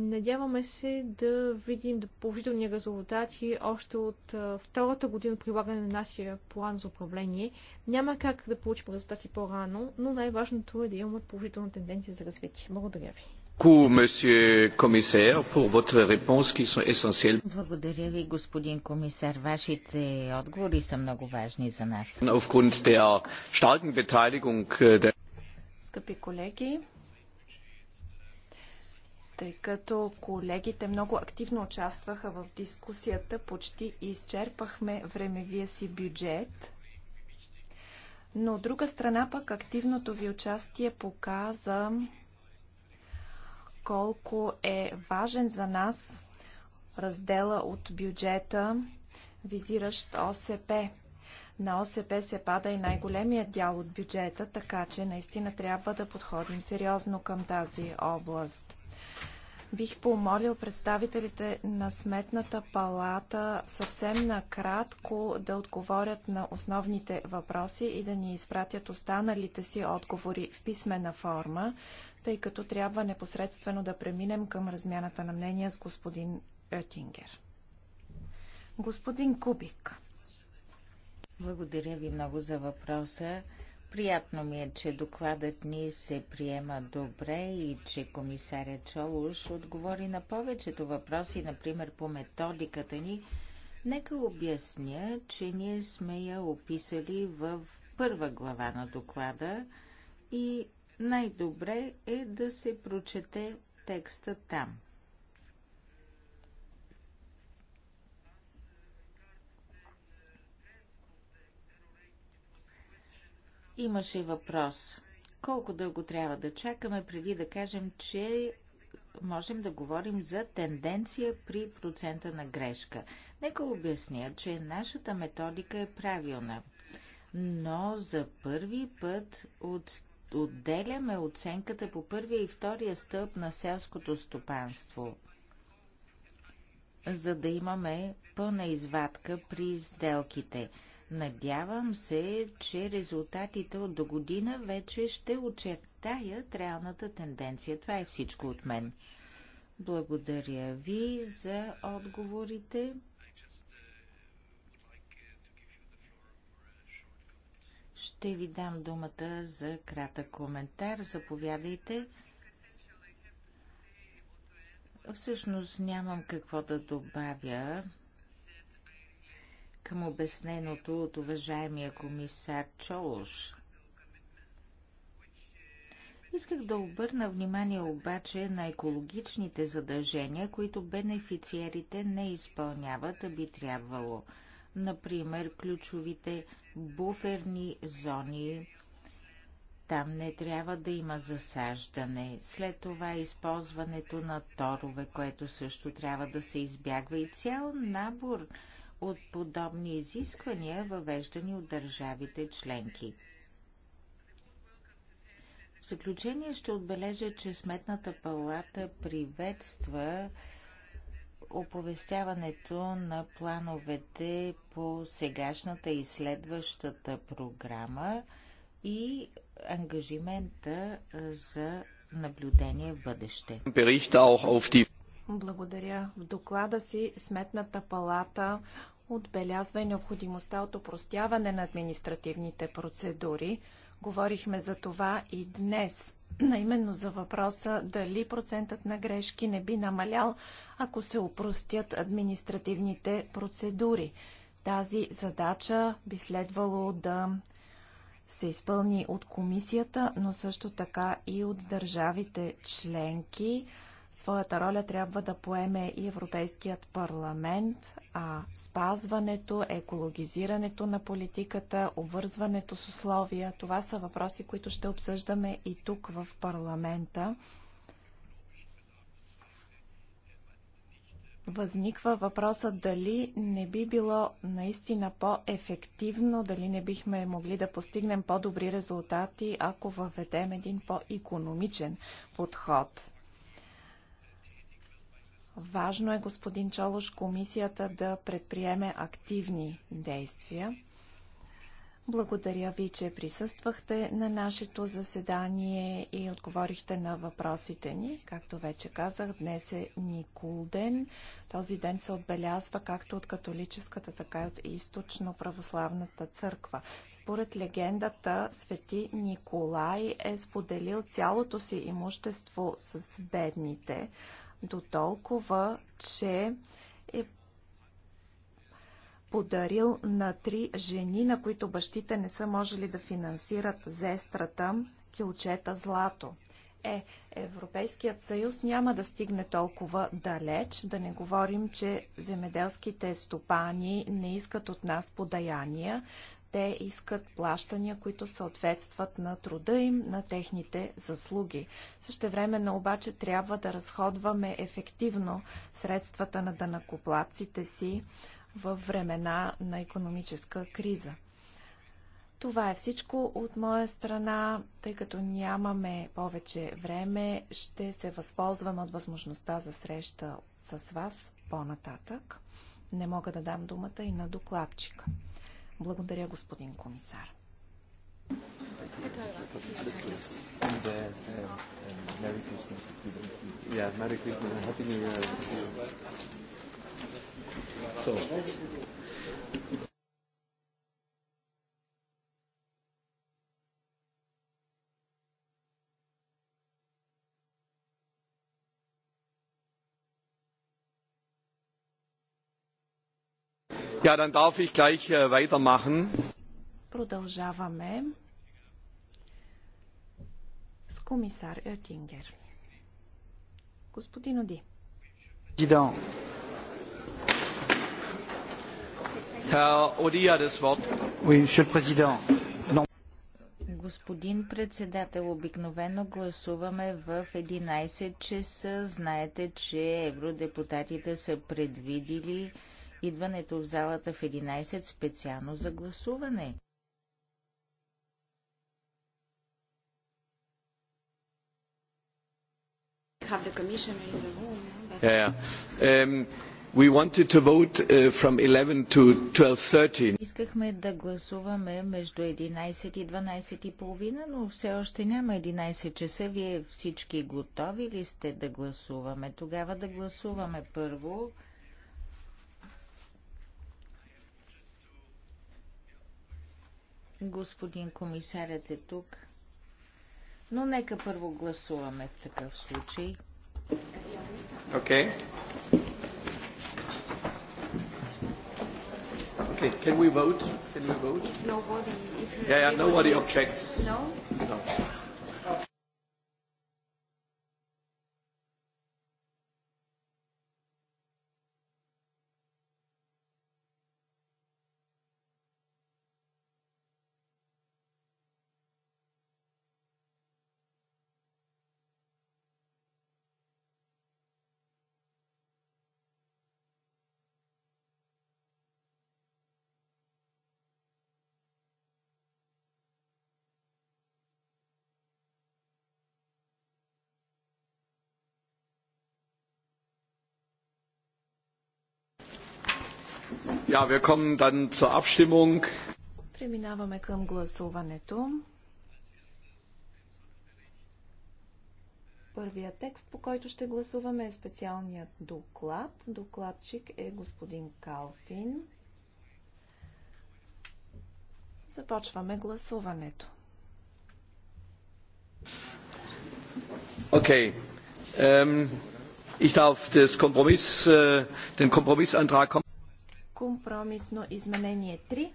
Надяваме се да видим положителни резултати още от втората година прилагане на нашия план за управление. Няма как да получим резултати по-рано, но най-важното е да имаме положителна тенденция за развитие. Благодаря ви. Благодаря ви, господин комисар. Вашите отговори са много важни за нас. Äh, Скъпи колеги, тъй като колегите много активно участваха в дискусията, почти изчерпахме времевия си бюджет. Но от друга страна пък активното ви участие показа колко е важен за нас раздела от бюджета, визиращ ОСП. На ОСП се пада и най-големият дял от бюджета, така че наистина трябва да подходим сериозно към тази област. Бих помолил представителите на Сметната палата съвсем накратко да отговорят на основните въпроси и да ни изпратят останалите си отговори в писмена форма, тъй като трябва непосредствено да преминем към размяната на мнения с господин Оттингер. Господин Кубик. Благодаря ви много за въпроса. Приятно ми е, че докладът ни се приема добре и че комисаря Чолуш отговори на повечето въпроси, например по методиката ни. Нека обясня, че ние сме я описали в първа глава на доклада и най-добре е да се прочете текста там. Имаше въпрос. Колко дълго трябва да чакаме преди да кажем, че можем да говорим за тенденция при процента на грешка? Нека обясня, че нашата методика е правилна, но за първи път от отделяме оценката по първия и втория стълб на селското стопанство, за да имаме пълна извадка при сделките. Надявам се, че резултатите от до година вече ще очертаят реалната тенденция. Това е всичко от мен. Благодаря ви за отговорите. Ще ви дам думата за кратък коментар. Заповядайте. Всъщност нямам какво да добавя към обясненото от уважаемия комисар Чолуш. Исках да обърна внимание обаче на екологичните задължения, които бенефициерите не изпълняват, а би трябвало. Например, ключовите буферни зони. Там не трябва да има засаждане. След това използването на торове, което също трябва да се избягва и цял набор от подобни изисквания, въвеждани от държавите членки. В заключение ще отбележа, че Сметната палата приветства оповестяването на плановете по сегашната и следващата програма и ангажимента за наблюдение в бъдеще. Благодаря. В доклада си Сметната палата отбелязва и необходимостта от упростяване на административните процедури. Говорихме за това и днес, наименно именно за въпроса дали процентът на грешки не би намалял, ако се упростят административните процедури. Тази задача би следвало да се изпълни от комисията, но също така и от държавите членки. Своята роля трябва да поеме и Европейският парламент, а спазването, екологизирането на политиката, обвързването с условия, това са въпроси, които ще обсъждаме и тук в парламента. възниква въпроса дали не би било наистина по-ефективно, дали не бихме могли да постигнем по-добри резултати, ако въведем един по-економичен подход. Важно е, господин Чолош, комисията да предприеме активни действия. Благодаря ви, че присъствахте на нашето заседание и отговорихте на въпросите ни. Както вече казах, днес е Никул ден. Този ден се отбелязва както от католическата, така и от източно-православната църква. Според легендата, свети Николай е споделил цялото си имущество с бедните до толкова, че е подарил на три жени, на които бащите не са можели да финансират зестрата, килчета злато. Е, Европейският съюз няма да стигне толкова далеч, да не говорим, че земеделските стопани не искат от нас подаяния. Те искат плащания, които съответстват на труда им, на техните заслуги. време обаче трябва да разходваме ефективно средствата на данакоплаците си във времена на економическа криза. Това е всичко от моя страна. Тъй като нямаме повече време, ще се възползвам от възможността за среща с вас по-нататък. Не мога да дам думата и на докладчика. Благодаря, господин комисар. Yeah, Merry Christmas. Happy New Year. So. Ja, dann darf ich gleich äh, weitermachen. Продължаваме с комисар Ертингер. Господин Оди. Президент. Господин председател, обикновено гласуваме в 11 часа. Знаете, че евродепутатите са предвидили идването в залата в 11 специално за гласуване. Um, uh, Искахме да гласуваме между 11 и 12.30, но все още няма 11 часа. Вие всички готови ли сте да гласуваме? Тогава да гласуваме първо Господин комисарят е тук. Но нека първо гласуваме в такъв случай. Okay. Okay, can we vote? Can we vote? nobody, if, yeah, yeah, nobody objects. No? No. Ja, wir kommen dann zur Abstimmung. Преминаваме към гласуването. Първият текст, по който ще гласуваме е специалният доклад. Докладчик е господин Калфин. Започваме гласуването. Окей. Okay. Um, ich darf des Kompromiss, uh, den Kompromissantrag Компромисно изменение 3.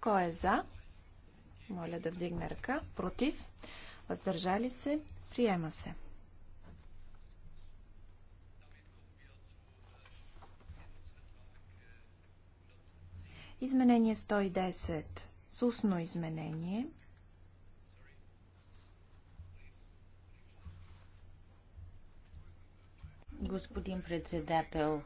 Кой е за? Моля да вдигне ръка. Против? Въздържали се? Приема се. Изменение 110. Сусно изменение. Господин председател,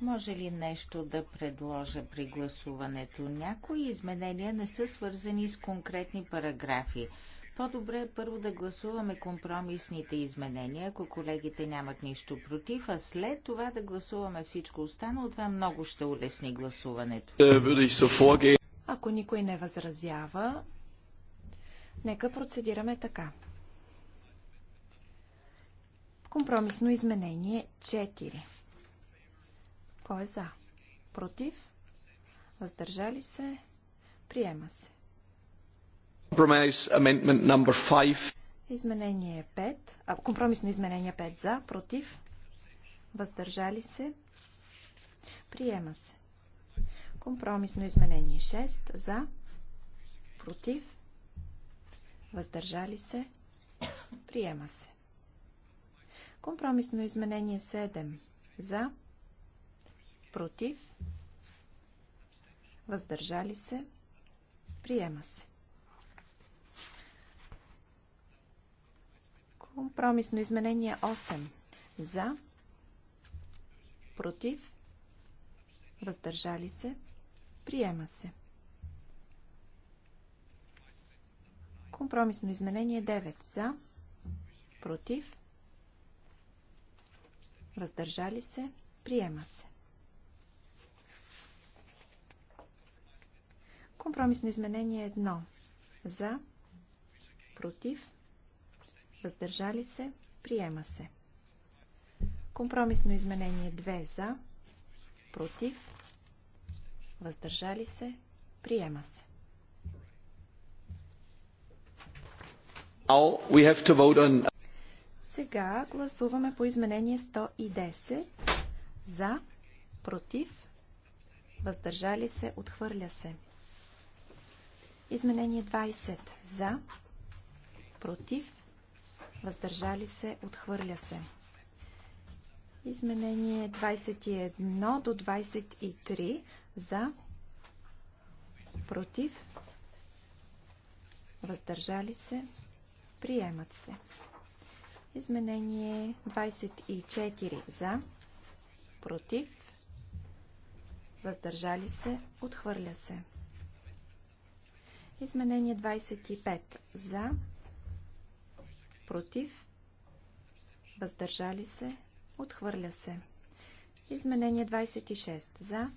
може ли нещо да предложа при гласуването? Някои изменения не са свързани с конкретни параграфи. По-добре е първо да гласуваме компромисните изменения, ако колегите нямат нищо против, а след това да гласуваме всичко останало. Това много ще улесни гласуването. Е, ако никой не възразява, нека процедираме така. Компромисно изменение 4. Кой е за? Против? Въздържали се? Приема се. Изменение 5. А, компромисно изменение 5 за, против, въздържали се, приема се. Компромисно изменение 6 за, против, въздържали се, приема се. Компромисно изменение 7 за, против, против, въздържали се, приема се. Компромисно изменение 8. За, против, въздържали се, приема се. Компромисно изменение 9. За, против, въздържали се, приема се. Компромисно изменение 1. За, против, въздържали се, приема се. Компромисно изменение 2. За, против, въздържали се, приема се. Сега гласуваме по изменение 110. За, против, въздържали се, отхвърля се. Изменение 20 за, против, въздържали се, отхвърля се. Изменение 21 до 23 за, против, въздържали се, приемат се. Изменение 24 за, против, въздържали се, отхвърля се. Изменение 25 за, против, въздържали се, отхвърля се. Изменение 26 за,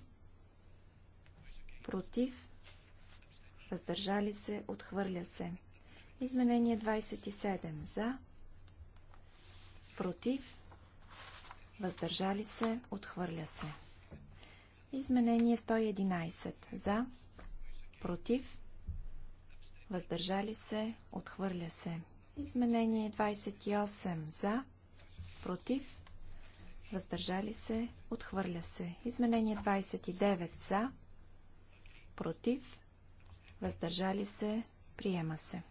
против, въздържали се, отхвърля се. Изменение 27 за, против, въздържали се, отхвърля се. Изменение 111 за, против, въздържали се, отхвърля се. Изменение 28 за, против, въздържали се, отхвърля се. Изменение 29 за, против, въздържали се, приема се.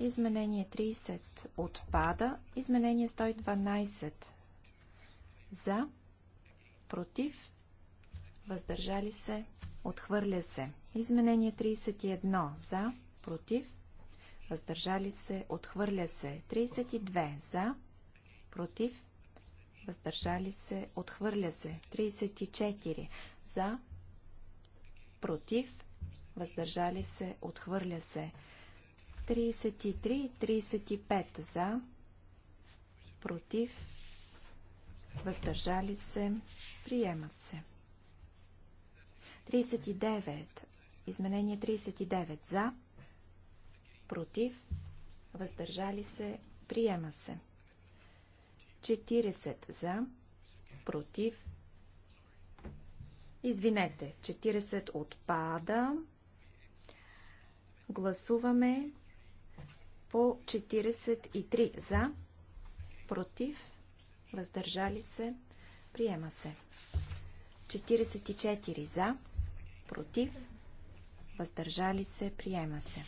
Изменение 30 отпада. Изменение 112 за, против, въздържали се, отхвърля се. Изменение 31 за, против, въздържали се, отхвърля се. 32 за, против, въздържали се, отхвърля се. 34 за, против, въздържали се, отхвърля се. 33 и 35 за, против, въздържали се, приемат се. 39. Изменение 39. За. Против. Въздържали се. Приема се. 40. За. Против. Извинете. 40 отпада. Гласуваме по 43 за, против, въздържали се, приема се. 44 за, против, въздържали се, приема се.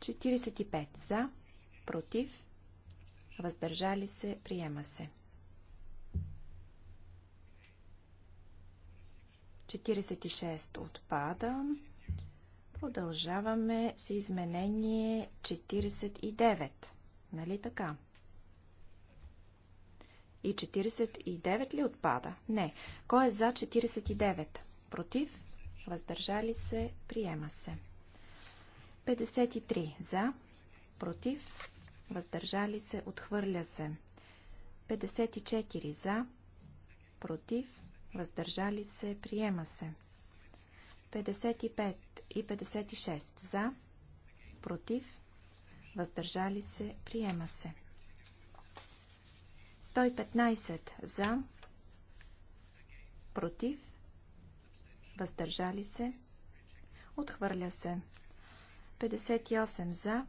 45 за, против, въздържали се, приема се. 46 отпада. Продължаваме с изменение 49. Нали така? И 49 ли отпада? Не. Кой е за 49? Против? Въздържали се? Приема се. 53. За? Против? Въздържали се? Отхвърля се. 54. За? Против? Въздържали се? Приема се. 55 и 56. За? Против? Въздържали се? Приема се. 115 за, против, въздържали се, отхвърля се. 58 за,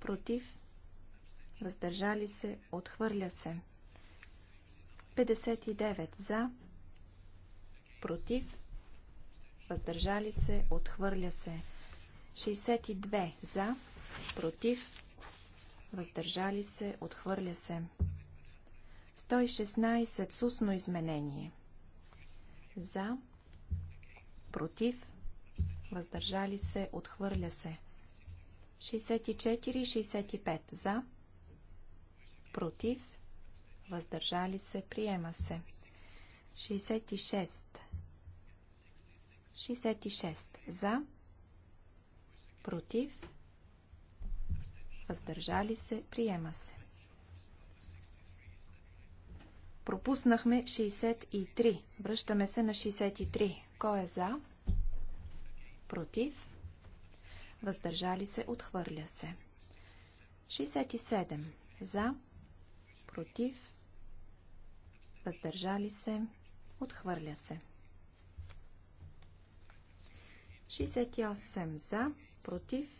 против, въздържали се, отхвърля се. 59 за, против, въздържали се, отхвърля се. 62 за, против, въздържали се, отхвърля се. 116 с устно изменение. За, против, въздържали се, отхвърля се. 64 и 65 за, против, въздържали се, приема се. 66 66 за, против, въздържали се, приема се. Пропуснахме 63. Връщаме се на 63. Кой е за? Против? Въздържали се? Отхвърля се. 67. За? Против? Въздържали се? Отхвърля се. 68 за, против,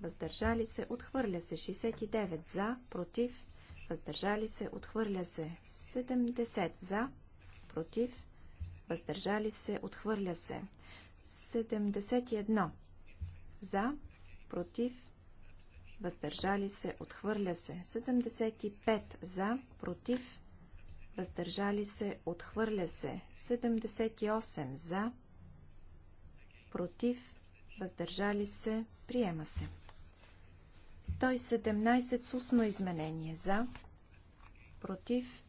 въздържали се, отхвърля се. 69 за, против, въздържали се, отхвърля се. 70 за, против, въздържали се, отхвърля се. 71 за, против, въздържали се, отхвърля се. 75 за, против, въздържали се, отхвърля се. 78 за, против, въздържали се, приема се. 117 с устно изменение за, против,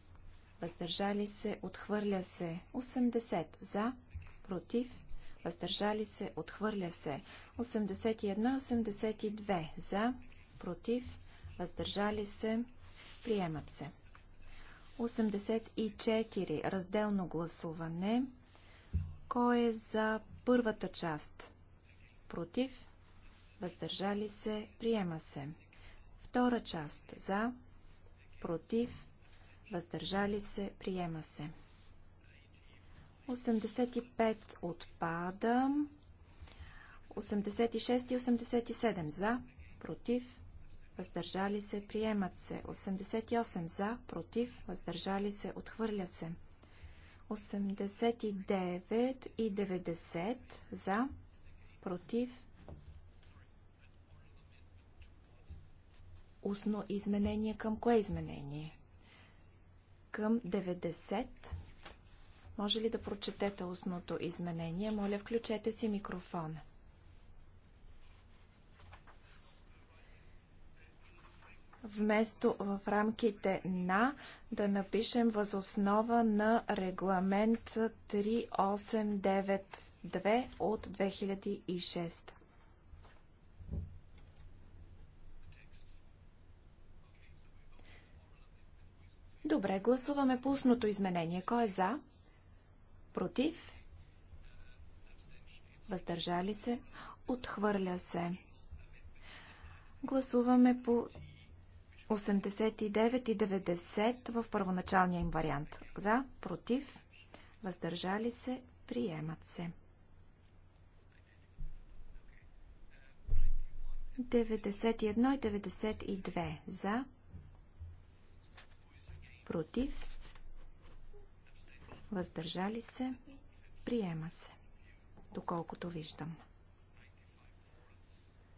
въздържали се, отхвърля се. 80 за, против, въздържали се, отхвърля се. 81-82 за, против, въздържали се, приемат се. 84 разделно гласуване. Кой е за първата част? Против, въздържали се, приема се. Втора част за, против, въздържали се, приема се. 85 отпада. 86 и 87 за, против, въздържали се, приемат се. 88 за, против, въздържали се, отхвърля се. 89 и 90 за, против, устно изменение към кое изменение? Към 90. Може ли да прочетете устното изменение? Моля, включете си микрофона. вместо в рамките на да напишем възоснова на регламент 3892 от 2006. Добре, гласуваме по устното изменение. Кой е за? Против? Въздържали се? Отхвърля се. Гласуваме по 89 и 90 в първоначалния им вариант. За, против, въздържали се, приемат се. 91 и 92 за, против, въздържали се, приема се, доколкото виждам.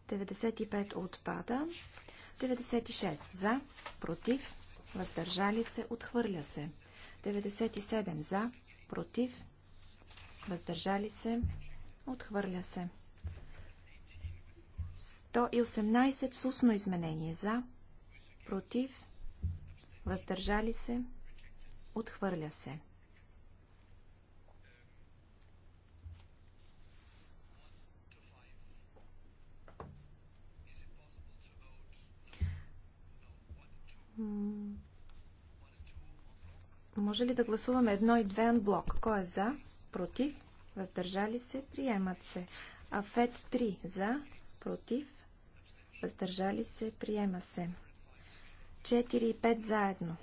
95 отпада, 96 за, против, въздържали се, отхвърля се. 97 за, против, въздържали се, отхвърля се. 118 с устно изменение за, против, въздържали се, отхвърля се. Може ли да гласуваме едно и две анблок? Кой е за? Против? Въздържали се? Приемат се. Афет 3 за? Против? Въздържали се? Приема се. 4 и 5 заедно.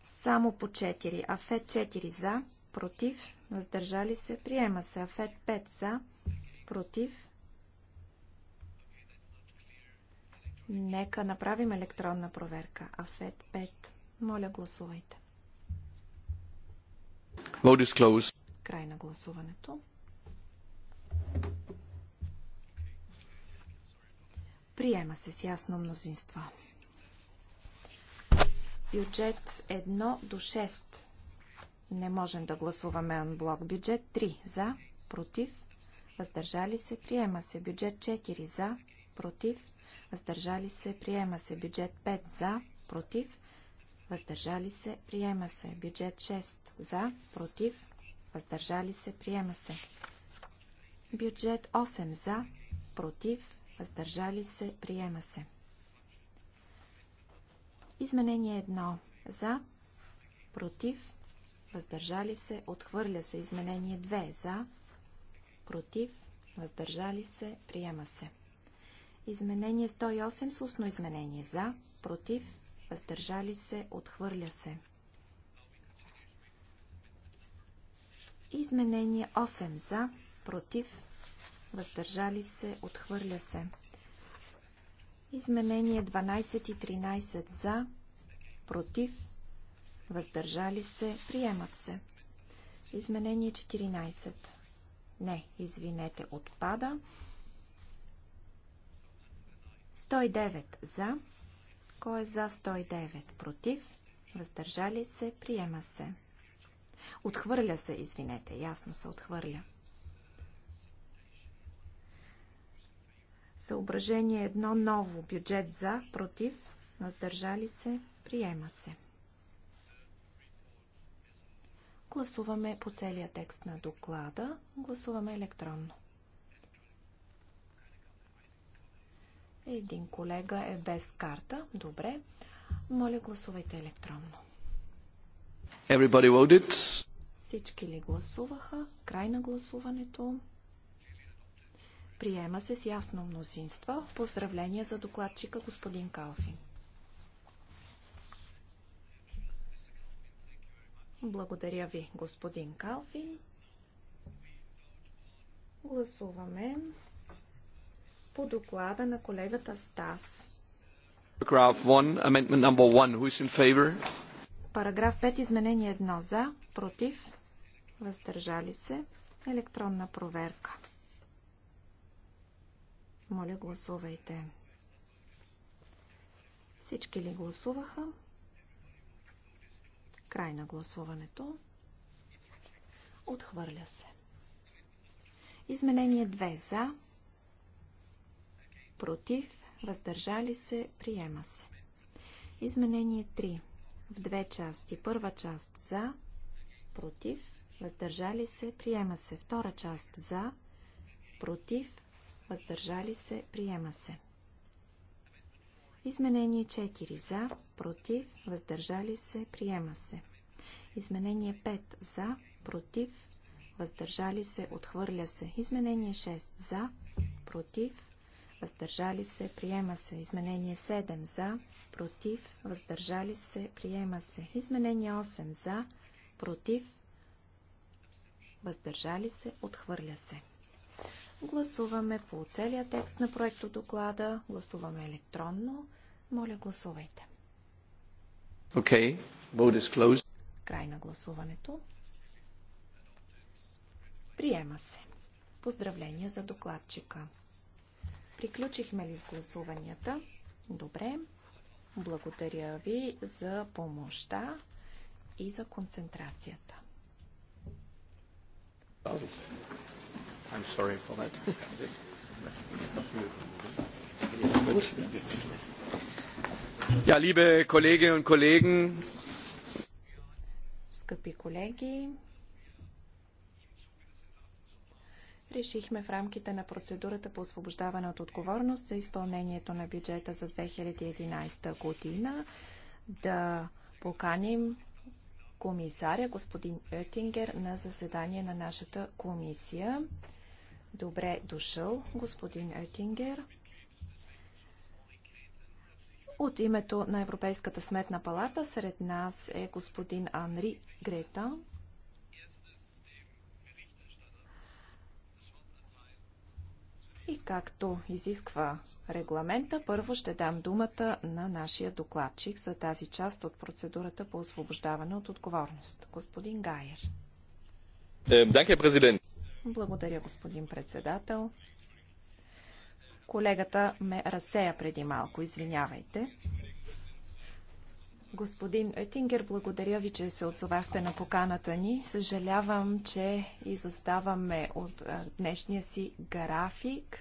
Само по 4. Афет 4 за, против, въздържали се, приема се. Афет 5 за, против. Нека направим електронна проверка. Афет 5. Моля, гласувайте. Край на гласуването. Приема се с ясно мнозинство. Бюджет 1 до 6. Не можем да гласуваме анблок. Бюджет 3 за, против, въздържали се, приема се. Бюджет 4 за, против, въздържали се, приема се. Бюджет 5 за, против, въздържали се, приема се. Бюджет 6 за, против, въздържали се, приема се. Бюджет 8 за, против, въздържали се, приема се. Изменение 1. За. Против. Въздържали се. Отхвърля се. Изменение 2. За. Против. Въздържали се. Приема се. Изменение 108 с устно изменение. За. Против. Въздържали се. Отхвърля се. Изменение 8. За. Против. Въздържали се. Отхвърля се. Изменение 12 и 13 за, против, въздържали се, приемат се. Изменение 14. Не, извинете, отпада. 109 за. Кой е за 109? Против. Въздържали се, приема се. Отхвърля се, извинете, ясно се отхвърля. Съображение едно ново. Бюджет за, против, въздържали се, приема се. Гласуваме по целия текст на доклада. Гласуваме електронно. Един колега е без карта. Добре. Моля, гласувайте електронно. Всички ли гласуваха? Край на гласуването. Приема се с ясно мнозинство. Поздравление за докладчика господин Калфин. Благодаря ви, господин Калфин. Гласуваме по доклада на колегата Стас. Параграф 1, amendment number 1, in favor? Параграф 5, изменение 1 за, против, въздържали се, електронна проверка. Моля, гласувайте. Всички ли гласуваха? Край на гласуването. Отхвърля се. Изменение 2 за, против, въздържали се, приема се. Изменение 3 в две части. Първа част за, против, въздържали се, приема се. Втора част за, против, въздържали се, приема се. Изменение 4 за, против, въздържали се, приема се. Изменение 5 за, против, въздържали се, отхвърля се. Изменение 6 за, против, въздържали се, приема се. Изменение 7 за, против, въздържали се, приема се. Изменение 8 за, против, въздържали се, отхвърля се. Гласуваме по целия текст на проекто доклада. Гласуваме електронно. Моля, гласувайте. Okay. Vote is closed. Край на гласуването. Приема се. Поздравления за докладчика. Приключихме ли с гласуванията? Добре. Благодаря ви за помощта и за концентрацията. I'm sorry for that. Ja, liebe Kolleginnen und Kollegen, скъпи колеги, решихме в рамките на процедурата по освобождаване от отговорност за изпълнението на бюджета за 2011 година да поканим комисаря господин Оттингер на заседание на нашата комисия. Добре дошъл, господин Етингер. От името на Европейската сметна палата сред нас е господин Анри Грета. И както изисква регламента, първо ще дам думата на нашия докладчик за тази част от процедурата по освобождаване от отговорност. Господин Гайер. Благодаря, е, президент. Благодаря, господин председател. Колегата ме разсея преди малко, извинявайте. Господин Етингер, благодаря ви, че се отзовахте на поканата ни. Съжалявам, че изоставаме от днешния си график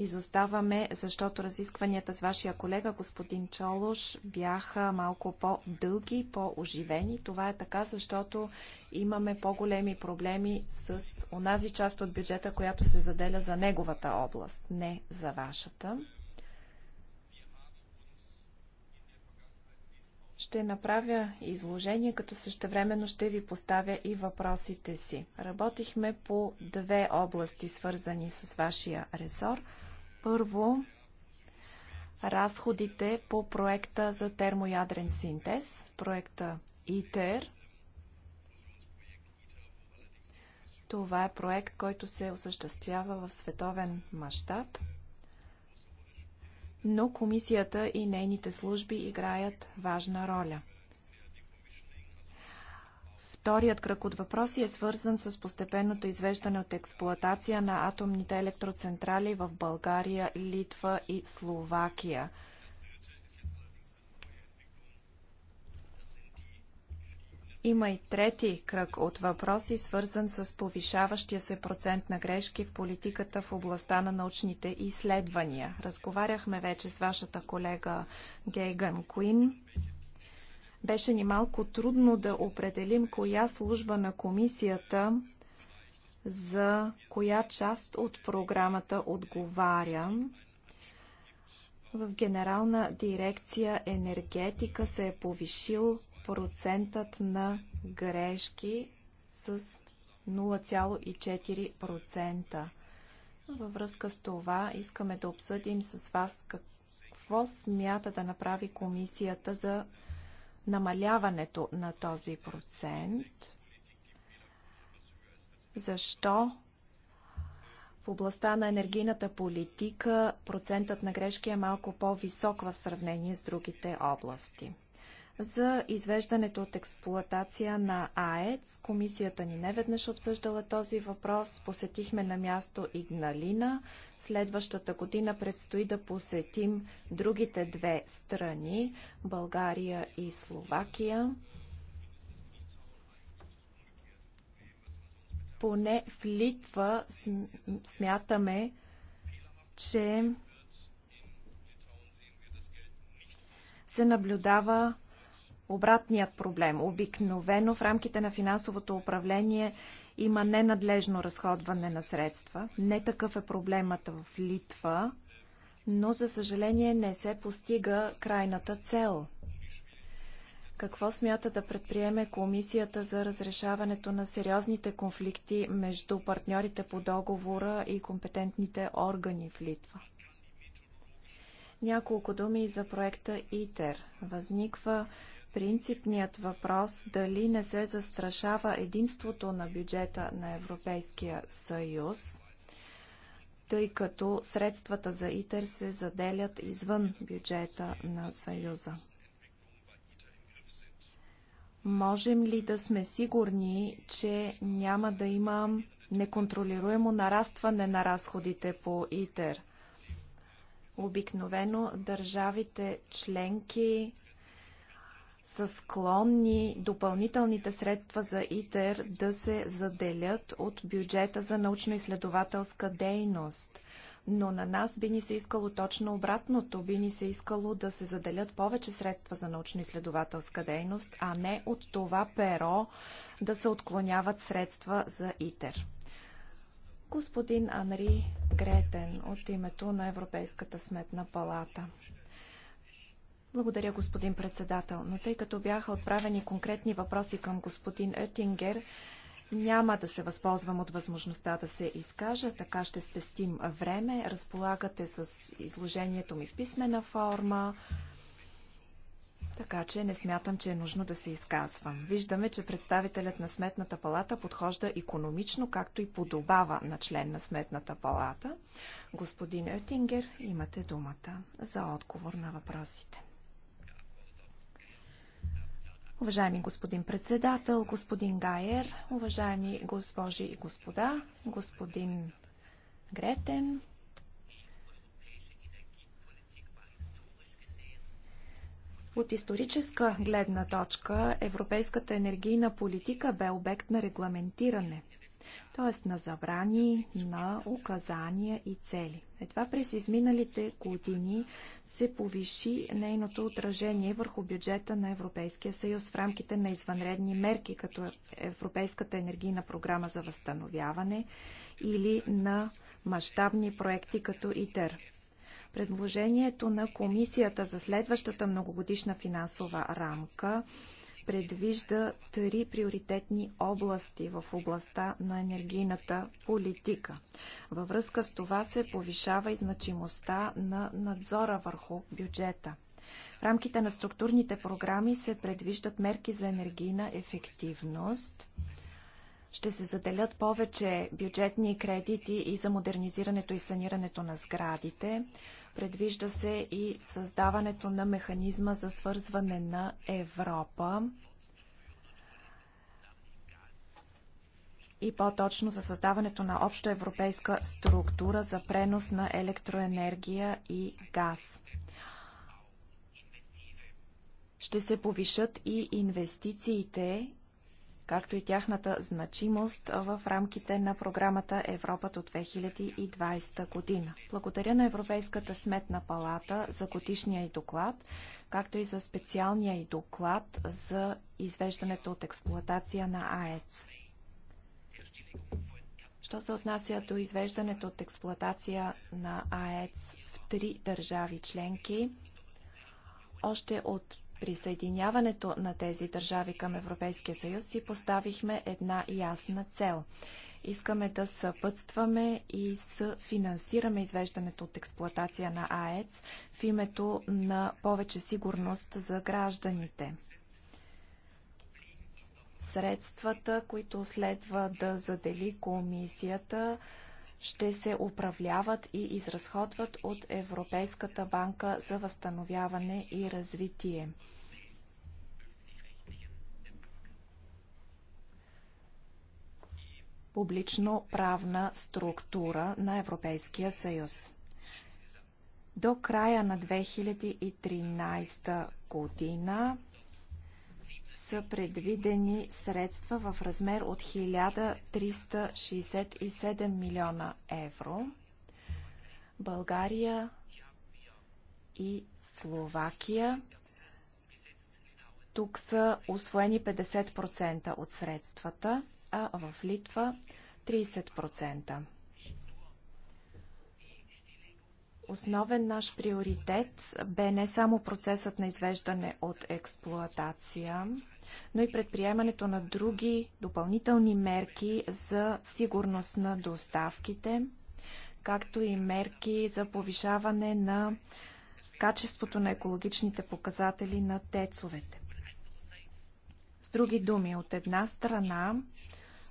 Изоставаме, защото разискванията с вашия колега господин Чолош бяха малко по-дълги, по-оживени. Това е така, защото имаме по-големи проблеми с онази част от бюджета, която се заделя за неговата област, не за вашата. ще направя изложение, като същевременно ще ви поставя и въпросите си. Работихме по две области, свързани с вашия ресор. Първо, разходите по проекта за термоядрен синтез, проекта ИТЕР. Това е проект, който се осъществява в световен мащаб, но комисията и нейните служби играят важна роля – Вторият кръг от въпроси е свързан с постепенното извеждане от експлоатация на атомните електроцентрали в България, Литва и Словакия. Има и трети кръг от въпроси, свързан с повишаващия се процент на грешки в политиката в областта на научните изследвания. Разговаряхме вече с вашата колега Гейган Куин. Беше ни малко трудно да определим коя служба на комисията за коя част от програмата отговаря. В Генерална дирекция енергетика се е повишил процентът на грешки с 0,4%. Във връзка с това искаме да обсъдим с вас какво смята да направи комисията за намаляването на този процент? Защо в областта на енергийната политика процентът на грешки е малко по-висок в сравнение с другите области? за извеждането от експлоатация на АЕЦ. Комисията ни неведнъж обсъждала този въпрос. Посетихме на място Игналина. Следващата година предстои да посетим другите две страни България и Словакия. Поне в Литва смятаме, че се наблюдава обратният проблем. Обикновено в рамките на финансовото управление има ненадлежно разходване на средства. Не такъв е проблемът в Литва, но за съжаление не се постига крайната цел. Какво смята да предприеме комисията за разрешаването на сериозните конфликти между партньорите по договора и компетентните органи в Литва? Няколко думи за проекта ИТЕР. Възниква принципният въпрос дали не се застрашава единството на бюджета на Европейския съюз, тъй като средствата за ИТЕР се заделят извън бюджета на Съюза. Можем ли да сме сигурни, че няма да има неконтролируемо нарастване на разходите по ИТЕР? Обикновено държавите членки са склонни допълнителните средства за ИТЕР да се заделят от бюджета за научно-изследователска дейност. Но на нас би ни се искало точно обратното. Би ни се искало да се заделят повече средства за научно-изследователска дейност, а не от това перо да се отклоняват средства за ИТЕР. Господин Анри Гретен от името на Европейската сметна палата. Благодаря, господин председател. Но тъй като бяха отправени конкретни въпроси към господин Етингер, няма да се възползвам от възможността да се изкажа, така ще спестим време. Разполагате с изложението ми в писмена форма, така че не смятам, че е нужно да се изказвам. Виждаме, че представителят на Сметната палата подхожда економично, както и подобава на член на Сметната палата. Господин Етингер, имате думата за отговор на въпросите. Уважаеми господин председател, господин Гайер, уважаеми госпожи и господа, господин Гретен, От историческа гледна точка, европейската енергийна политика бе обект на регламентиране, т.е. на забрани, на указания и цели. Едва през изминалите години се повиши нейното отражение върху бюджета на Европейския съюз в рамките на извънредни мерки, като е Европейската енергийна програма за възстановяване или на мащабни проекти като ИТЕР. Предложението на комисията за следващата многогодишна финансова рамка предвижда три приоритетни области в областта на енергийната политика. Във връзка с това се повишава и значимостта на надзора върху бюджета. В рамките на структурните програми се предвиждат мерки за енергийна ефективност. Ще се заделят повече бюджетни кредити и за модернизирането и санирането на сградите. Предвижда се и създаването на механизма за свързване на Европа и по-точно за създаването на обща европейска структура за пренос на електроенергия и газ. Ще се повишат и инвестициите както и тяхната значимост в рамките на програмата Европа до 2020 година. Благодаря на Европейската сметна палата за годишния и доклад, както и за специалния и доклад за извеждането от експлоатация на АЕЦ. Що се отнася до извеждането от експлоатация на АЕЦ в три държави членки, още от присъединяването на тези държави към Европейския съюз си поставихме една ясна цел. Искаме да съпътстваме и финансираме извеждането от експлоатация на АЕЦ в името на повече сигурност за гражданите. Средствата, които следва да задели комисията, ще се управляват и изразходват от Европейската банка за възстановяване и развитие. публично-правна структура на Европейския съюз. До края на 2013 година са предвидени средства в размер от 1367 милиона евро. България и Словакия. Тук са освоени 50% от средствата, а в Литва 30%. Основен наш приоритет бе не само процесът на извеждане от експлоатация, но и предприемането на други допълнителни мерки за сигурност на доставките, както и мерки за повишаване на качеството на екологичните показатели на тецовете. С други думи, от една страна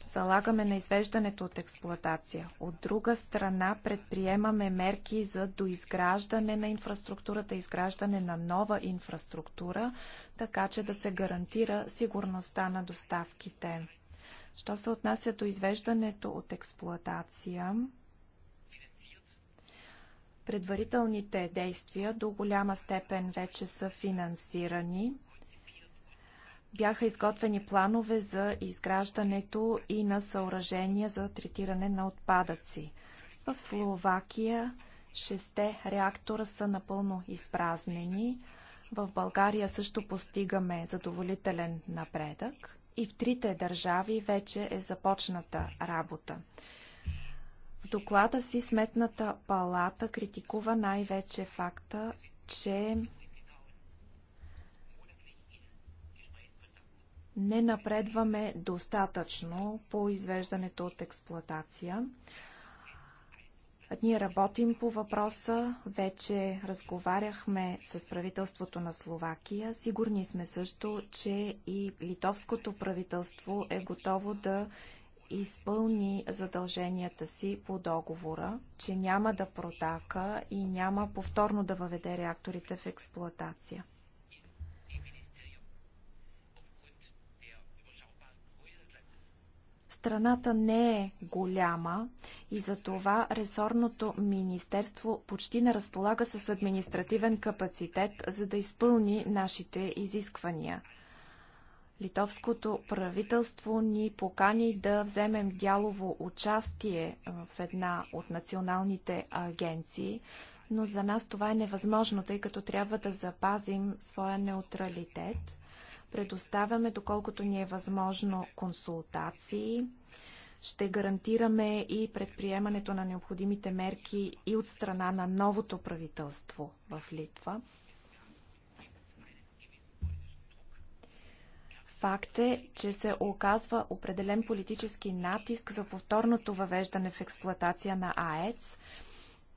залагаме на извеждането от експлоатация. От друга страна, предприемаме мерки за доизграждане на инфраструктурата, изграждане на нова инфраструктура, така че да се гарантира сигурността на доставките. Що се отнася до извеждането от експлоатация, предварителните действия до голяма степен вече са финансирани – бяха изготвени планове за изграждането и на съоръжения за третиране на отпадъци. В Словакия шесте реактора са напълно изпразнени. В България също постигаме задоволителен напредък. И в трите държави вече е започната работа. В доклада си Сметната палата критикува най-вече факта, че не напредваме достатъчно по извеждането от експлоатация. Ние работим по въпроса, вече разговаряхме с правителството на Словакия. Сигурни сме също, че и литовското правителство е готово да изпълни задълженията си по договора, че няма да протака и няма повторно да въведе реакторите в експлоатация. страната не е голяма и за това ресорното министерство почти не разполага с административен капацитет, за да изпълни нашите изисквания. Литовското правителство ни покани да вземем дялово участие в една от националните агенции, но за нас това е невъзможно, тъй като трябва да запазим своя неутралитет. Предоставяме, доколкото ни е възможно, консултации. Ще гарантираме и предприемането на необходимите мерки и от страна на новото правителство в Литва. Факт е, че се оказва определен политически натиск за повторното въвеждане в експлоатация на АЕЦ.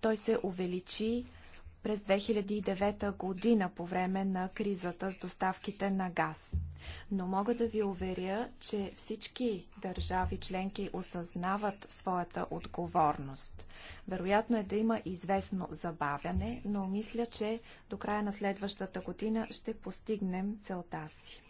Той се увеличи през 2009 година по време на кризата с доставките на газ. Но мога да ви уверя, че всички държави членки осъзнават своята отговорност. Вероятно е да има известно забавяне, но мисля, че до края на следващата година ще постигнем целта си.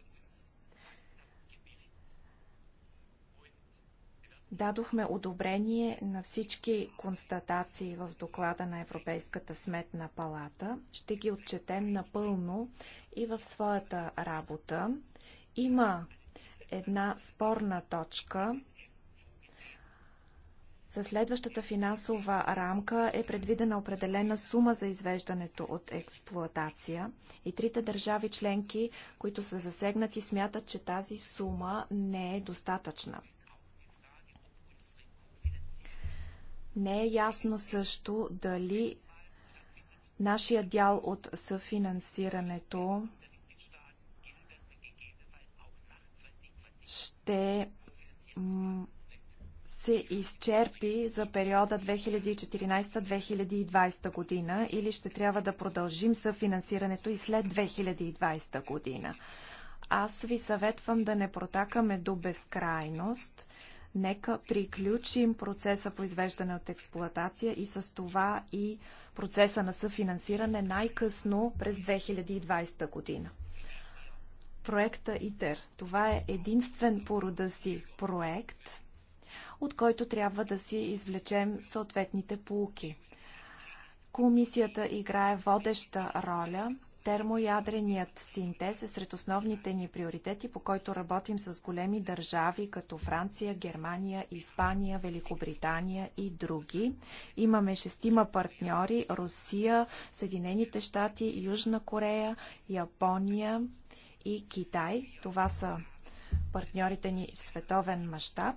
дадохме одобрение на всички констатации в доклада на Европейската сметна палата. Ще ги отчетем напълно и в своята работа. Има една спорна точка. За следващата финансова рамка е предвидена определена сума за извеждането от експлоатация и трите държави членки, които са засегнати, смятат, че тази сума не е достатъчна. Не е ясно също дали нашия дял от съфинансирането ще се изчерпи за периода 2014-2020 година или ще трябва да продължим съфинансирането и след 2020 година. Аз ви съветвам да не протакаме до безкрайност Нека приключим процеса по извеждане от експлоатация и с това и процеса на съфинансиране най-късно през 2020 година. Проекта ИТЕР. Това е единствен по рода си проект, от който трябва да си извлечем съответните полуки. Комисията играе водеща роля Термоядреният синтез е сред основните ни приоритети, по който работим с големи държави като Франция, Германия, Испания, Великобритания и други. Имаме шестима партньори Русия, Съединените щати, Южна Корея, Япония и Китай. Това са партньорите ни в световен мащаб.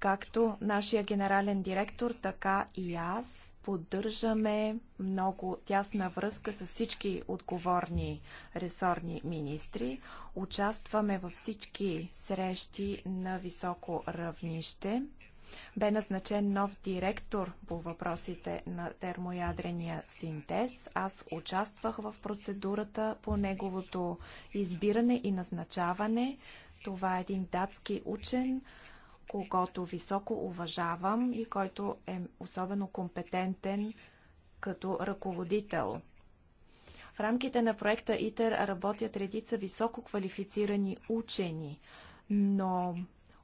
Както нашия генерален директор, така и аз поддържаме много тясна връзка с всички отговорни ресорни министри. Участваме във всички срещи на високо равнище. Бе назначен нов директор по въпросите на термоядрения синтез. Аз участвах в процедурата по неговото избиране и назначаване. Това е един датски учен, когото високо уважавам и който е особено компетентен като ръководител. В рамките на проекта ИТЕР работят редица високо квалифицирани учени, но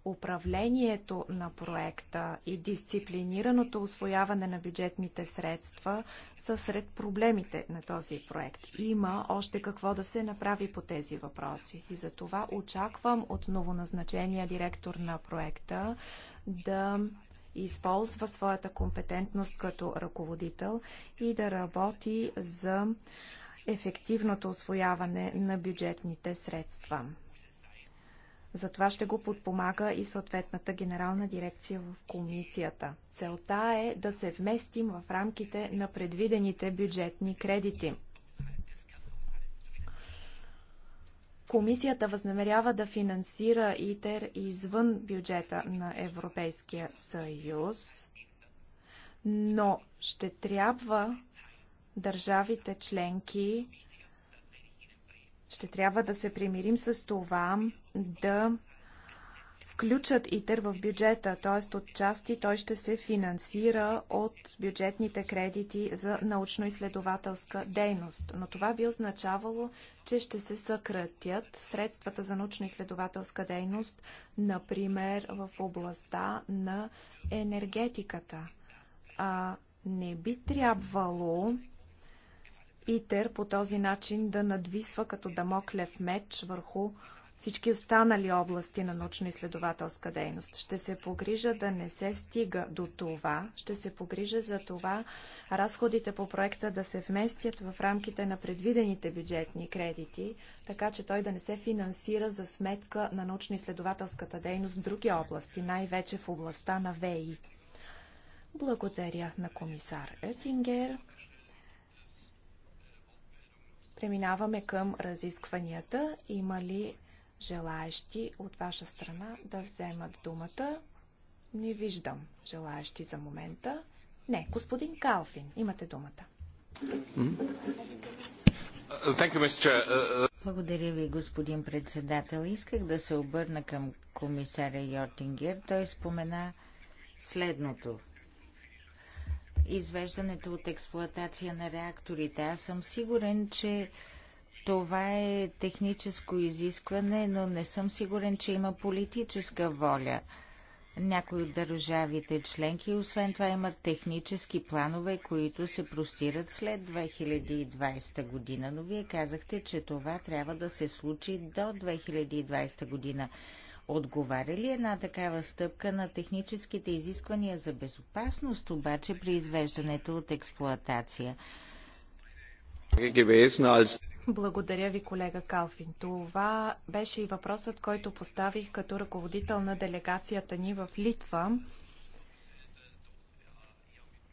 управлението на проекта и дисциплинираното освояване на бюджетните средства са сред проблемите на този проект. Има още какво да се направи по тези въпроси и за това очаквам от новоназначения директор на проекта да използва своята компетентност като ръководител и да работи за ефективното освояване на бюджетните средства. Затова ще го подпомага и съответната генерална дирекция в комисията. Целта е да се вместим в рамките на предвидените бюджетни кредити. Комисията възнамерява да финансира ИТЕР извън бюджета на Европейския съюз, но ще трябва държавите членки ще трябва да се примирим с това да включат ИТЕР в бюджета, т.е. от части той ще се финансира от бюджетните кредити за научно-изследователска дейност. Но това би означавало, че ще се съкратят средствата за научно-изследователска дейност, например в областта на енергетиката. А не би трябвало ИТЕР по този начин да надвисва като дамоклев меч върху всички останали области на научно-изследователска дейност. Ще се погрижа да не се стига до това. Ще се погрижа за това разходите по проекта да се вместят в рамките на предвидените бюджетни кредити, така че той да не се финансира за сметка на научно-изследователската дейност в други области, най-вече в областта на ВИ. Благодаря на комисар Етингер. Преминаваме към разискванията. Има ли желаящи от ваша страна да вземат думата? Не виждам желаящи за момента. Не, господин Калфин, имате думата. Uh, uh, Благодаря ви, господин председател. Исках да се обърна към комисаря Йотингер. Той спомена следното – извеждането от експлоатация на реакторите. Аз съм сигурен, че това е техническо изискване, но не съм сигурен, че има политическа воля. Някои от държавите членки, освен това, имат технически планове, които се простират след 2020 година. Но вие казахте, че това трябва да се случи до 2020 година. Отговаря ли една такава стъпка на техническите изисквания за безопасност, обаче при извеждането от експлоатация? Благодаря ви, колега Калфин. Това беше и въпросът, който поставих като ръководител на делегацията ни в Литва.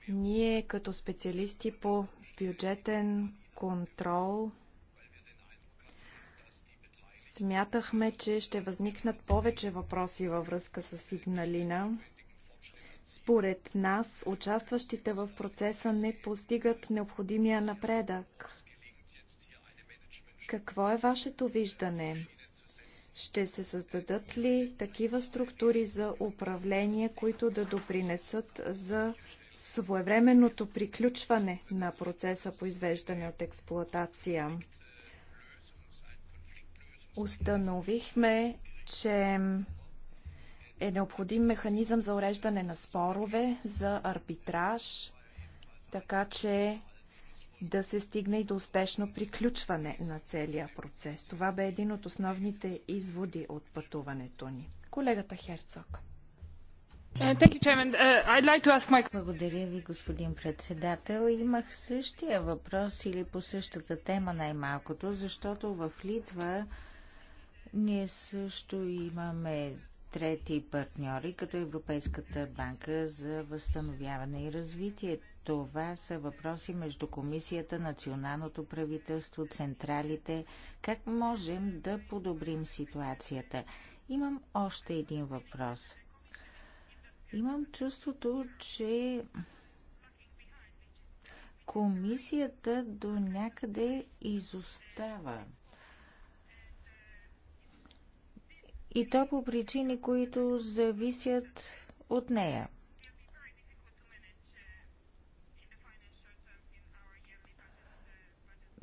Ние като специалисти по бюджетен контрол Смятахме, че ще възникнат повече въпроси във връзка с сигналина. Според нас, участващите в процеса не постигат необходимия напредък. Какво е вашето виждане? Ще се създадат ли такива структури за управление, които да допринесат за своевременното приключване на процеса по извеждане от експлоатация? Установихме, че е необходим механизъм за уреждане на спорове, за арбитраж, така че да се стигне и до успешно приключване на целия процес. Това бе един от основните изводи от пътуването ни. Колегата Херцог. Uh, uh, Благодаря ви, господин председател. Имах същия въпрос или по същата тема най-малкото, защото в Литва ние също имаме трети партньори, като Европейската банка за възстановяване и развитие. Това са въпроси между комисията, националното правителство, централите. Как можем да подобрим ситуацията? Имам още един въпрос. Имам чувството, че комисията до някъде изостава. и то по причини, които зависят от нея.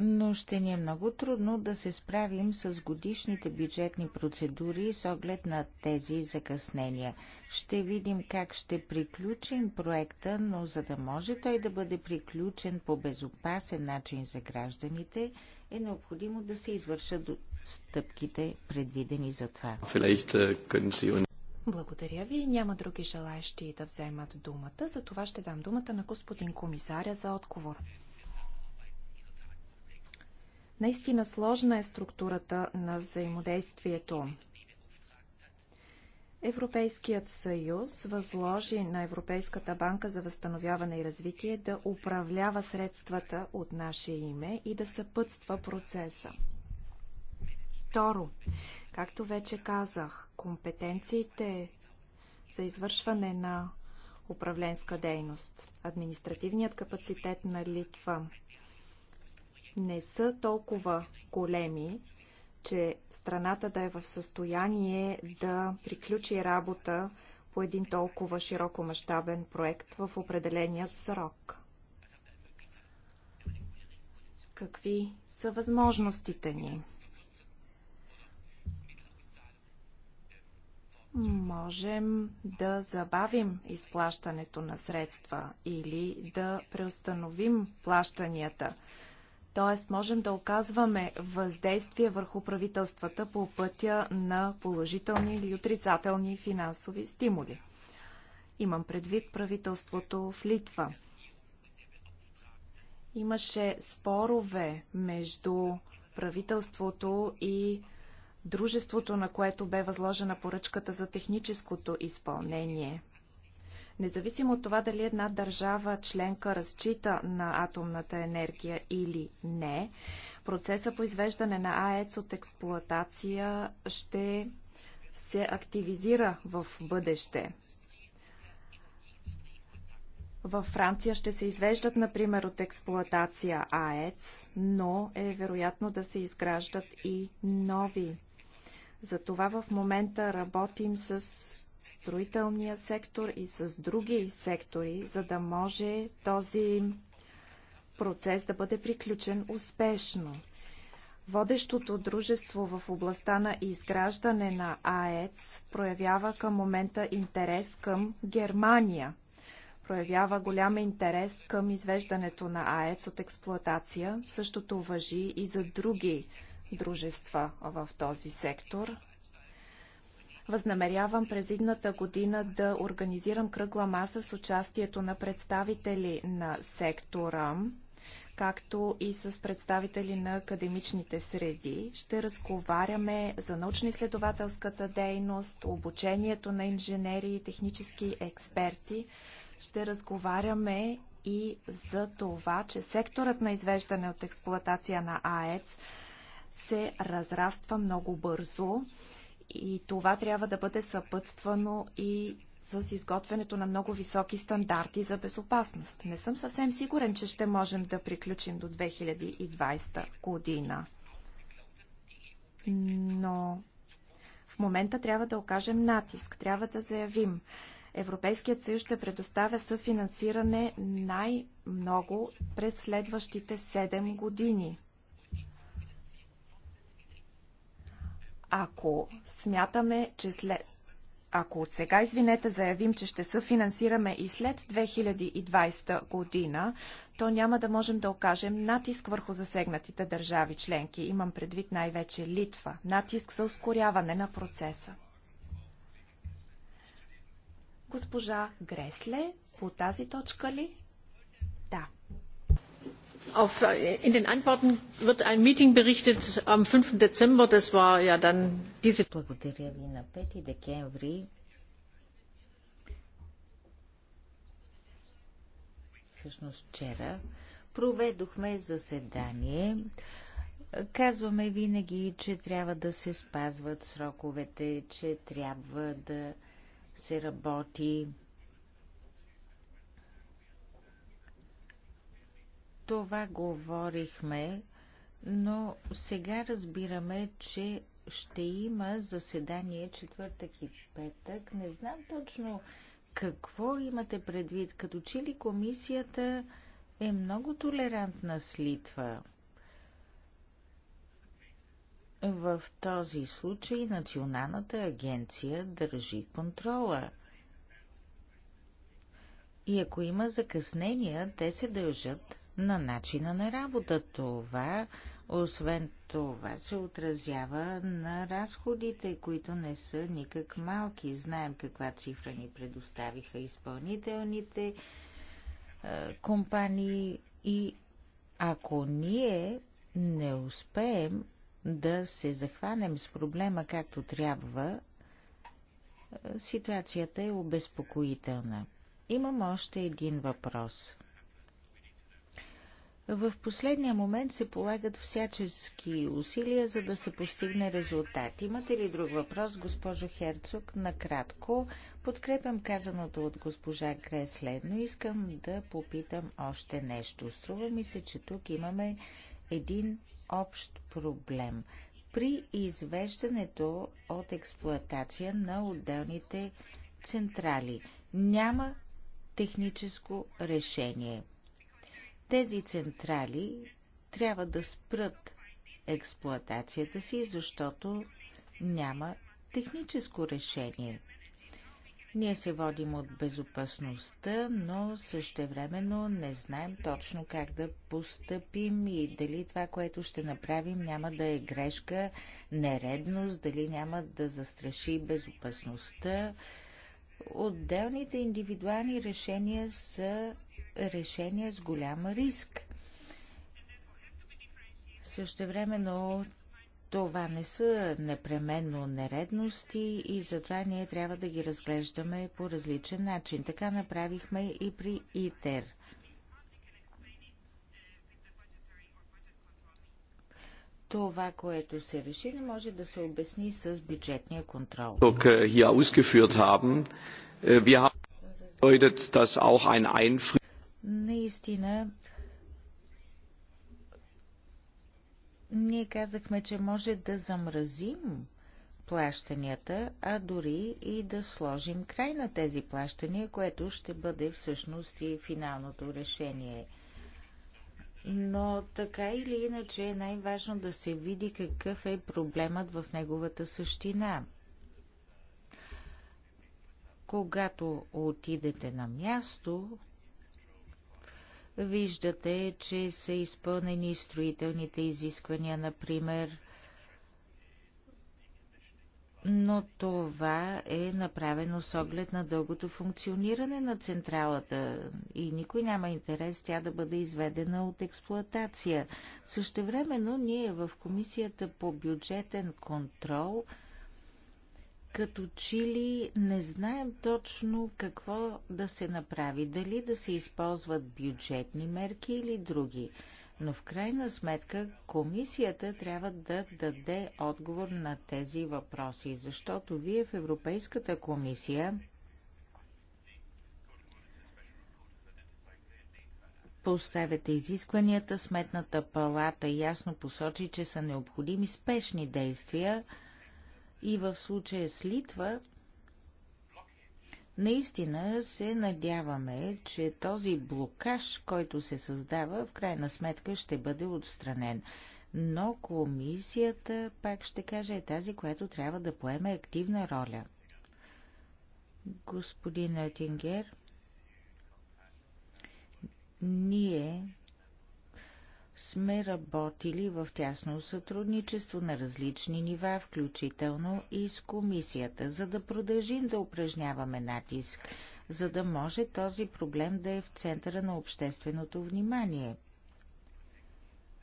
но ще ни е много трудно да се справим с годишните бюджетни процедури с оглед на тези закъснения. Ще видим как ще приключим проекта, но за да може той да бъде приключен по безопасен начин за гражданите, е необходимо да се извършат стъпките, предвидени за това. Е, Благодаря ви. Няма други желаящи да вземат думата. За това ще дам думата на господин комисаря за отговор. Наистина сложна е структурата на взаимодействието. Европейският съюз възложи на Европейската банка за възстановяване и развитие да управлява средствата от наше име и да съпътства процеса. Второ, както вече казах, компетенциите за извършване на управленска дейност, административният капацитет на Литва не са толкова големи, че страната да е в състояние да приключи работа по един толкова широко мащабен проект в определения срок. Какви са възможностите ни? можем да забавим изплащането на средства или да преустановим плащанията. Тоест, можем да оказваме въздействие върху правителствата по пътя на положителни или отрицателни финансови стимули. Имам предвид правителството в Литва. Имаше спорове между правителството и дружеството, на което бе възложена поръчката за техническото изпълнение. Независимо от това дали една държава членка разчита на атомната енергия или не, процеса по извеждане на АЕЦ от експлоатация ще се активизира в бъдеще. Във Франция ще се извеждат, например, от експлоатация АЕЦ, но е вероятно да се изграждат и нови затова в момента работим с строителния сектор и с други сектори, за да може този процес да бъде приключен успешно. Водещото дружество в областта на изграждане на АЕЦ проявява към момента интерес към Германия. Проявява голям интерес към извеждането на АЕЦ от експлоатация. Същото въжи и за други дружества в този сектор. Възнамерявам през идната година да организирам кръгла маса с участието на представители на сектора, както и с представители на академичните среди. Ще разговаряме за научно-изследователската дейност, обучението на инженери и технически експерти. Ще разговаряме и за това, че секторът на извеждане от експлоатация на АЕЦ се разраства много бързо и това трябва да бъде съпътствано и с изготвянето на много високи стандарти за безопасност. Не съм съвсем сигурен, че ще можем да приключим до 2020 година. Но в момента трябва да окажем натиск, трябва да заявим. Европейският съюз ще предоставя съфинансиране най-много през следващите 7 години. Ако смятаме, че след... Ако от сега, извинете, заявим, че ще съфинансираме и след 2020 година, то няма да можем да окажем натиск върху засегнатите държави членки. Имам предвид най-вече Литва. Натиск за ускоряване на процеса. Госпожа Гресле, по тази точка ли? Äh, in den Antworten wird ein Meeting berichtet am 5. Dezember. Das war ja dann diese. Благодаря ви на 5 декември. Всъщност вчера проведохме заседание. Казваме винаги, че трябва да се спазват сроковете, че трябва да се работи това говорихме, но сега разбираме, че ще има заседание четвъртък и петък. Не знам точно какво имате предвид. Като че ли комисията е много толерантна с Литва? В този случай Националната агенция държи контрола. И ако има закъснения, те се дължат на начина на работа. Това, освен това, се отразява на разходите, които не са никак малки. Знаем каква цифра ни предоставиха изпълнителните е, компании и ако ние не успеем да се захванем с проблема както трябва, е, ситуацията е обезпокоителна. Имам още един въпрос. В последния момент се полагат всячески усилия, за да се постигне резултат. Имате ли друг въпрос, госпожо Херцог? Накратко, подкрепям казаното от госпожа Гресле, но искам да попитам още нещо. Струва ми се, че тук имаме един общ проблем. При извеждането от експлоатация на отделните централи няма техническо решение. Тези централи трябва да спрат експлоатацията си, защото няма техническо решение. Ние се водим от безопасността, но същевременно не знаем точно как да постъпим и дали това, което ще направим, няма да е грешка, нередност, дали няма да застраши безопасността. Отделните индивидуални решения са решения с голям риск. Същевременно това не са непременно нередности и затова ние трябва да ги разглеждаме по различен начин. Така направихме и при ИТЕР. Това, което се реши, не може да се обясни с бюджетния контрол. Е, hier ausgeführt haben, е, wir haben bedeutet, dass auch ein Einfrieren Наистина, ние казахме, че може да замразим плащанията, а дори и да сложим край на тези плащания, което ще бъде всъщност и финалното решение. Но така или иначе е най-важно да се види какъв е проблемът в неговата същина. Когато отидете на място, Виждате, че са изпълнени строителните изисквания, например, но това е направено с оглед на дългото функциониране на централата и никой няма интерес тя да бъде изведена от експлоатация. Същевременно ние в Комисията по бюджетен контрол – като че ли не знаем точно какво да се направи, дали да се използват бюджетни мерки или други. Но в крайна сметка комисията трябва да даде отговор на тези въпроси, защото вие в Европейската комисия поставяте изискванията, сметната палата ясно посочи, че са необходими спешни действия – и в случая с Литва, наистина се надяваме, че този блокаж, който се създава, в крайна сметка ще бъде отстранен. Но комисията, пак ще кажа, е тази, която трябва да поеме активна роля. Господин Етингер, ние сме работили в тясно сътрудничество на различни нива, включително и с комисията, за да продължим да упражняваме натиск, за да може този проблем да е в центъра на общественото внимание.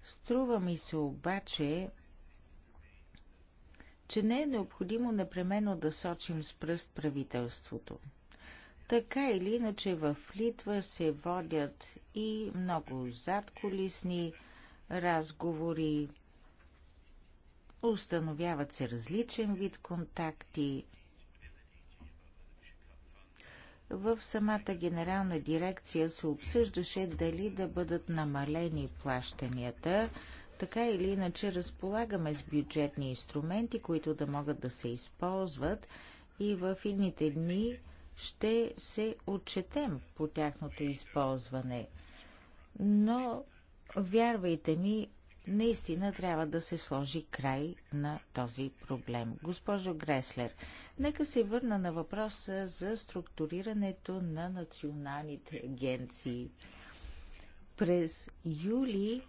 Струва ми се обаче, че не е необходимо непременно да сочим с пръст правителството. Така или иначе в Литва се водят и много задколисни разговори, установяват се различен вид контакти. В самата генерална дирекция се обсъждаше дали да бъдат намалени плащанията, така или иначе разполагаме с бюджетни инструменти, които да могат да се използват и в идните дни ще се отчетем по тяхното използване. Но Вярвайте ми, наистина трябва да се сложи край на този проблем. Госпожо Греслер, нека се върна на въпроса за структурирането на националните агенции. През юли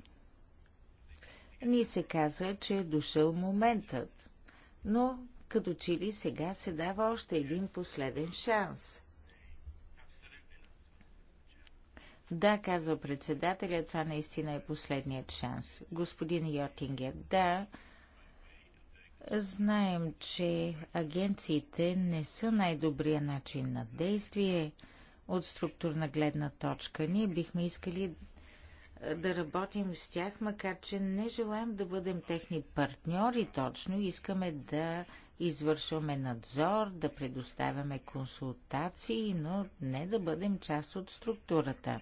ни се каза, че е дошъл моментът, но като че ли сега се дава още един последен шанс – Да, казва председателя, това наистина е последният шанс. Господин Йотингер, да, знаем, че агенциите не са най-добрия начин на действие от структурна гледна точка. Ние бихме искали да работим с тях, макар че не желаем да бъдем техни партньори точно. Искаме да извършваме надзор, да предоставяме консултации, но не да бъдем част от структурата.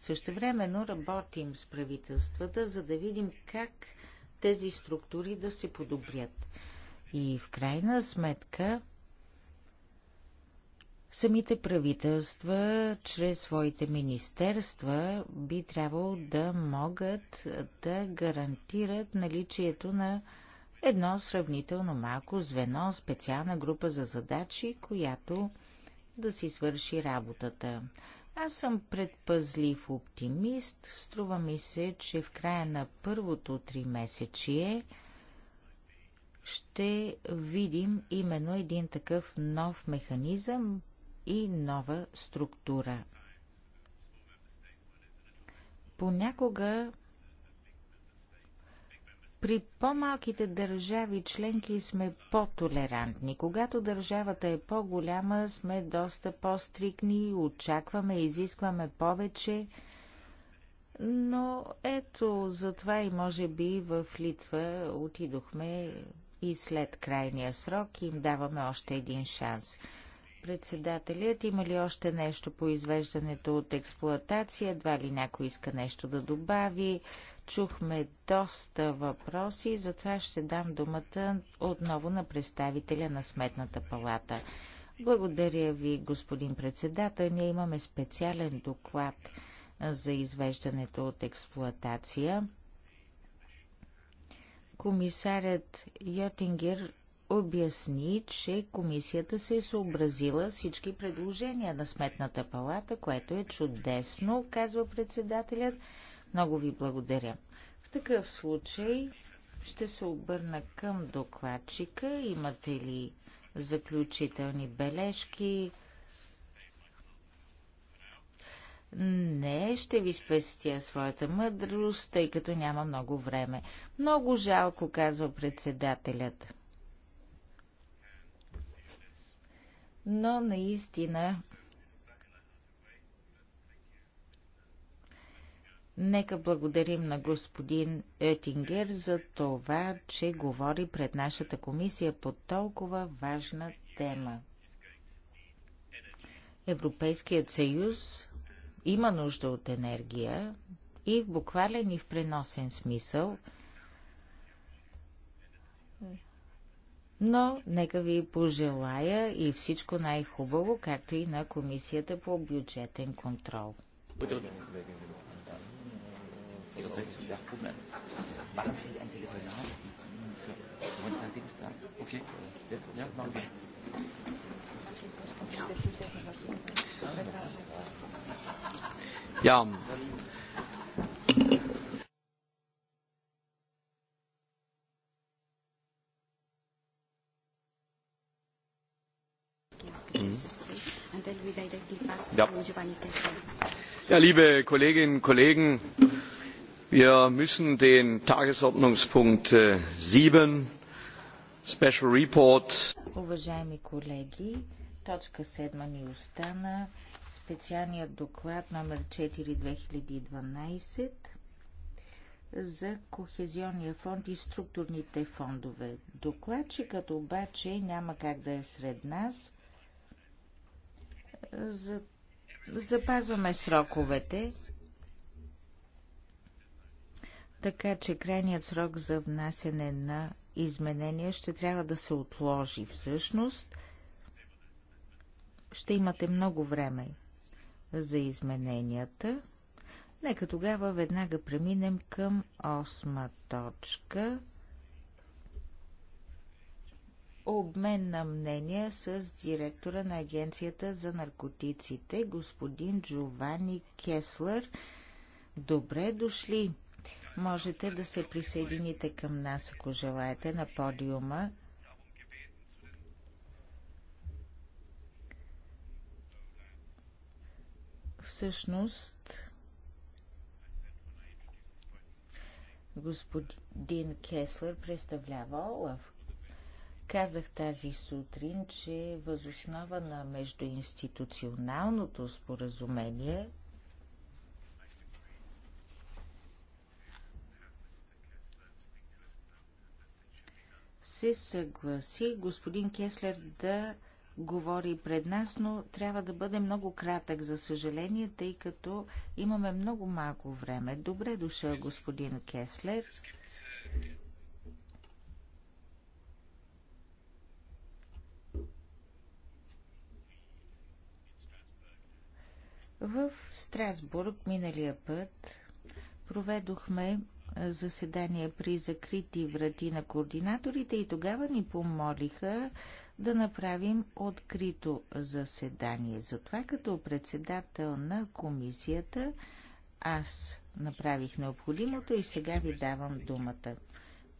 Също времено работим с правителствата, за да видим как тези структури да се подобрят. И в крайна сметка самите правителства, чрез своите министерства, би трябвало да могат да гарантират наличието на едно сравнително малко звено, специална група за задачи, която да си свърши работата. Аз съм предпазлив оптимист. Струва ми се, че в края на първото три месечие ще видим именно един такъв нов механизъм и нова структура. Понякога при по-малките държави членки сме по-толерантни. Когато държавата е по-голяма, сме доста по-стрикни, очакваме, изискваме повече. Но ето, затова и може би в Литва отидохме и след крайния срок им даваме още един шанс. Председателят има ли още нещо по извеждането от експлоатация? Едва ли някой иска нещо да добави? Чухме доста въпроси, затова ще дам думата отново на представителя на Сметната палата. Благодаря ви, господин председател. Ние имаме специален доклад за извеждането от експлоатация. Комисарят Йотингер обясни, че комисията се е съобразила всички предложения на Сметната палата, което е чудесно, казва председателят, много ви благодаря. В такъв случай ще се обърна към докладчика. Имате ли заключителни бележки? Не, ще ви спестя своята мъдрост, тъй като няма много време. Много жалко, казва председателят. Но наистина Нека благодарим на господин Етингер за това, че говори пред нашата комисия по толкова важна тема. Европейският съюз има нужда от енергия и в буквален и в преносен смисъл, но нека ви пожелая и всичко най-хубаво, както и на Комисията по бюджетен контрол. Machen Sie ein Telefonat Montag, Dienstag. Okay? Ja, machen wir. Ja. Ja, liebe Kolleginnen und Kollegen, wir müssen den Tagesordnungspunkt 7 äh, Special Report Уважаеми колеги, точка 7 ни остана. Специалният доклад номер 4-2012 за Кохезионния фонд и структурните фондове. Докладчикът обаче няма как да е сред нас. За... Запазваме сроковете така че крайният срок за внасяне на изменения ще трябва да се отложи. Всъщност ще имате много време за измененията. Нека тогава веднага преминем към осма точка. Обмен на мнения с директора на Агенцията за наркотиците, господин Джовани Кеслер. Добре дошли! Можете да се присъедините към нас, ако желаете, на подиума. Всъщност, господин Кеслер представлява ОЛАФ. Казах тази сутрин, че възоснова на междуинституционалното споразумение – се съгласи господин Кеслер да говори пред нас, но трябва да бъде много кратък, за съжаление, тъй като имаме много малко време. Добре дошъл, господин Кеслер. В Страсбург миналия път проведохме заседание при закрити врати на координаторите и тогава ни помолиха да направим открито заседание. Затова като председател на комисията аз направих необходимото и сега ви давам думата.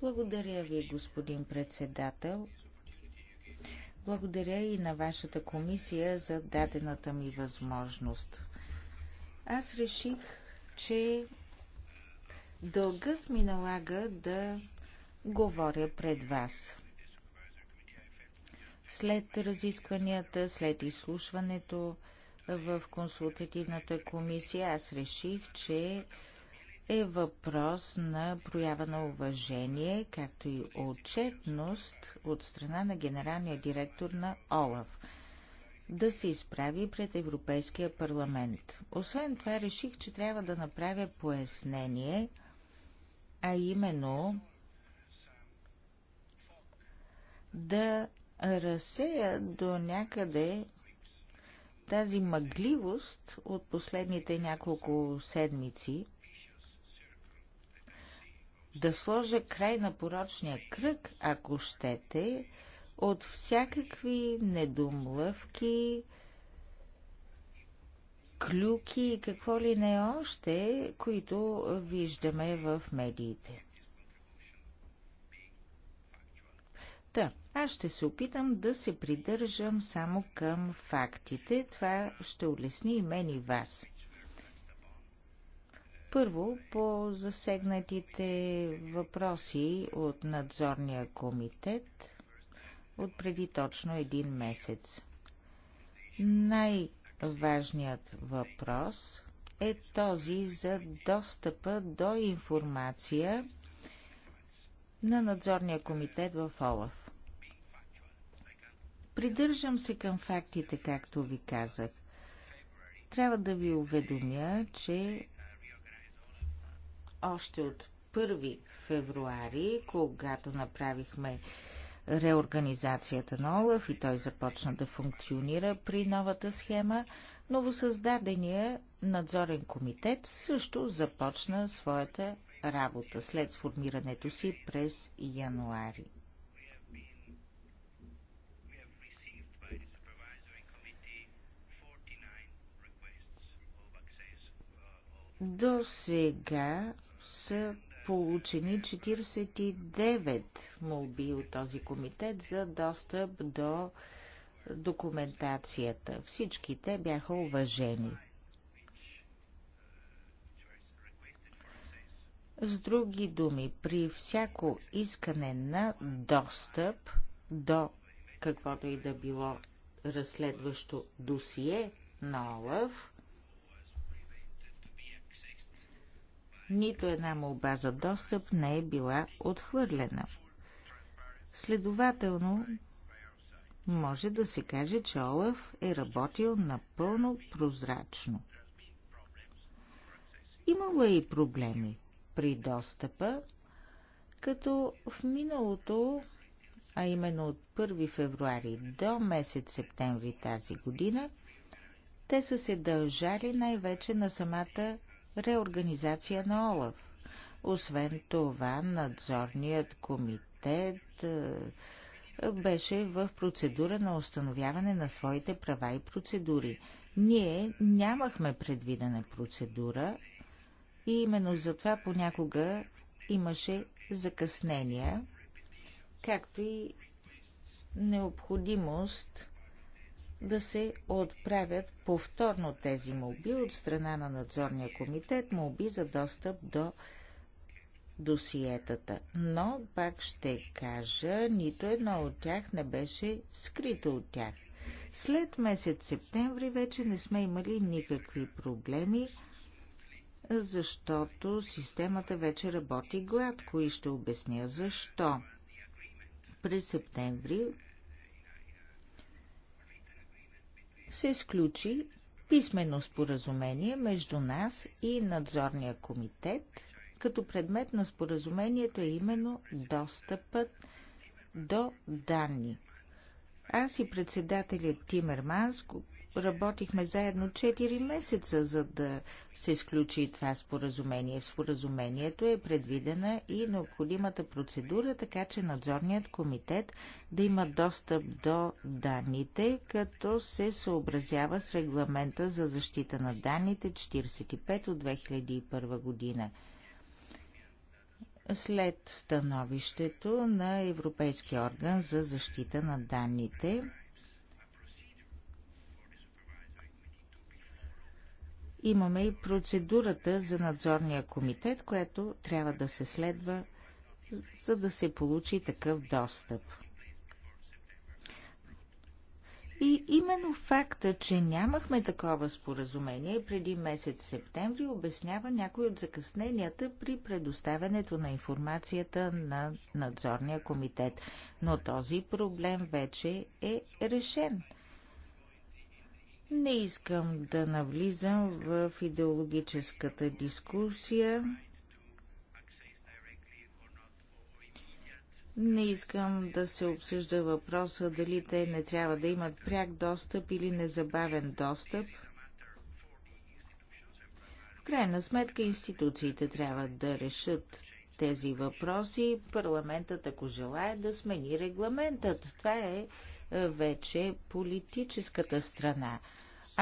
Благодаря ви, господин председател. Благодаря и на вашата комисия за дадената ми възможност. Аз реших, че Дългът ми налага да говоря пред вас. След разискванията, след изслушването в консултативната комисия, аз реших, че е въпрос на проява на уважение, както и отчетност от страна на генералния директор на ОЛАВ да се изправи пред Европейския парламент. Освен това, реших, че трябва да направя пояснение а именно да разсея до някъде тази мъгливост от последните няколко седмици, да сложа край на порочния кръг, ако щете, от всякакви недомлъвки, клюки и какво ли не още, които виждаме в медиите. Та, аз ще се опитам да се придържам само към фактите. Това ще улесни и мен и вас. Първо, по засегнатите въпроси от надзорния комитет от преди точно един месец. Най- Важният въпрос е този за достъпа до информация на надзорния комитет в ОЛАФ. Придържам се към фактите, както ви казах. Трябва да ви уведомя, че още от 1 февруари, когато направихме реорганизацията на Олаф и той започна да функционира при новата схема, новосъздадения надзорен комитет също започна своята работа след сформирането си през януари. До сега са получени 49 молби от този комитет за достъп до документацията. Всички те бяха уважени. С други думи, при всяко искане на достъп до каквото и да било разследващо досие на ОЛАВ. Нито една молба за достъп не е била отхвърлена. Следователно, може да се каже, че Олаф е работил напълно прозрачно. Имало е и проблеми при достъпа, като в миналото, а именно от 1 февруари до месец септември тази година, те са се дължали най-вече на самата реорганизация на ОЛАФ. Освен това, надзорният комитет е, беше в процедура на установяване на своите права и процедури. Ние нямахме предвидена процедура и именно затова понякога имаше закъснения, както и необходимост да се отправят повторно тези молби от страна на надзорния комитет, молби за достъп до досиетата. Но, пак ще кажа, нито едно от тях не беше скрито от тях. След месец септември вече не сме имали никакви проблеми, защото системата вече работи гладко и ще обясня защо. През септември се сключи писмено споразумение между нас и надзорния комитет, като предмет на споразумението е именно достъпът до данни. Аз и председателят Тимерманс Работихме заедно 4 месеца, за да се сключи това споразумение. В споразумението е предвидена и необходимата процедура, така че надзорният комитет да има достъп до данните, като се съобразява с регламента за защита на данните 45 от 2001 година след становището на Европейския орган за защита на данните имаме и процедурата за надзорния комитет, която трябва да се следва, за да се получи такъв достъп. И именно факта, че нямахме такова споразумение преди месец септември, обяснява някои от закъсненията при предоставянето на информацията на надзорния комитет. Но този проблем вече е решен. Не искам да навлизам в идеологическата дискусия. Не искам да се обсъжда въпроса дали те не трябва да имат пряк достъп или незабавен достъп. В крайна сметка институциите трябва да решат тези въпроси. Парламентът, ако желая, да смени регламентът. Това е вече политическата страна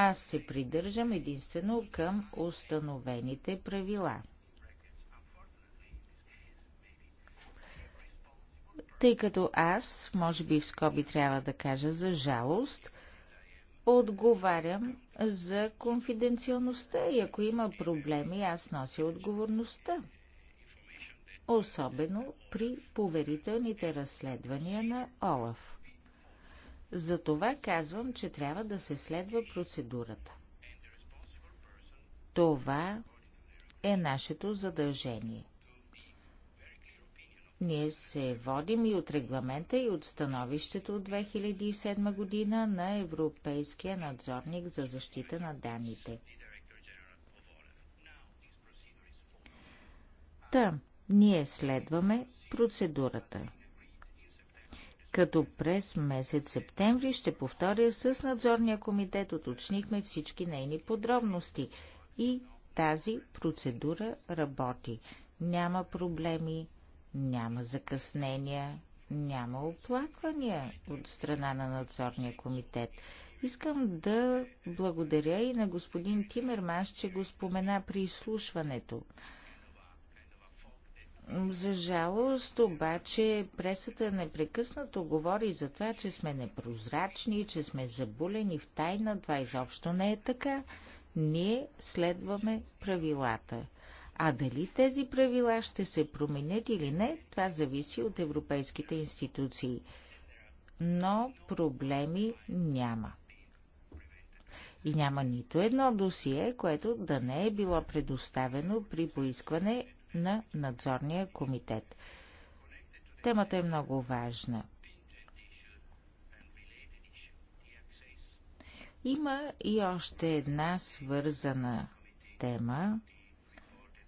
аз се придържам единствено към установените правила. Тъй като аз, може би в скоби трябва да кажа за жалост, отговарям за конфиденциалността и ако има проблеми, аз нося отговорността. Особено при поверителните разследвания на Олаф. Затова казвам, че трябва да се следва процедурата. Това е нашето задължение. Ние се водим и от регламента и от становището от 2007 година на Европейския надзорник за защита на данните. Та, ние следваме процедурата като през месец септември ще повторя с надзорния комитет, уточнихме всички нейни подробности и тази процедура работи. Няма проблеми, няма закъснения, няма оплаквания от страна на надзорния комитет. Искам да благодаря и на господин Тимерманс, че го спомена при изслушването. За жалост, обаче, пресата непрекъснато говори за това, че сме непрозрачни, че сме забулени в тайна. Това изобщо не е така. Ние следваме правилата. А дали тези правила ще се променят или не, това зависи от европейските институции. Но проблеми няма. И няма нито едно досие, което да не е било предоставено при поискване на надзорния комитет. Темата е много важна. Има и още една свързана тема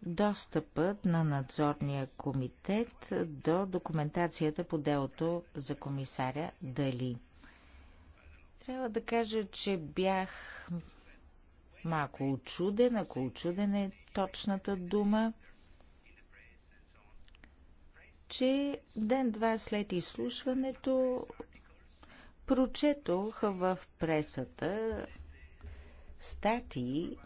достъпът на надзорния комитет до документацията по делото за комисаря Дали. Трябва да кажа, че бях малко очуден, ако очуден е точната дума – че ден-два след изслушването прочетох в пресата статии,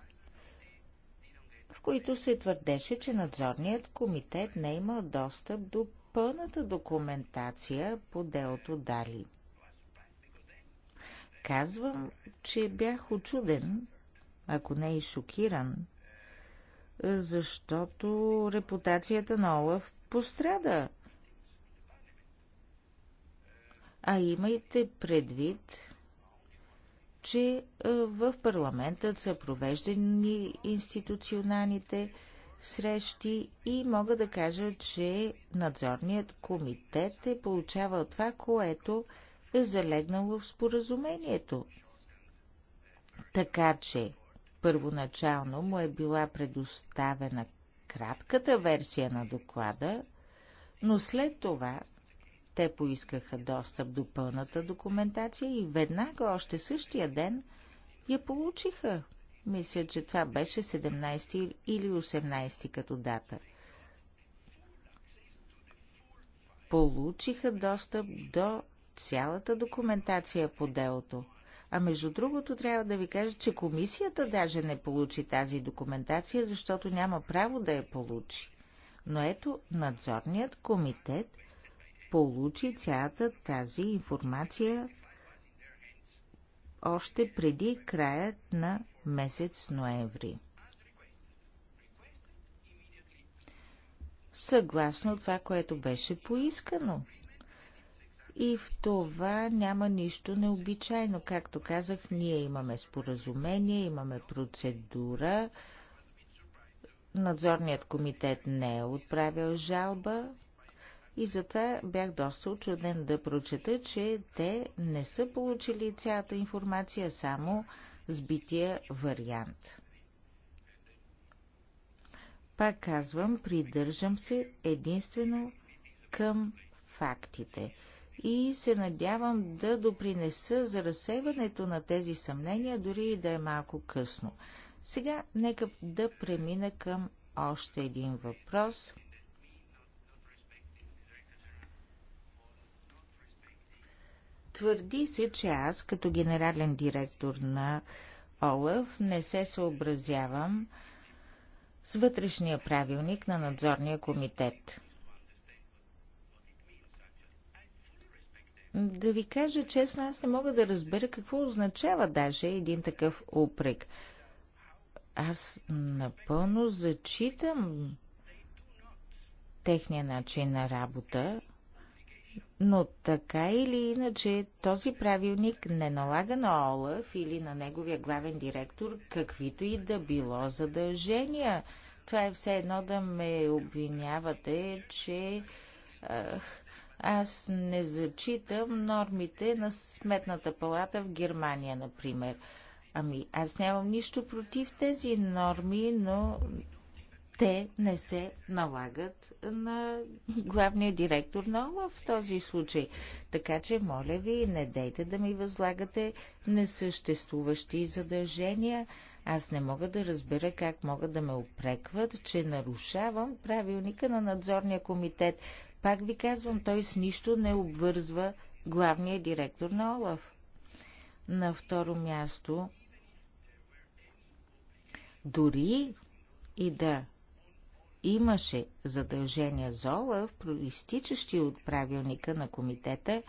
в които се твърдеше, че надзорният комитет не е имал достъп до пълната документация по делото Дали. Казвам, че бях очуден, ако не и шокиран, защото репутацията на Олаф пострада. А имайте предвид, че е, в парламентът са провеждани институционалните срещи и мога да кажа, че надзорният комитет е получавал това, което е залегнало в споразумението. Така че първоначално му е била предоставена кратката версия на доклада, но след това те поискаха достъп до пълната документация и веднага още същия ден я получиха. Мисля, че това беше 17 или 18 като дата. Получиха достъп до цялата документация по делото – а между другото, трябва да ви кажа, че комисията даже не получи тази документация, защото няма право да я получи. Но ето, надзорният комитет получи цялата тази информация още преди краят на месец ноември. Съгласно това, което беше поискано – и в това няма нищо необичайно. Както казах, ние имаме споразумение, имаме процедура. Надзорният комитет не е отправил жалба и затова бях доста очуден да прочета, че те не са получили цялата информация, само сбития вариант. Пак казвам, придържам се единствено към фактите и се надявам да допринеса за разсейването на тези съмнения, дори и да е малко късно. Сега нека да премина към още един въпрос. Твърди се, че аз, като генерален директор на ОЛАФ, не се съобразявам с вътрешния правилник на надзорния комитет. Да ви кажа честно, аз не мога да разбера какво означава даже един такъв упрек. Аз напълно зачитам техния начин на работа, но така или иначе този правилник не налага на Олаф или на неговия главен директор каквито и да било задължения. Това е все едно да ме обвинявате, че ах, аз не зачитам нормите на Сметната палата в Германия, например. Ами, аз нямам нищо против тези норми, но те не се налагат на главния директор на ОЛА в този случай. Така че, моля ви, не дейте да ми възлагате несъществуващи задължения. Аз не мога да разбера как могат да ме опрекват, че нарушавам правилника на надзорния комитет. Пак ви казвам, той с нищо не обвързва главния директор на Олаф. На второ място, дори и да имаше задължения за Олаф, проистичащи от правилника на комитета,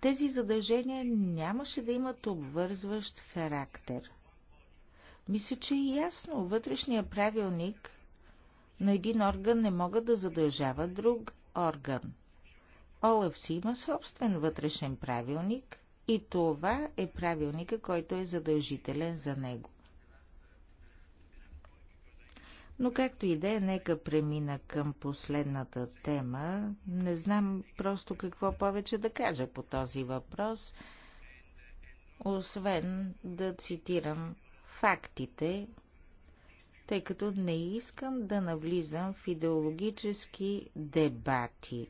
тези задължения нямаше да имат обвързващ характер. Мисля, че е ясно. Вътрешния правилник но един орган не могат да задължава друг орган. Олаф си има собствен вътрешен правилник и това е правилника, който е задължителен за него. Но както и да е, нека премина към последната тема. Не знам просто какво повече да кажа по този въпрос, освен да цитирам фактите, тъй като не искам да навлизам в идеологически дебати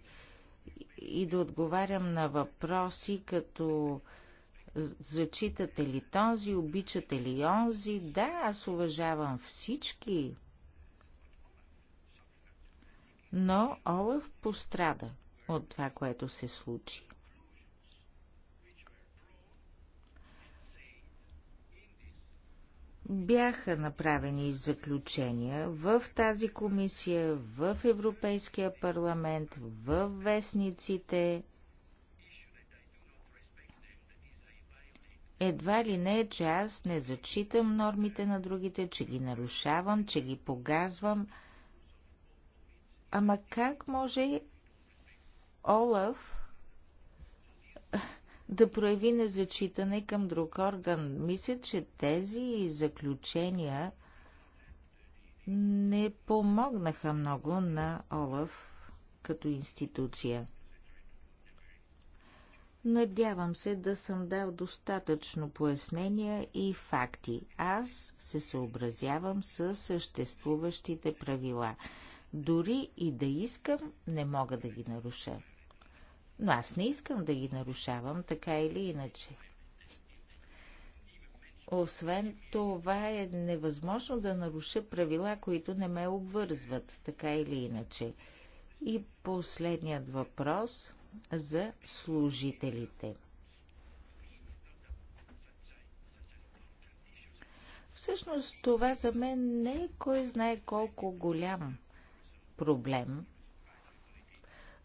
и да отговарям на въпроси като зачитате ли този, обичате ли онзи. Да, аз уважавам всички. Но Олаф пострада от това, което се случи. бяха направени заключения в тази комисия, в Европейския парламент, в вестниците. Едва ли не, че аз не зачитам нормите на другите, че ги нарушавам, че ги погазвам. Ама как може Олаф да прояви незачитане към друг орган. Мисля, че тези заключения не помогнаха много на Олаф като институция. Надявам се да съм дал достатъчно пояснения и факти. Аз се съобразявам с съществуващите правила. Дори и да искам, не мога да ги наруша. Но аз не искам да ги нарушавам, така или иначе. Освен това е невъзможно да наруша правила, които не ме обвързват, така или иначе. И последният въпрос за служителите. Всъщност това за мен не е кой знае колко голям проблем,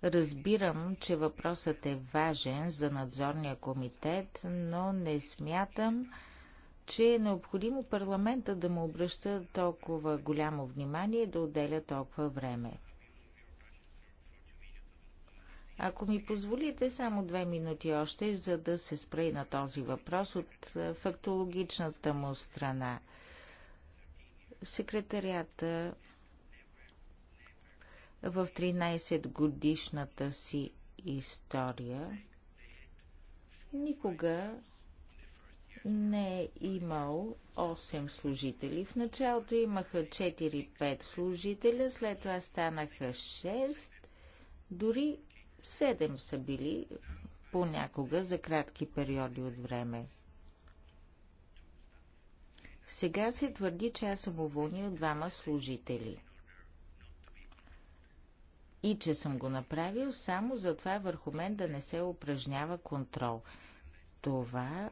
Разбирам, че въпросът е важен за надзорния комитет, но не смятам, че е необходимо парламента да му обръща толкова голямо внимание и да отделя толкова време. Ако ми позволите само две минути още, за да се спре на този въпрос от е, фактологичната му страна. Секретарията в 13 годишната си история никога не е имал 8 служители. В началото имаха 4-5 служителя, след това станаха 6, дори 7 са били понякога за кратки периоди от време. Сега се твърди, че аз съм уволнил двама служители – и че съм го направил само за това върху мен да не се упражнява контрол. Това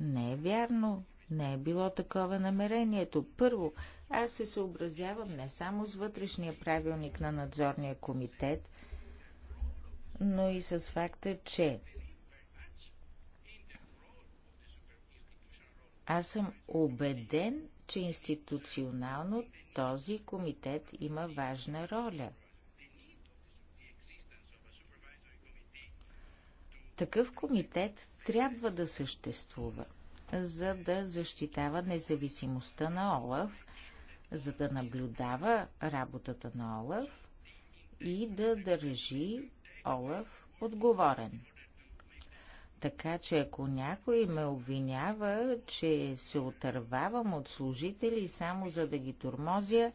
не е вярно. Не е било такова намерението. Първо, аз се съобразявам не само с вътрешния правилник на надзорния комитет, но и с факта, че аз съм убеден, че институционално този комитет има важна роля – Такъв комитет трябва да съществува, за да защитава независимостта на Олаф, за да наблюдава работата на Олаф и да държи Олаф отговорен. Така че ако някой ме обвинява, че се отървавам от служители само за да ги турмозя,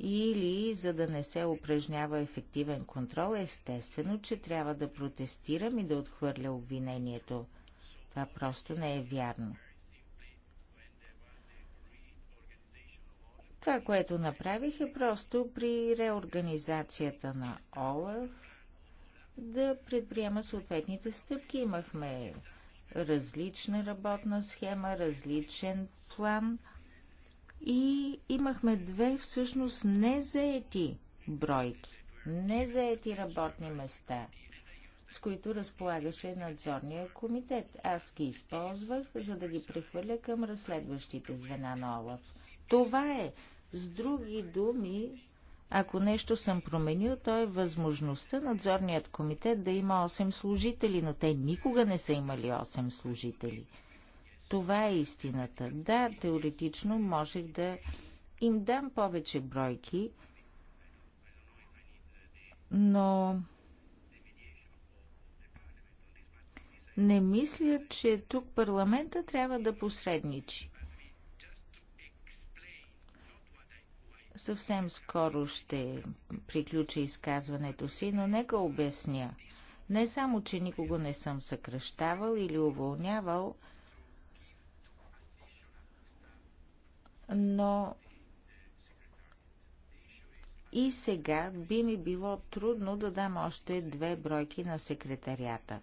или за да не се упражнява ефективен контрол, естествено, че трябва да протестирам и да отхвърля обвинението. Това просто не е вярно. Това, което направих е просто при реорганизацията на ОЛАФ да предприема съответните стъпки. Имахме различна работна схема, различен план и имахме две всъщност незаети бройки, незаети работни места, с които разполагаше надзорния комитет. Аз ги използвах, за да ги прехвърля към разследващите звена на Олаф. Това е. С други думи, ако нещо съм променил, то е възможността надзорният комитет да има 8 служители, но те никога не са имали 8 служители – това е истината. Да, теоретично можех да им дам повече бройки, но не мисля, че тук парламента трябва да посредничи. Съвсем скоро ще приключа изказването си, но нека обясня. Не само, че никого не съм съкръщавал или уволнявал, но и сега би ми било трудно да дам още две бройки на секретарията.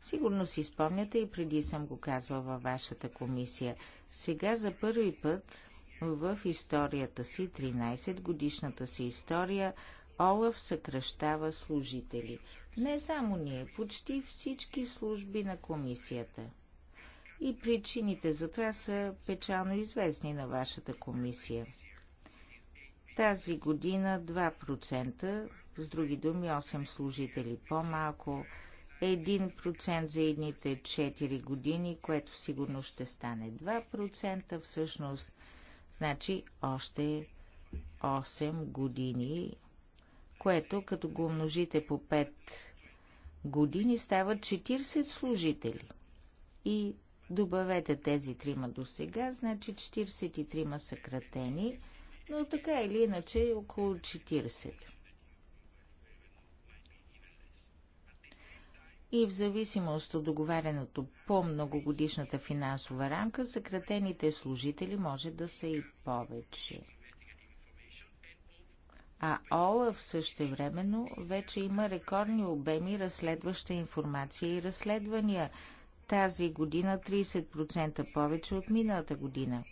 Сигурно си спомняте и преди съм го казвал във вашата комисия. Сега за първи път в историята си, 13 годишната си история, Олаф съкръщава служители. Не само ние, почти всички служби на комисията и причините за това са печално известни на вашата комисия. Тази година 2%, с други думи 8 служители по-малко, 1% за едните 4 години, което сигурно ще стане 2%, всъщност значи още 8 години, което като го умножите по 5 години става 40 служители. И Добавете тези трима до сега, значи 43 са кратени, но така или иначе е около 40. и в зависимост от договареното по многогодишната финансова рамка, съкратените служители може да са и повече. А също времено вече има рекордни обеми разследваща информация и разследвания. Тази година 30% повече от миналата година.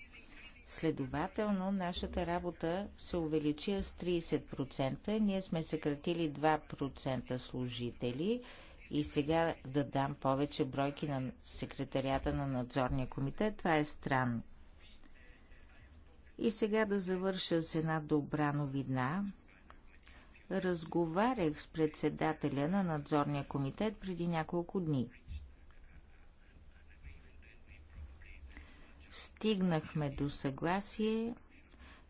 Следователно, нашата работа се увеличи с 30%. Ние сме съкратили 2% служители и сега да дам повече бройки на секретарията на надзорния комитет, това е странно. И сега да завърша с една добра новина. Разговарях с председателя на надзорния комитет преди няколко дни – стигнахме до съгласие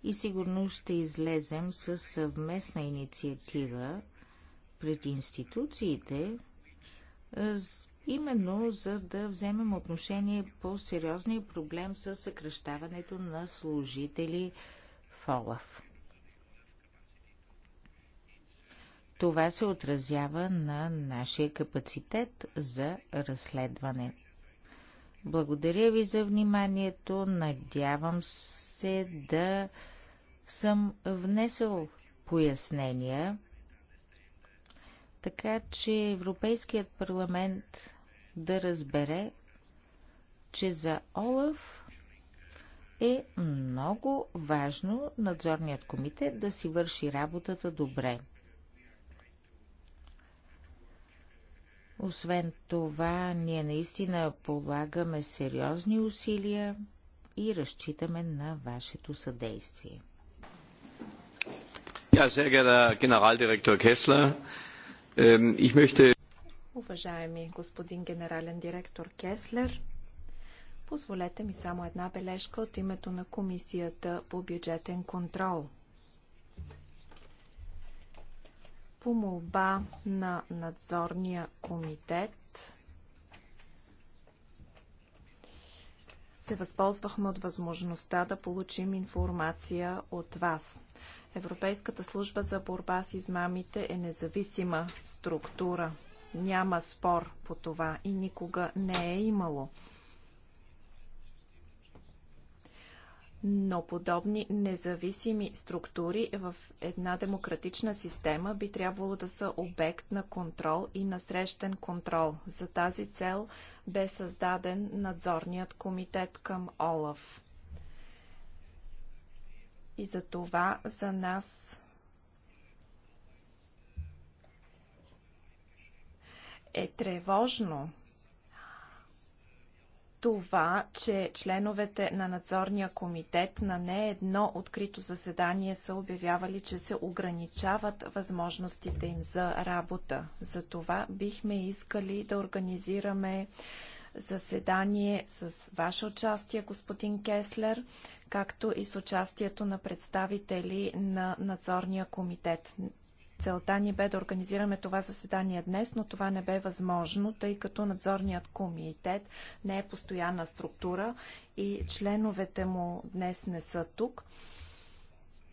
и сигурно ще излезем с съвместна инициатива пред институциите, именно за да вземем отношение по сериозния проблем с съкръщаването на служители в ОЛАФ. Това се отразява на нашия капацитет за разследване. Благодаря ви за вниманието. Надявам се да съм внесъл пояснения, така че Европейският парламент да разбере, че за Олаф е много важно надзорният комитет да си върши работата добре. Освен това, ние наистина полагаме сериозни усилия и разчитаме на вашето съдействие. Ja, sehr geehrter Generaldirektor Kessler, ähm, ich möchte... Уважаеми господин генерален директор Кеслер, позволете ми само една бележка от името на Комисията по бюджетен контрол – по молба на надзорния комитет се възползвахме от възможността да получим информация от вас. Европейската служба за борба с измамите е независима структура. Няма спор по това и никога не е имало. но подобни независими структури в една демократична система би трябвало да са обект на контрол и насрещен контрол. За тази цел бе създаден надзорният комитет към ОЛАФ. И за това за нас е тревожно, това, че членовете на надзорния комитет на не едно открито заседание са обявявали, че се ограничават възможностите им за работа. За това бихме искали да организираме заседание с ваше участие, господин Кеслер, както и с участието на представители на надзорния комитет. Целта ни бе да организираме това заседание днес, но това не бе възможно, тъй като надзорният комитет не е постоянна структура и членовете му днес не са тук.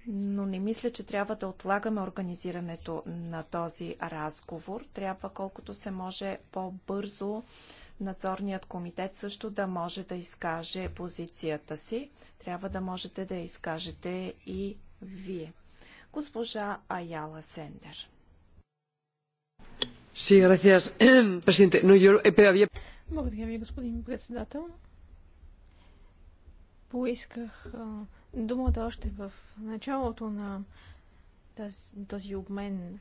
Но не мисля, че трябва да отлагаме организирането на този разговор. Трябва колкото се може по-бързо надзорният комитет също да може да изкаже позицията си. Трябва да можете да изкажете и вие госпожа Аяла Сендер. Eh, Благодаря ви, господин председател. Поисках думата още в началото на тази, този обмен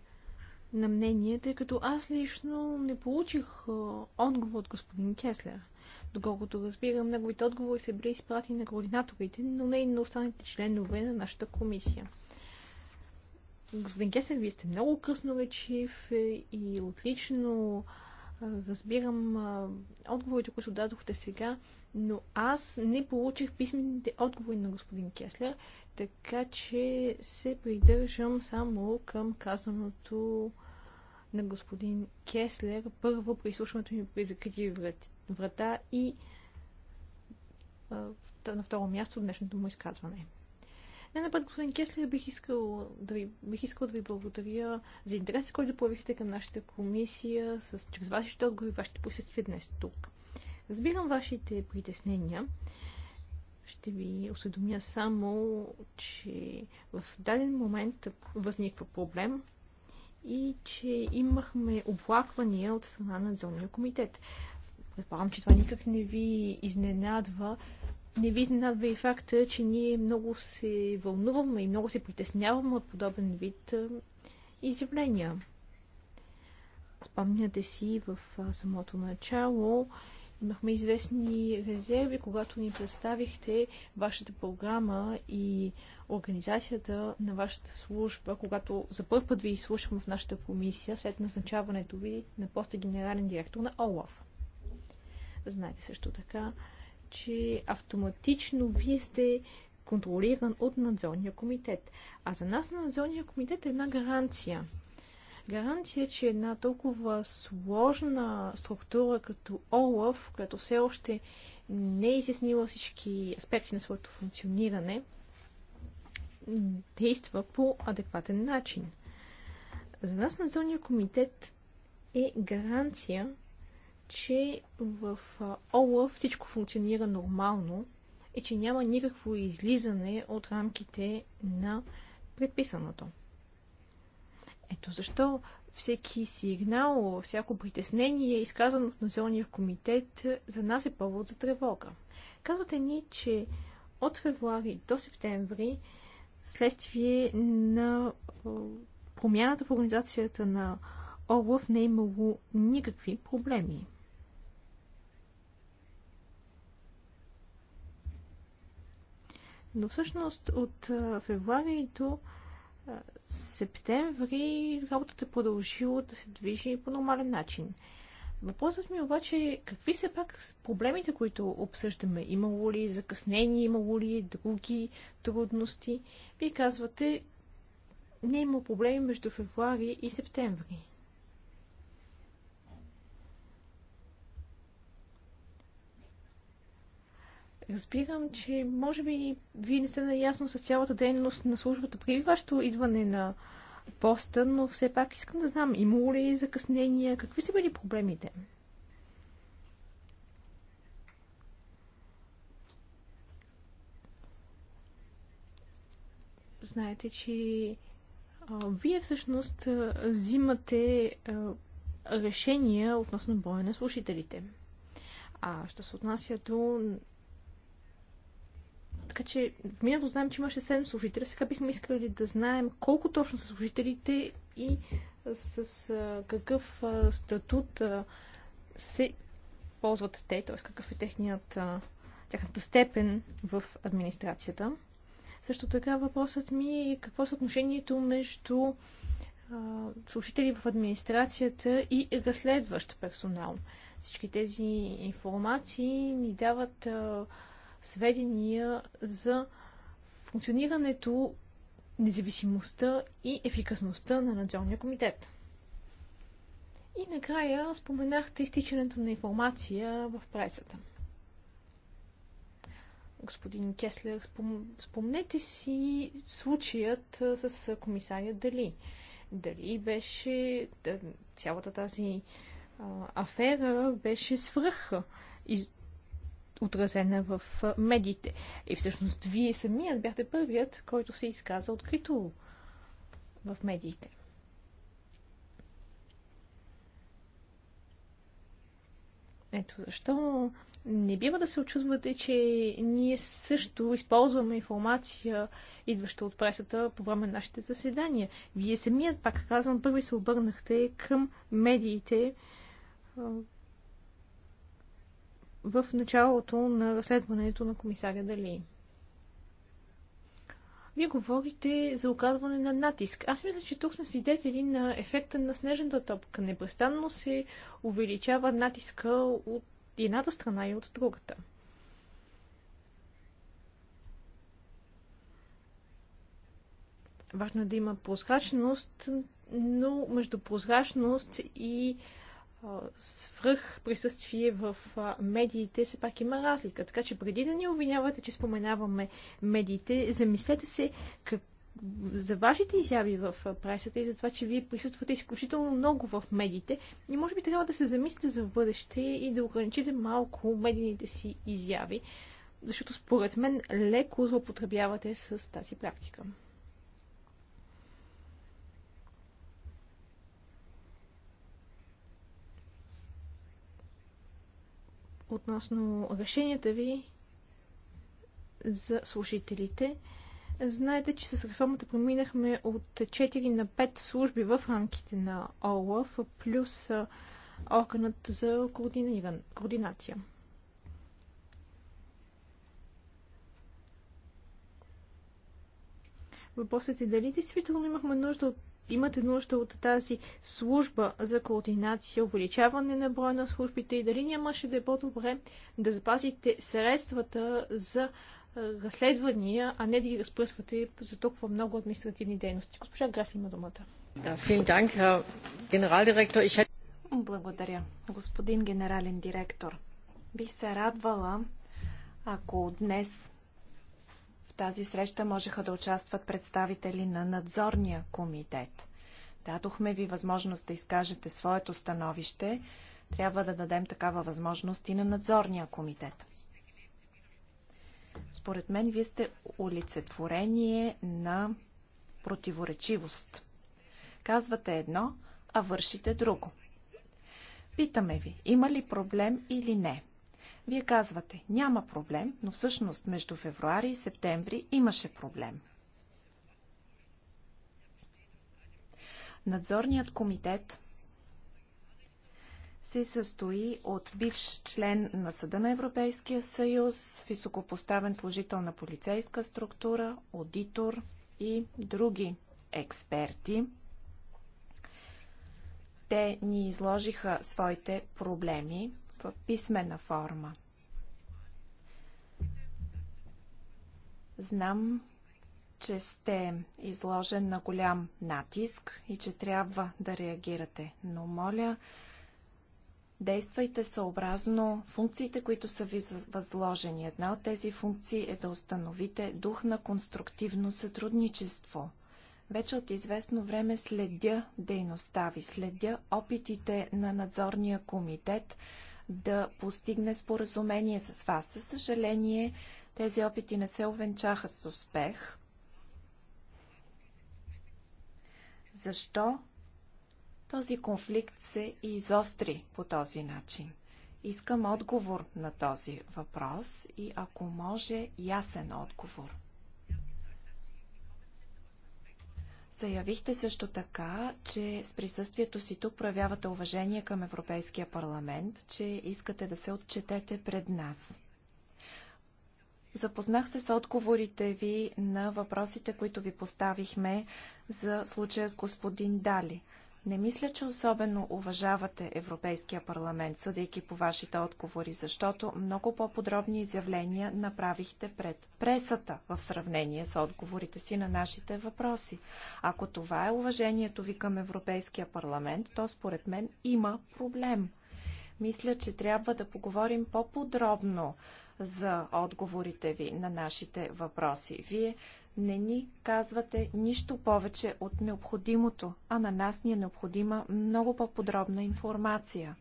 на мнение, тъй като аз лично не получих отговор от господин Кеслер. Доколкото разбирам, неговите отговори се били изпратени на координаторите, но не и на останалите членове на нашата комисия. Господин Гесен, вие сте много красноречив е, и отлично разбирам отговорите, които дадохте сега, но аз не получих писмените отговори на господин Кеслер, така че се придържам само към казаното на господин Кеслер първо при изслушването ми при закрити врата и на второ място днешното му изказване. Не напред, господин Кеслер, бих искал да ви, бих искал да ви благодаря за интереса, който появихте към нашата комисия, с, чрез вашите отговори, вашите присъствие днес тук. Разбирам вашите притеснения. Ще ви осведомя само, че в даден момент възниква проблем, и че имахме оплаквания от страна на зонния комитет. Предполагам, че това никак не ви изненадва, не ви изненадва и факта, че ние много се вълнуваме и много се притесняваме от подобен вид изявления. Спомняте си в самото начало, имахме известни резерви, когато ни представихте вашата програма и организацията на вашата служба, когато за първ път ви изслушахме в нашата комисия след назначаването ви на поста генерален директор на ОЛАФ. Знаете също така, че автоматично вие сте контролиран от надзорния комитет. А за нас на надзорния комитет е една гаранция. Гаранция, че една толкова сложна структура като ОЛАВ, която все още не е изяснила всички аспекти на своето функциониране, действа по адекватен начин. За нас надзорния комитет е гаранция, че в ОЛАФ всичко функционира нормално и че няма никакво излизане от рамките на предписаното. Ето защо всеки сигнал, всяко притеснение, изказано от Националния комитет, за нас е повод за тревога. Казвате ни, че от февруари до септември, следствие на промяната в организацията на Олав не е имало никакви проблеми. Но всъщност от февруари до септември работата е продължила да се движи по нормален начин. Въпросът ми обаче е какви са пак проблемите, които обсъждаме? Имало ли закъснение, имало ли други трудности? Вие казвате, не е има проблеми между февруари и септември. Разбирам, че може би вие не сте наясно с цялата дейност на службата при вашето идване на поста, но все пак искам да знам, имало ли е закъснения, какви са били проблемите? Знаете, че а, вие всъщност а, взимате а, решения относно боя на слушателите. А що се отнася до така че в миналото знаем, че имаше 7 служители. Сега бихме искали да знаем колко точно са служителите и с а, какъв а, статут а, се ползват те, т.е. какъв е техният, а, тяхната степен в администрацията. Също така въпросът ми е какво е съотношението между служители в администрацията и разследващ персонал. Всички тези информации ни дават а, сведения за функционирането, независимостта и ефикасността на надзорния комитет. И накрая споменахте изтичането на информация в пресата. Господин Кеслер, спом... спомнете си случаят с комисаря Дали. Дали беше цялата тази а, афера беше свръх отразена в медиите. И всъщност вие самият бяхте първият, който се изказа открито в медиите. Ето защо не бива да се очудвате, че ние също използваме информация, идваща от пресата по време на нашите заседания. Вие самият, пак казвам, първи се обърнахте към медиите в началото на разследването на комисаря Дали. Вие говорите за оказване на натиск. Аз мисля, че тук сме свидетели на ефекта на снежната топка. Непрестанно се увеличава натиска от едната страна и от другата. Важно е да има прозрачност, но между прозрачност и свръх присъствие в медиите, все пак има разлика. Така че преди да ни обвинявате, че споменаваме медиите, замислете се как, за вашите изяви в пресата и за това, че вие присъствате изключително много в медиите и може би трябва да се замислите за в бъдеще и да ограничите малко медийните си изяви, защото според мен леко злоупотребявате с тази практика. относно решенията ви за служителите. Знаете, че с реформата преминахме от 4 на 5 служби в рамките на ОЛАФ, плюс органът за координация. Въпросът е дали действително имахме нужда от имате нужда от тази служба за координация, увеличаване на броя на службите и дали нямаше да е по-добре да запазите средствата за разследвания, а не да ги разпръсвате за толкова много административни дейности. Госпожа Грас има думата. Благодаря, господин генерален директор. Бих се радвала, ако днес тази среща можеха да участват представители на надзорния комитет. Дадохме ви възможност да изкажете своето становище. Трябва да дадем такава възможност и на надзорния комитет. Според мен, вие сте олицетворение на противоречивост. Казвате едно, а вършите друго. Питаме ви, има ли проблем или не? Вие казвате, няма проблем, но всъщност между февруари и септември имаше проблем. Надзорният комитет се състои от бивш член на Съда на Европейския съюз, високопоставен служител на полицейска структура, аудитор и други експерти. Те ни изложиха своите проблеми в писмена форма. Знам, че сте изложен на голям натиск и че трябва да реагирате, но моля, действайте съобразно функциите, които са ви възложени. Една от тези функции е да установите дух на конструктивно сътрудничество. Вече от известно време следя дейността ви, следя опитите на надзорния комитет да постигне споразумение с вас. Със съжаление, тези опити не се овенчаха с успех. Защо този конфликт се изостри по този начин? Искам отговор на този въпрос и ако може ясен отговор. Заявихте също така, че с присъствието си тук проявявате уважение към Европейския парламент, че искате да се отчетете пред нас. Запознах се с отговорите ви на въпросите, които ви поставихме за случая с господин Дали. Не мисля, че особено уважавате Европейския парламент, съдейки по вашите отговори, защото много по-подробни изявления направихте пред пресата в сравнение с отговорите си на нашите въпроси. Ако това е уважението ви към Европейския парламент, то според мен има проблем. Мисля, че трябва да поговорим по-подробно за отговорите ви на нашите въпроси. Вие не ни казвате нищо повече от необходимото, а на нас ни е необходима много по-подробна информация.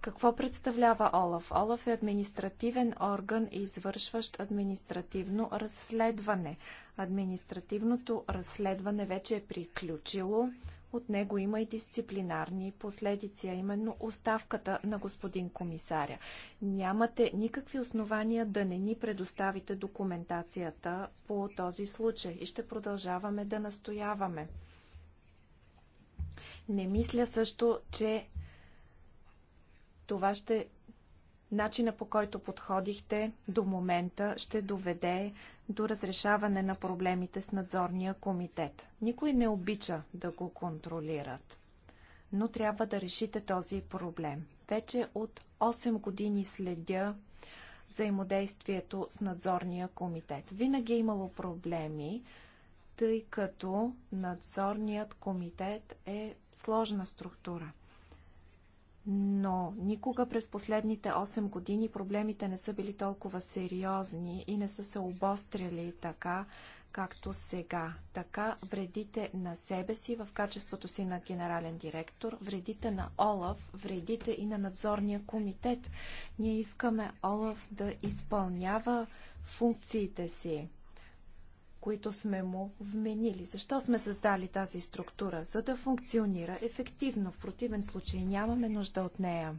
Какво представлява ОЛАФ? ОЛАФ е административен орган, извършващ административно разследване. Административното разследване вече е приключило. От него има и дисциплинарни последици, а именно оставката на господин комисаря. Нямате никакви основания да не ни предоставите документацията по този случай и ще продължаваме да настояваме. Не мисля също, че това ще начина по който подходихте до момента ще доведе до разрешаване на проблемите с надзорния комитет. Никой не обича да го контролират, но трябва да решите този проблем. Вече от 8 години следя взаимодействието с надзорния комитет. Винаги е имало проблеми, тъй като надзорният комитет е сложна структура но никога през последните 8 години проблемите не са били толкова сериозни и не са се обострили така, както сега. Така вредите на себе си в качеството си на генерален директор, вредите на Олаф, вредите и на надзорния комитет. Ние искаме Олаф да изпълнява функциите си които сме му вменили. Защо сме създали тази структура? За да функционира ефективно. В противен случай нямаме нужда от нея.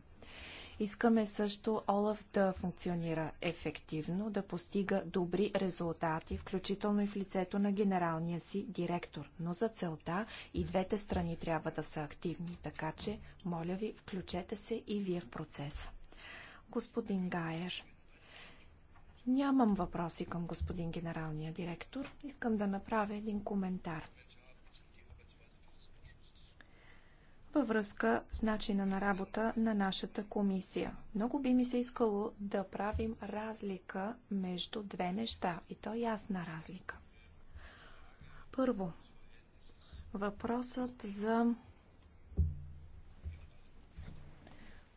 Искаме също Олаф да функционира ефективно, да постига добри резултати, включително и в лицето на генералния си директор. Но за целта и двете страни трябва да са активни, така че, моля ви, включете се и вие в процеса. Господин Гайер. Нямам въпроси към господин генералния директор. Искам да направя един коментар. Във връзка с начина на работа на нашата комисия. Много би ми се искало да правим разлика между две неща. И то ясна разлика. Първо, въпросът за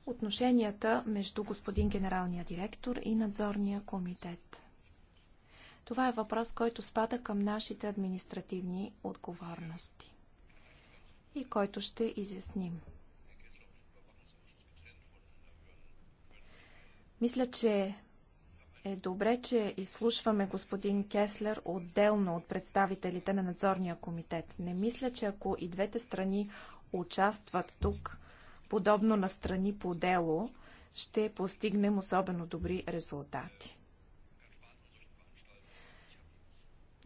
отношенията между господин генералния директор и надзорния комитет. Това е въпрос, който спада към нашите административни отговорности и който ще изясним. Мисля, че е добре, че изслушваме господин Кеслер отделно от представителите на надзорния комитет. Не мисля, че ако и двете страни участват тук подобно на страни по дело, ще постигнем особено добри резултати.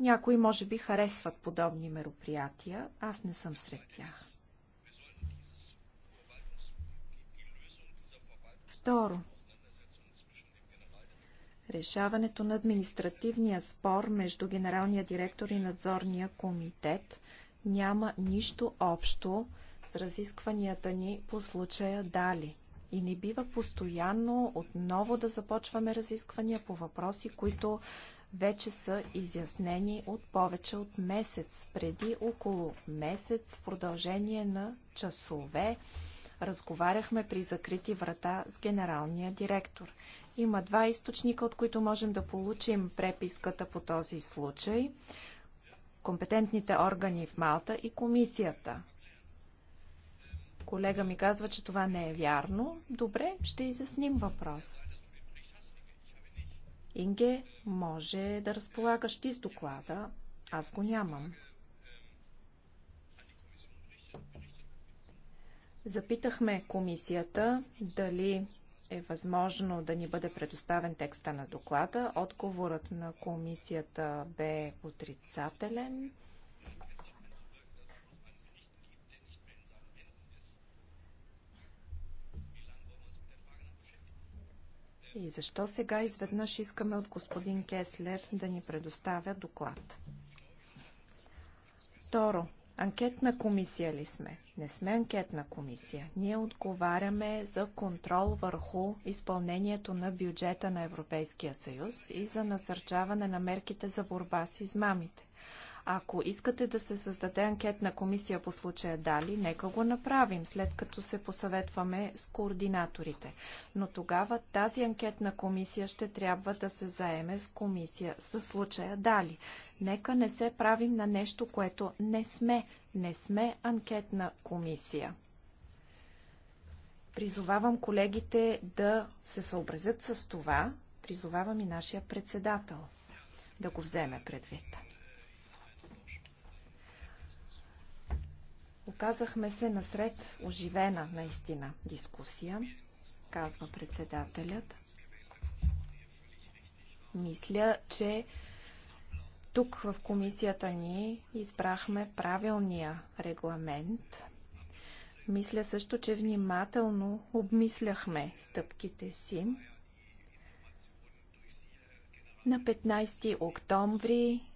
Някои може би харесват подобни мероприятия, аз не съм сред тях. Второ, решаването на административния спор между генералния директор и надзорния комитет няма нищо общо с разискванията ни по случая Дали. И не бива постоянно отново да започваме разисквания по въпроси, които вече са изяснени от повече от месец. Преди около месец, в продължение на часове, разговаряхме при закрити врата с генералния директор. Има два източника, от които можем да получим преписката по този случай компетентните органи в Малта и комисията. Колега ми казва, че това не е вярно. Добре, ще изясним въпрос. Инге, може да разполагаш ти с доклада. Аз го нямам. Запитахме комисията дали е възможно да ни бъде предоставен текста на доклада. Отговорът на комисията бе отрицателен. И защо сега изведнъж искаме от господин Кеслер да ни предоставя доклад? Второ, анкетна комисия ли сме? Не сме анкетна комисия. Ние отговаряме за контрол върху изпълнението на бюджета на Европейския съюз и за насърчаване на мерките за борба с измамите. Ако искате да се създаде анкетна комисия по случая Дали, нека го направим, след като се посъветваме с координаторите. Но тогава тази анкетна комисия ще трябва да се заеме с комисия със случая Дали. Нека не се правим на нещо, което не сме. Не сме анкетна комисия. Призовавам колегите да се съобразят с това. Призовавам и нашия председател да го вземе предвид. Оказахме се насред оживена наистина дискусия, казва председателят. Мисля, че тук в комисията ни избрахме правилния регламент. Мисля също, че внимателно обмисляхме стъпките си. На 15 октомври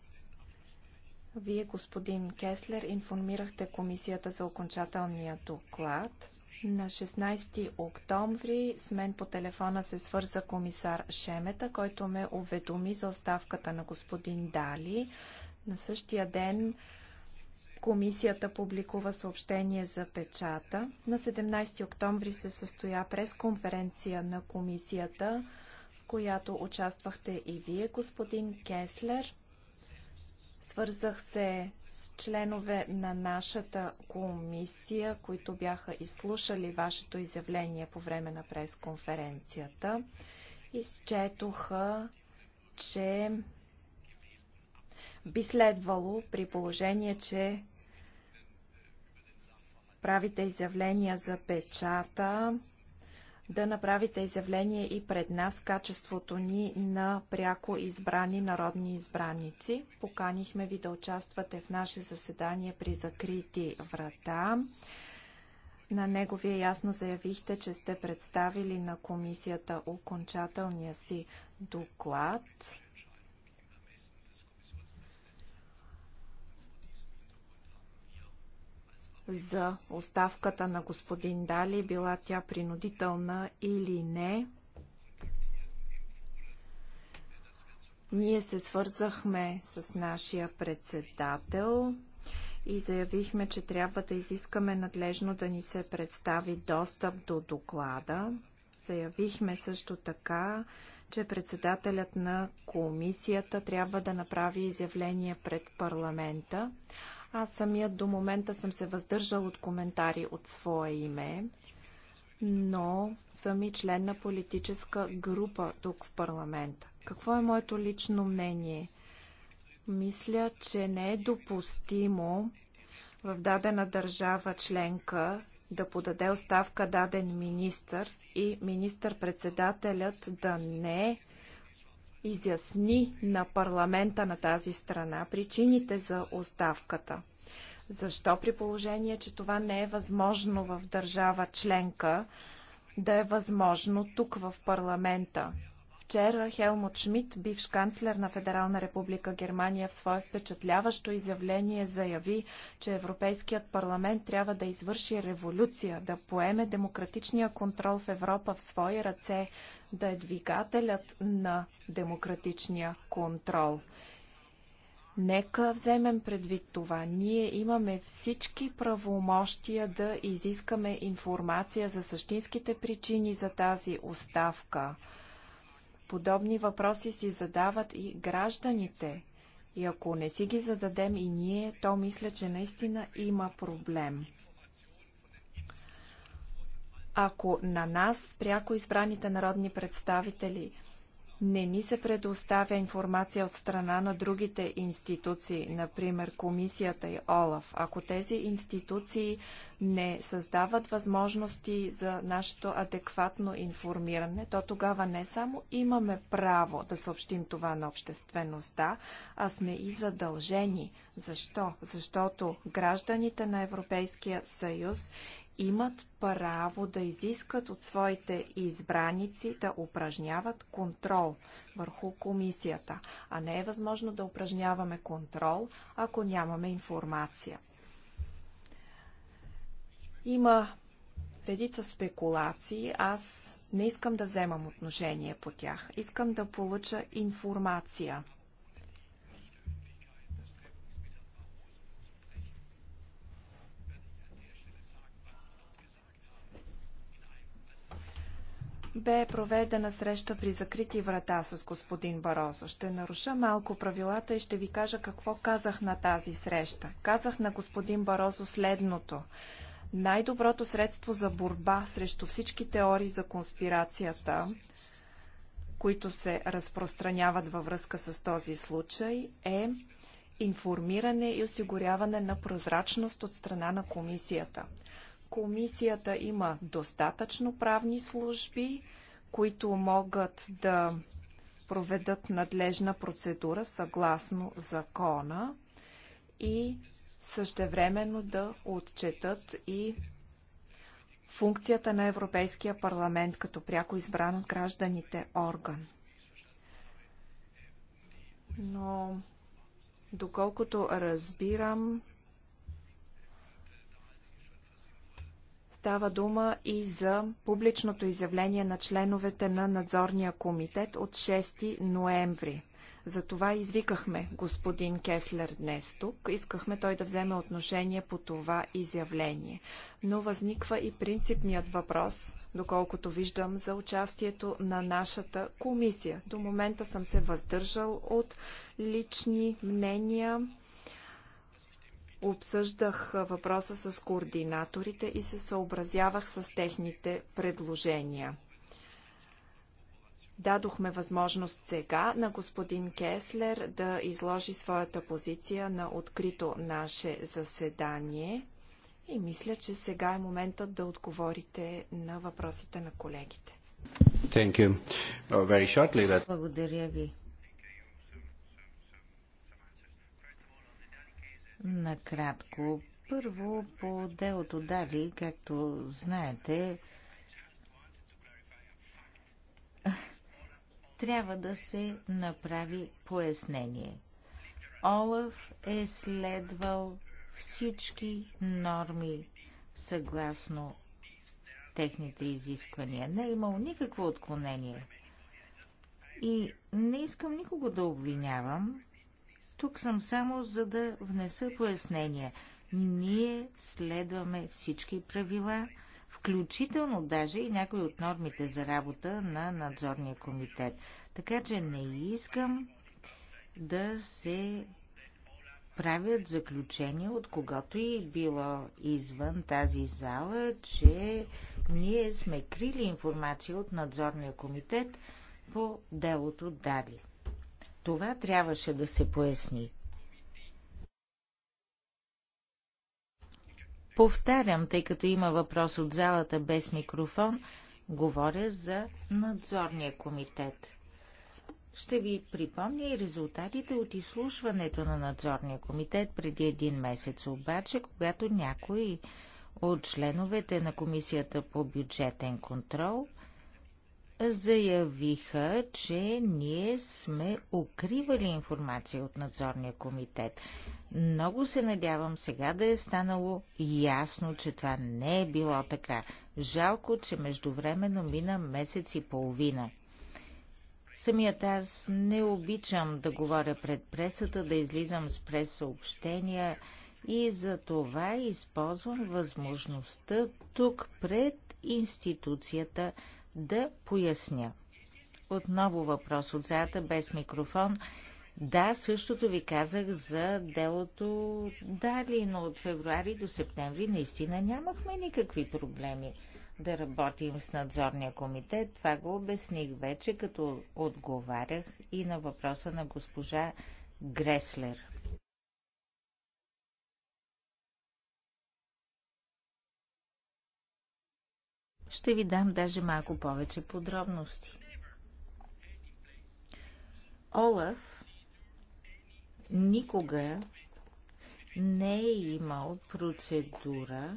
вие, господин Кеслер, информирахте комисията за окончателния доклад. На 16 октомври с мен по телефона се свърза комисар Шемета, който ме уведоми за оставката на господин Дали. На същия ден Комисията публикува съобщение за печата. На 17 октомври се състоя пресконференция на комисията, в която участвахте и вие, господин Кеслер. Свързах се с членове на нашата комисия, които бяха изслушали вашето изявление по време на пресконференцията. Изчетоха, че би следвало при положение, че правите изявления за печата, да направите изявление и пред нас в качеството ни на пряко избрани народни избраници. Поканихме ви да участвате в наше заседание при закрити врата. На него вие ясно заявихте, че сте представили на комисията окончателния си доклад. за оставката на господин Дали, била тя принудителна или не. Ние се свързахме с нашия председател и заявихме, че трябва да изискаме надлежно да ни се представи достъп до доклада. Заявихме също така, че председателят на комисията трябва да направи изявление пред парламента. Аз самият до момента съм се въздържал от коментари от свое име, но съм и член на политическа група тук в парламента. Какво е моето лично мнение? Мисля, че не е допустимо в дадена държава членка да подаде оставка даден министър и министър-председателят да не изясни на парламента на тази страна причините за оставката. Защо при положение, че това не е възможно в държава членка, да е възможно тук в парламента? Вчера Хелмут Шмидт, бивш канцлер на Федерална република Германия, в свое впечатляващо изявление заяви, че Европейският парламент трябва да извърши революция, да поеме демократичния контрол в Европа в свои ръце, да е двигателят на демократичния контрол. Нека вземем предвид това. Ние имаме всички правомощия да изискаме информация за същинските причини за тази оставка. Подобни въпроси си задават и гражданите. И ако не си ги зададем и ние, то мисля, че наистина има проблем. Ако на нас, пряко избраните народни представители, не ни се предоставя информация от страна на другите институции, например комисията и ОЛАФ. Ако тези институции не създават възможности за нашето адекватно информиране, то тогава не само имаме право да съобщим това на обществеността, а сме и задължени. Защо? Защото гражданите на Европейския съюз имат право да изискат от своите избраници да упражняват контрол върху комисията, а не е възможно да упражняваме контрол, ако нямаме информация. Има редица спекулации, аз не искам да вземам отношение по тях. Искам да получа информация бе проведена среща при закрити врата с господин Барозо. Ще наруша малко правилата и ще ви кажа какво казах на тази среща. Казах на господин Барозо следното. Най-доброто средство за борба срещу всички теории за конспирацията, които се разпространяват във връзка с този случай, е информиране и осигуряване на прозрачност от страна на комисията. Комисията има достатъчно правни служби, които могат да проведат надлежна процедура съгласно закона и същевременно да отчетат и функцията на Европейския парламент като пряко избран от гражданите орган. Но доколкото разбирам, Става дума и за публичното изявление на членовете на надзорния комитет от 6 ноември. Затова извикахме господин Кеслер днес тук. Искахме той да вземе отношение по това изявление. Но възниква и принципният въпрос, доколкото виждам, за участието на нашата комисия. До момента съм се въздържал от лични мнения, обсъждах въпроса с координаторите и се съобразявах с техните предложения. Дадохме възможност сега на господин Кеслер да изложи своята позиция на открито наше заседание и мисля, че сега е моментът да отговорите на въпросите на колегите. Благодаря ви. Накратко, първо по делото Дали, както знаете, трябва да се направи пояснение. Олаф е следвал всички норми съгласно техните изисквания. Не е имал никакво отклонение. И не искам никого да обвинявам, тук съм само за да внеса пояснение. Ние следваме всички правила, включително даже и някои от нормите за работа на надзорния комитет. Така че не искам да се правят заключения от когато и било извън тази зала, че ние сме крили информация от надзорния комитет по делото Дали. Това трябваше да се поясни. Повтарям, тъй като има въпрос от залата без микрофон, говоря за надзорния комитет. Ще ви припомня и резултатите от изслушването на надзорния комитет преди един месец, обаче, когато някои от членовете на Комисията по бюджетен контрол – заявиха, че ние сме укривали информация от надзорния комитет. Много се надявам сега да е станало ясно, че това не е било така. Жалко, че междувременно мина месец и половина. Самият аз не обичам да говоря пред пресата, да излизам с пресъобщения и за това използвам възможността тук пред институцията да поясня. Отново въпрос от заята без микрофон. Да, същото ви казах за делото Дали, но от февруари до септември наистина нямахме никакви проблеми да работим с надзорния комитет. Това го обясних вече, като отговарях и на въпроса на госпожа Греслер. Ще ви дам даже малко повече подробности. Олаф никога не е имал процедура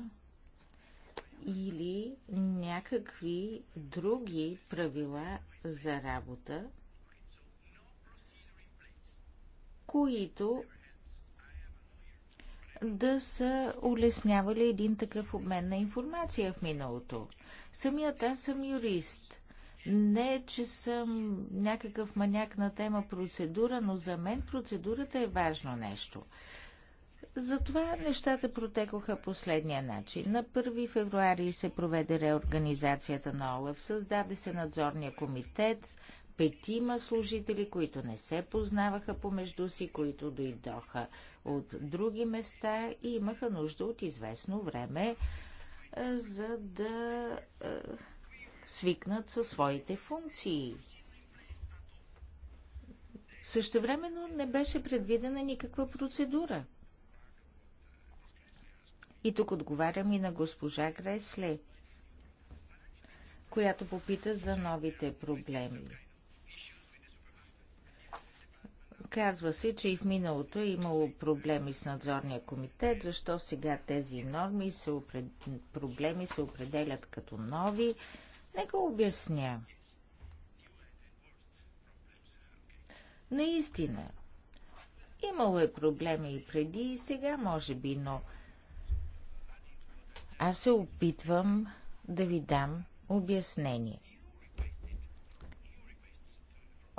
или някакви други правила за работа, които да са улеснявали един такъв обмен на информация в миналото. Самият аз съм юрист. Не, е, че съм някакъв маняк на тема процедура, но за мен процедурата е важно нещо. Затова нещата протекоха последния начин. На 1 февруари се проведе реорганизацията на ОЛАФ, създаде се надзорния комитет, петима служители, които не се познаваха помежду си, които дойдоха от други места и имаха нужда от известно време за да е, свикнат със своите функции. Същевременно не беше предвидена никаква процедура. И тук отговарям и на госпожа Гресле, която попита за новите проблеми. Казва се, че и в миналото е имало проблеми с надзорния комитет, защо сега тези норми се опред... проблеми се определят като нови. Нека обясня. Наистина, имало е проблеми и преди, и сега може би, но аз се опитвам да ви дам обяснение.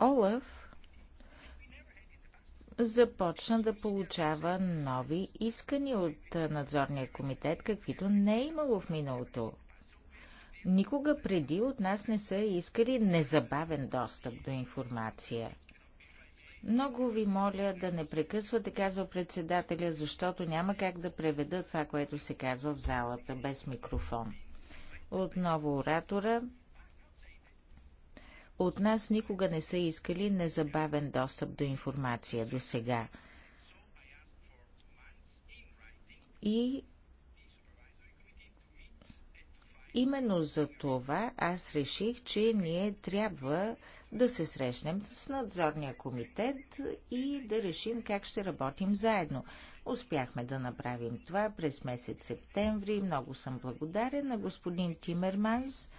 Олаф започна да получава нови искания от надзорния комитет, каквито не е имало в миналото. Никога преди от нас не са искали незабавен достъп до информация. Много ви моля да не прекъсвате, казва председателя, защото няма как да преведа това, което се казва в залата без микрофон. Отново оратора от нас никога не са искали незабавен достъп до информация до сега. И именно за това аз реших, че ние трябва да се срещнем с надзорния комитет и да решим как ще работим заедно. Успяхме да направим това през месец септември. Много съм благодарен на господин Тимерманс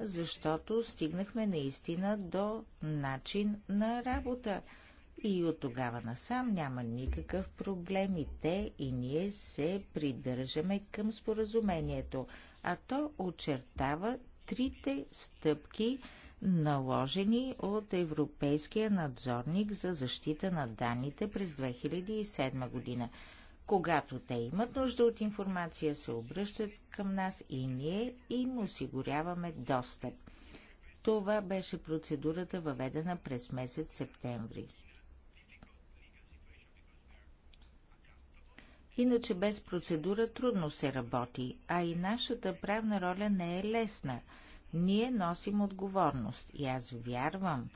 защото стигнахме наистина до начин на работа. И от тогава насам няма никакъв проблем и те и ние се придържаме към споразумението, а то очертава трите стъпки, наложени от Европейския надзорник за защита на данните през 2007 година. Когато те имат нужда от информация, се обръщат към нас и ние им осигуряваме достъп. Това беше процедурата въведена през месец септември. Иначе без процедура трудно се работи, а и нашата правна роля не е лесна. Ние носим отговорност и аз вярвам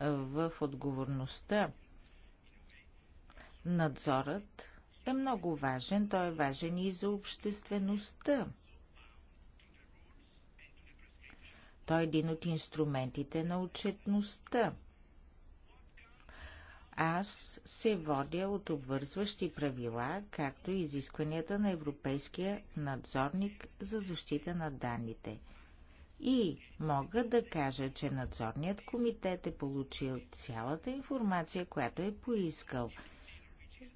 в отговорността. Надзорът е много важен. Той е важен и за обществеността. Той е един от инструментите на отчетността. Аз се водя от обвързващи правила, както и изискванията на Европейския надзорник за защита на данните. И мога да кажа, че надзорният комитет е получил цялата информация, която е поискал –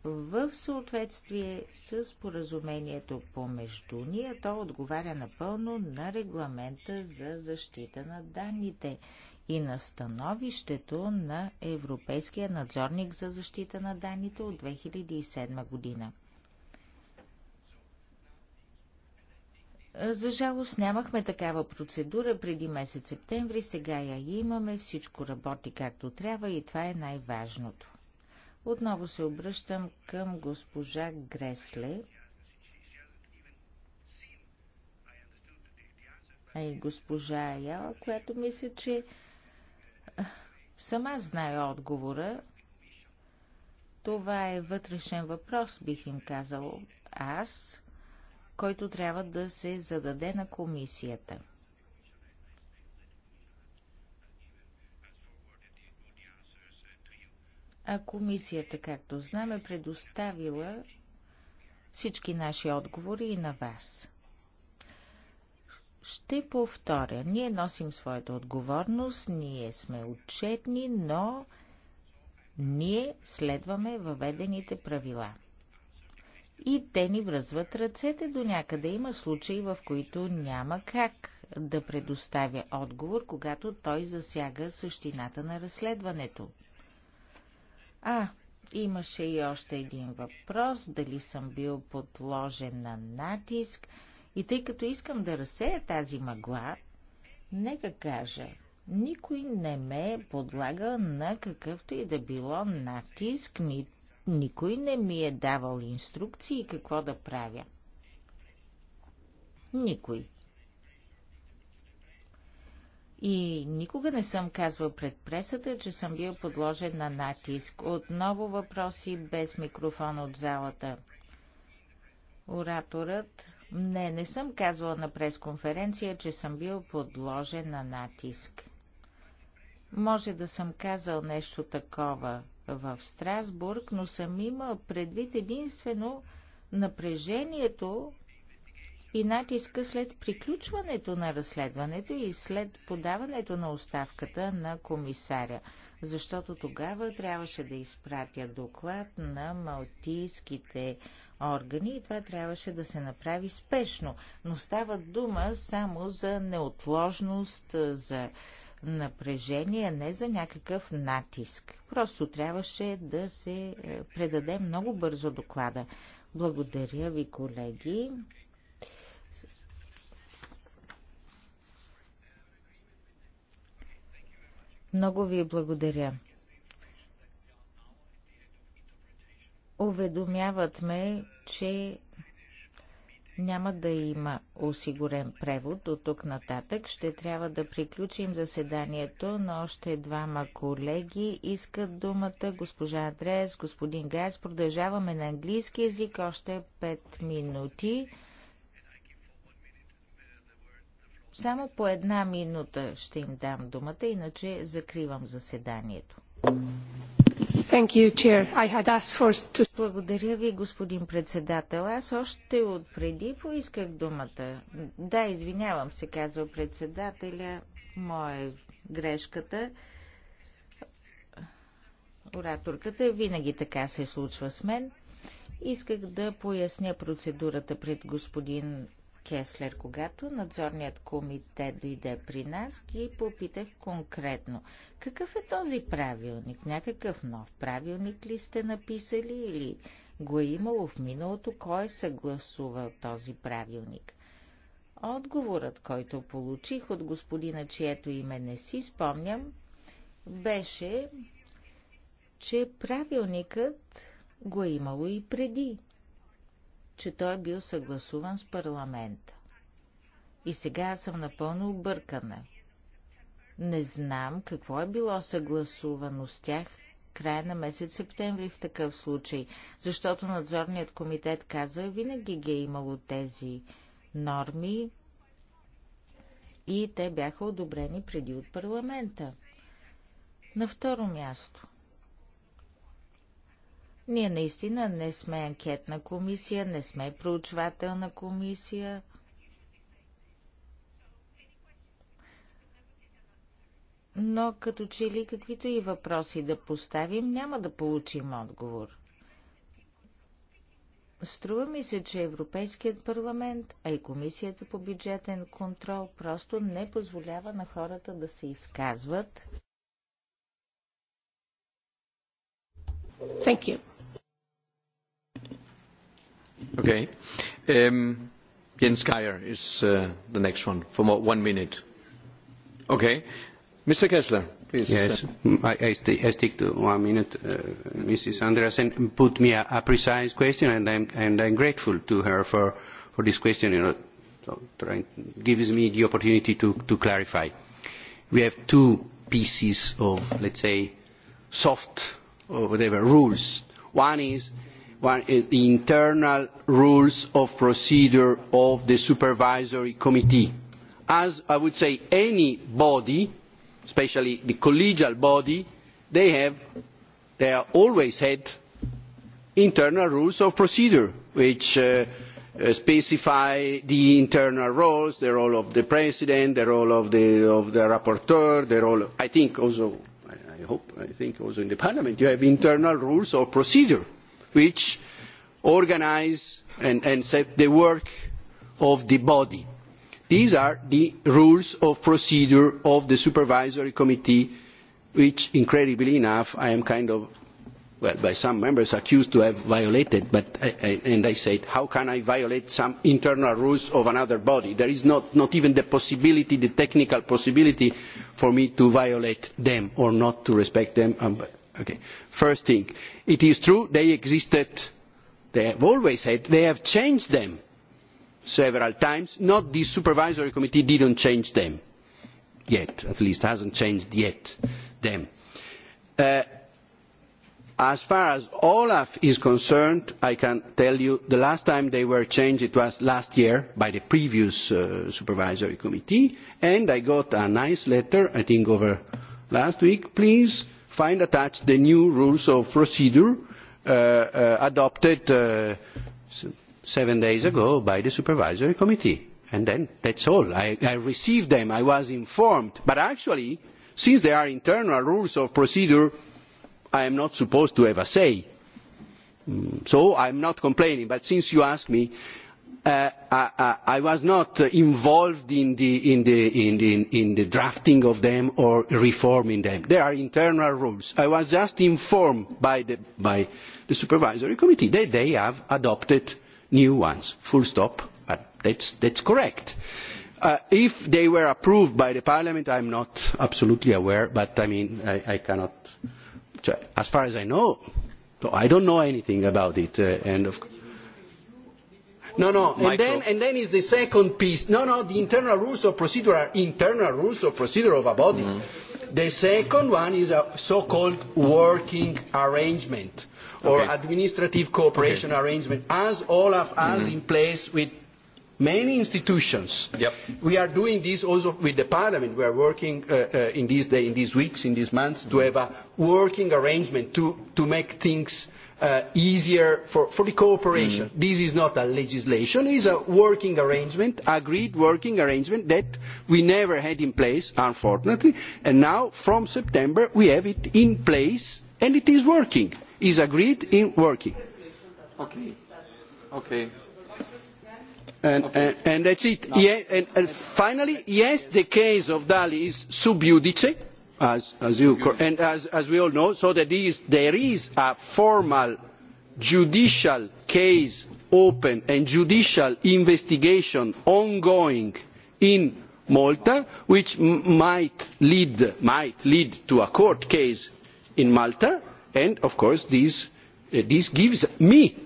в съответствие с поразумението помежду ни, а то отговаря напълно на регламента за защита на данните и на становището на Европейския надзорник за защита на данните от 2007 година. За жалост нямахме такава процедура преди месец септември, сега я имаме, всичко работи както трябва и това е най-важното. Отново се обръщам към госпожа Гресле и госпожа Аяла, която мисля, че сама знае отговора. Това е вътрешен въпрос, бих им казал аз, който трябва да се зададе на комисията. А комисията, както знаме, предоставила всички наши отговори и на вас. Ще повторя. Ние носим своята отговорност, ние сме отчетни, но ние следваме въведените правила. И те ни връзват ръцете до някъде. Има случаи, в които няма как да предоставя отговор, когато той засяга същината на разследването. А, имаше и още един въпрос, дали съм бил подложен на натиск. И тъй като искам да разсея тази мъгла, нека кажа, никой не ме е подлагал на какъвто и да било натиск, ни, никой не ми е давал инструкции какво да правя. Никой. И никога не съм казвал пред пресата, че съм бил подложен на натиск. Отново въпроси без микрофон от залата. Ораторът не, не съм казвала на пресконференция, че съм бил подложен на натиск. Може да съм казал нещо такова в Страсбург, но съм имал предвид единствено напрежението и натиска след приключването на разследването и след подаването на оставката на комисаря, защото тогава трябваше да изпратя доклад на малтийските органи и това трябваше да се направи спешно. Но става дума само за неотложност, за напрежение, не за някакъв натиск. Просто трябваше да се е, предаде много бързо доклада. Благодаря ви, колеги. Много ви благодаря. Уведомяват ме, че няма да има осигурен превод от тук нататък. Ще трябва да приключим заседанието, но още двама колеги искат думата. Госпожа Андреас, господин Гайс. Продължаваме на английски язик още 5 минути. Само по една минута ще им дам думата, иначе закривам заседанието. You, for... Благодаря ви, господин председател. Аз още отпреди поисках думата. Да, извинявам се, казва председателя. Моя е грешката. Ораторката винаги така се случва с мен. Исках да поясня процедурата пред господин Кеслер, когато надзорният комитет дойде при нас, ги попитах конкретно. Какъв е този правилник? Някакъв нов правилник ли сте написали или го е имало в миналото? Кой е съгласувал този правилник? Отговорът, който получих от господина, чието име не си спомням, беше, че правилникът го е имало и преди че той е бил съгласуван с парламента. И сега аз съм напълно объркана. Не знам какво е било съгласувано с тях края на месец септември в такъв случай, защото надзорният комитет каза, винаги ги е имало тези норми и те бяха одобрени преди от парламента. На второ място, ние наистина не сме анкетна комисия, не сме проучвателна комисия. Но като че ли каквито и въпроси да поставим, няма да получим отговор. Струва ми се, че Европейският парламент, а и Комисията по бюджетен контрол просто не позволява на хората да се изказват. Thank you. Okay. Jens Geier is the next one for one minute. Okay. Mr. Kessler, please. Yes. I stick to one minute. Mrs. Andreasen put me a precise question, and I'm grateful to her for this question. You know, trying gives me the opportunity to clarify. We have two pieces of, let's say, soft or whatever rules. One is One is the internal rules of procedure of the supervisory committee. As I would say, any body, especially the collegial body, they have, they are always had internal rules of procedure, which specify the internal roles, the role of the president, the role of the, of the rapporteur, the role, of, I think also, I, I hope, I think also in the parliament, you have internal rules of procedure which organise and set the work of the body. These are the rules of procedure of the supervisory committee, which, incredibly enough, I am kind of, well, by some members accused to have violated, but I, and I said, how can I violate some internal rules of another body? There is not, not even the possibility, the technical possibility, for me to violate them or not to respect them. Um, but Okay. First thing, it is true they existed, they have always had, they have changed them several times. Not the supervisory committee didn't change them yet, at least hasn't changed yet them. as far as Olaf is concerned, I can tell you the last time they were changed, it was last year by the previous supervisory committee, and I got a nice letter, I think over last week, please find attached the new rules of procedure adopted seven days ago by the supervisory committee. And then that's all. I, I received them. I was informed. But actually, since they are internal rules of procedure, I am not supposed to have a say. So I am not complaining. But since you asked me, I was not involved in the, drafting of them or reforming them. They are internal rules. I was just informed by the, by the supervisory committee that they have adopted new ones. Full stop. But that's, that's correct. if they were approved by the parliament, I am not absolutely aware, but I mean, I, I cannot, as far as I know, I don't know anything about it. and of course, No, no. And then, and then is the second piece. No, no. The internal rules of procedure are internal rules of procedure of a body. The second one is a so-called working arrangement or administrative cooperation arrangement, as Olaf has in place with many institutions. We are doing this also with the Parliament. We are working in these days, in these weeks, in these months to have a working arrangement to, to make things easier for, the cooperation. This is not a legislation, it is a working arrangement, agreed working arrangement that we never had in place, unfortunately, and now from September we have it in place and it is working. It is agreed in working. Okay. Okay. And, okay. and, that's it. Yeah, and, and finally, yes, the case of Dali is sub judice As, as you, and as, as we all know, so that is, there is a formal judicial case open and judicial investigation ongoing in Malta, which might lead, might lead to a court case in Malta. And of course, this, gives me,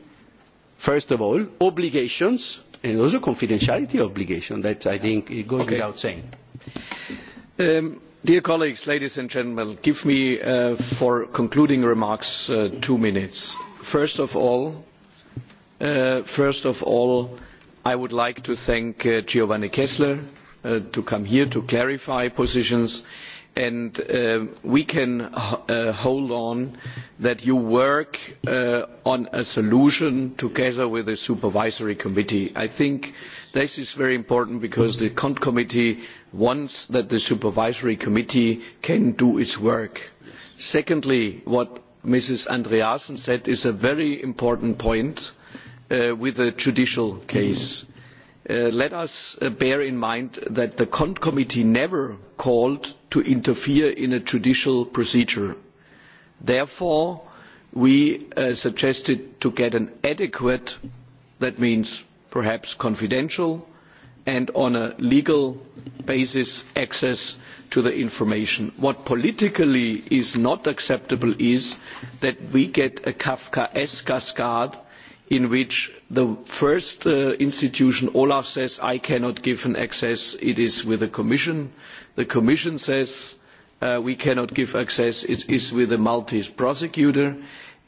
first of all, obligations and also confidentiality obligations that I think it goes without saying. Dear colleagues, ladies and gentlemen, give me for concluding remarks two minutes. First of all, first of all, I would like to thank Giovanni Kessler to come here to clarify positions and we can hold on that you work on a solution together with the supervisory committee. I think this is very important because the CONT committee wants that the supervisory committee can do its work. Secondly, what Mrs. Andreasen said is a very important point with the judicial case let us bear in mind that the Cont Committee never called to interfere in a judicial procedure. Therefore, we suggested to get an adequate, that means perhaps confidential, and on a legal basis access to the information. What politically is not acceptable is that we get a Kafkaesque cascade in which the first institution, Olaf, says, I cannot give an access, it is with the Commission. The Commission says, we cannot give access, it is with the Maltese prosecutor.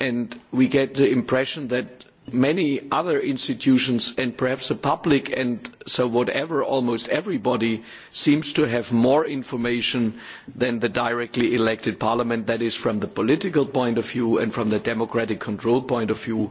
And we get the impression that many other institutions and perhaps the public and so whatever, almost everybody seems to have more information than the directly elected parliament. That is from the political point of view and from the democratic control point of view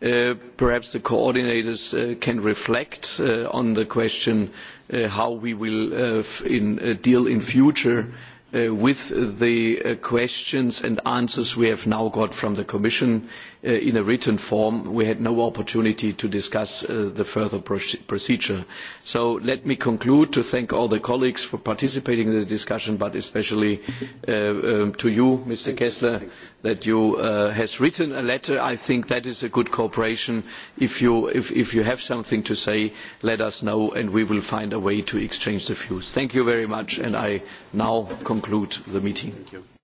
perhaps the coordinators can reflect on the question how we will deal in future with the questions and answers we have now got from the Commission in a written form. We had no opportunity to discuss the further procedure. So let me conclude to thank all the colleagues for participating in the discussion, but especially to you, Mr. Kessler, that you has written a letter. I think that is a good cooperation. If you, if, you have something to say, let us know and we will find a way to exchange the views. Thank you very much and I now conclude the meeting.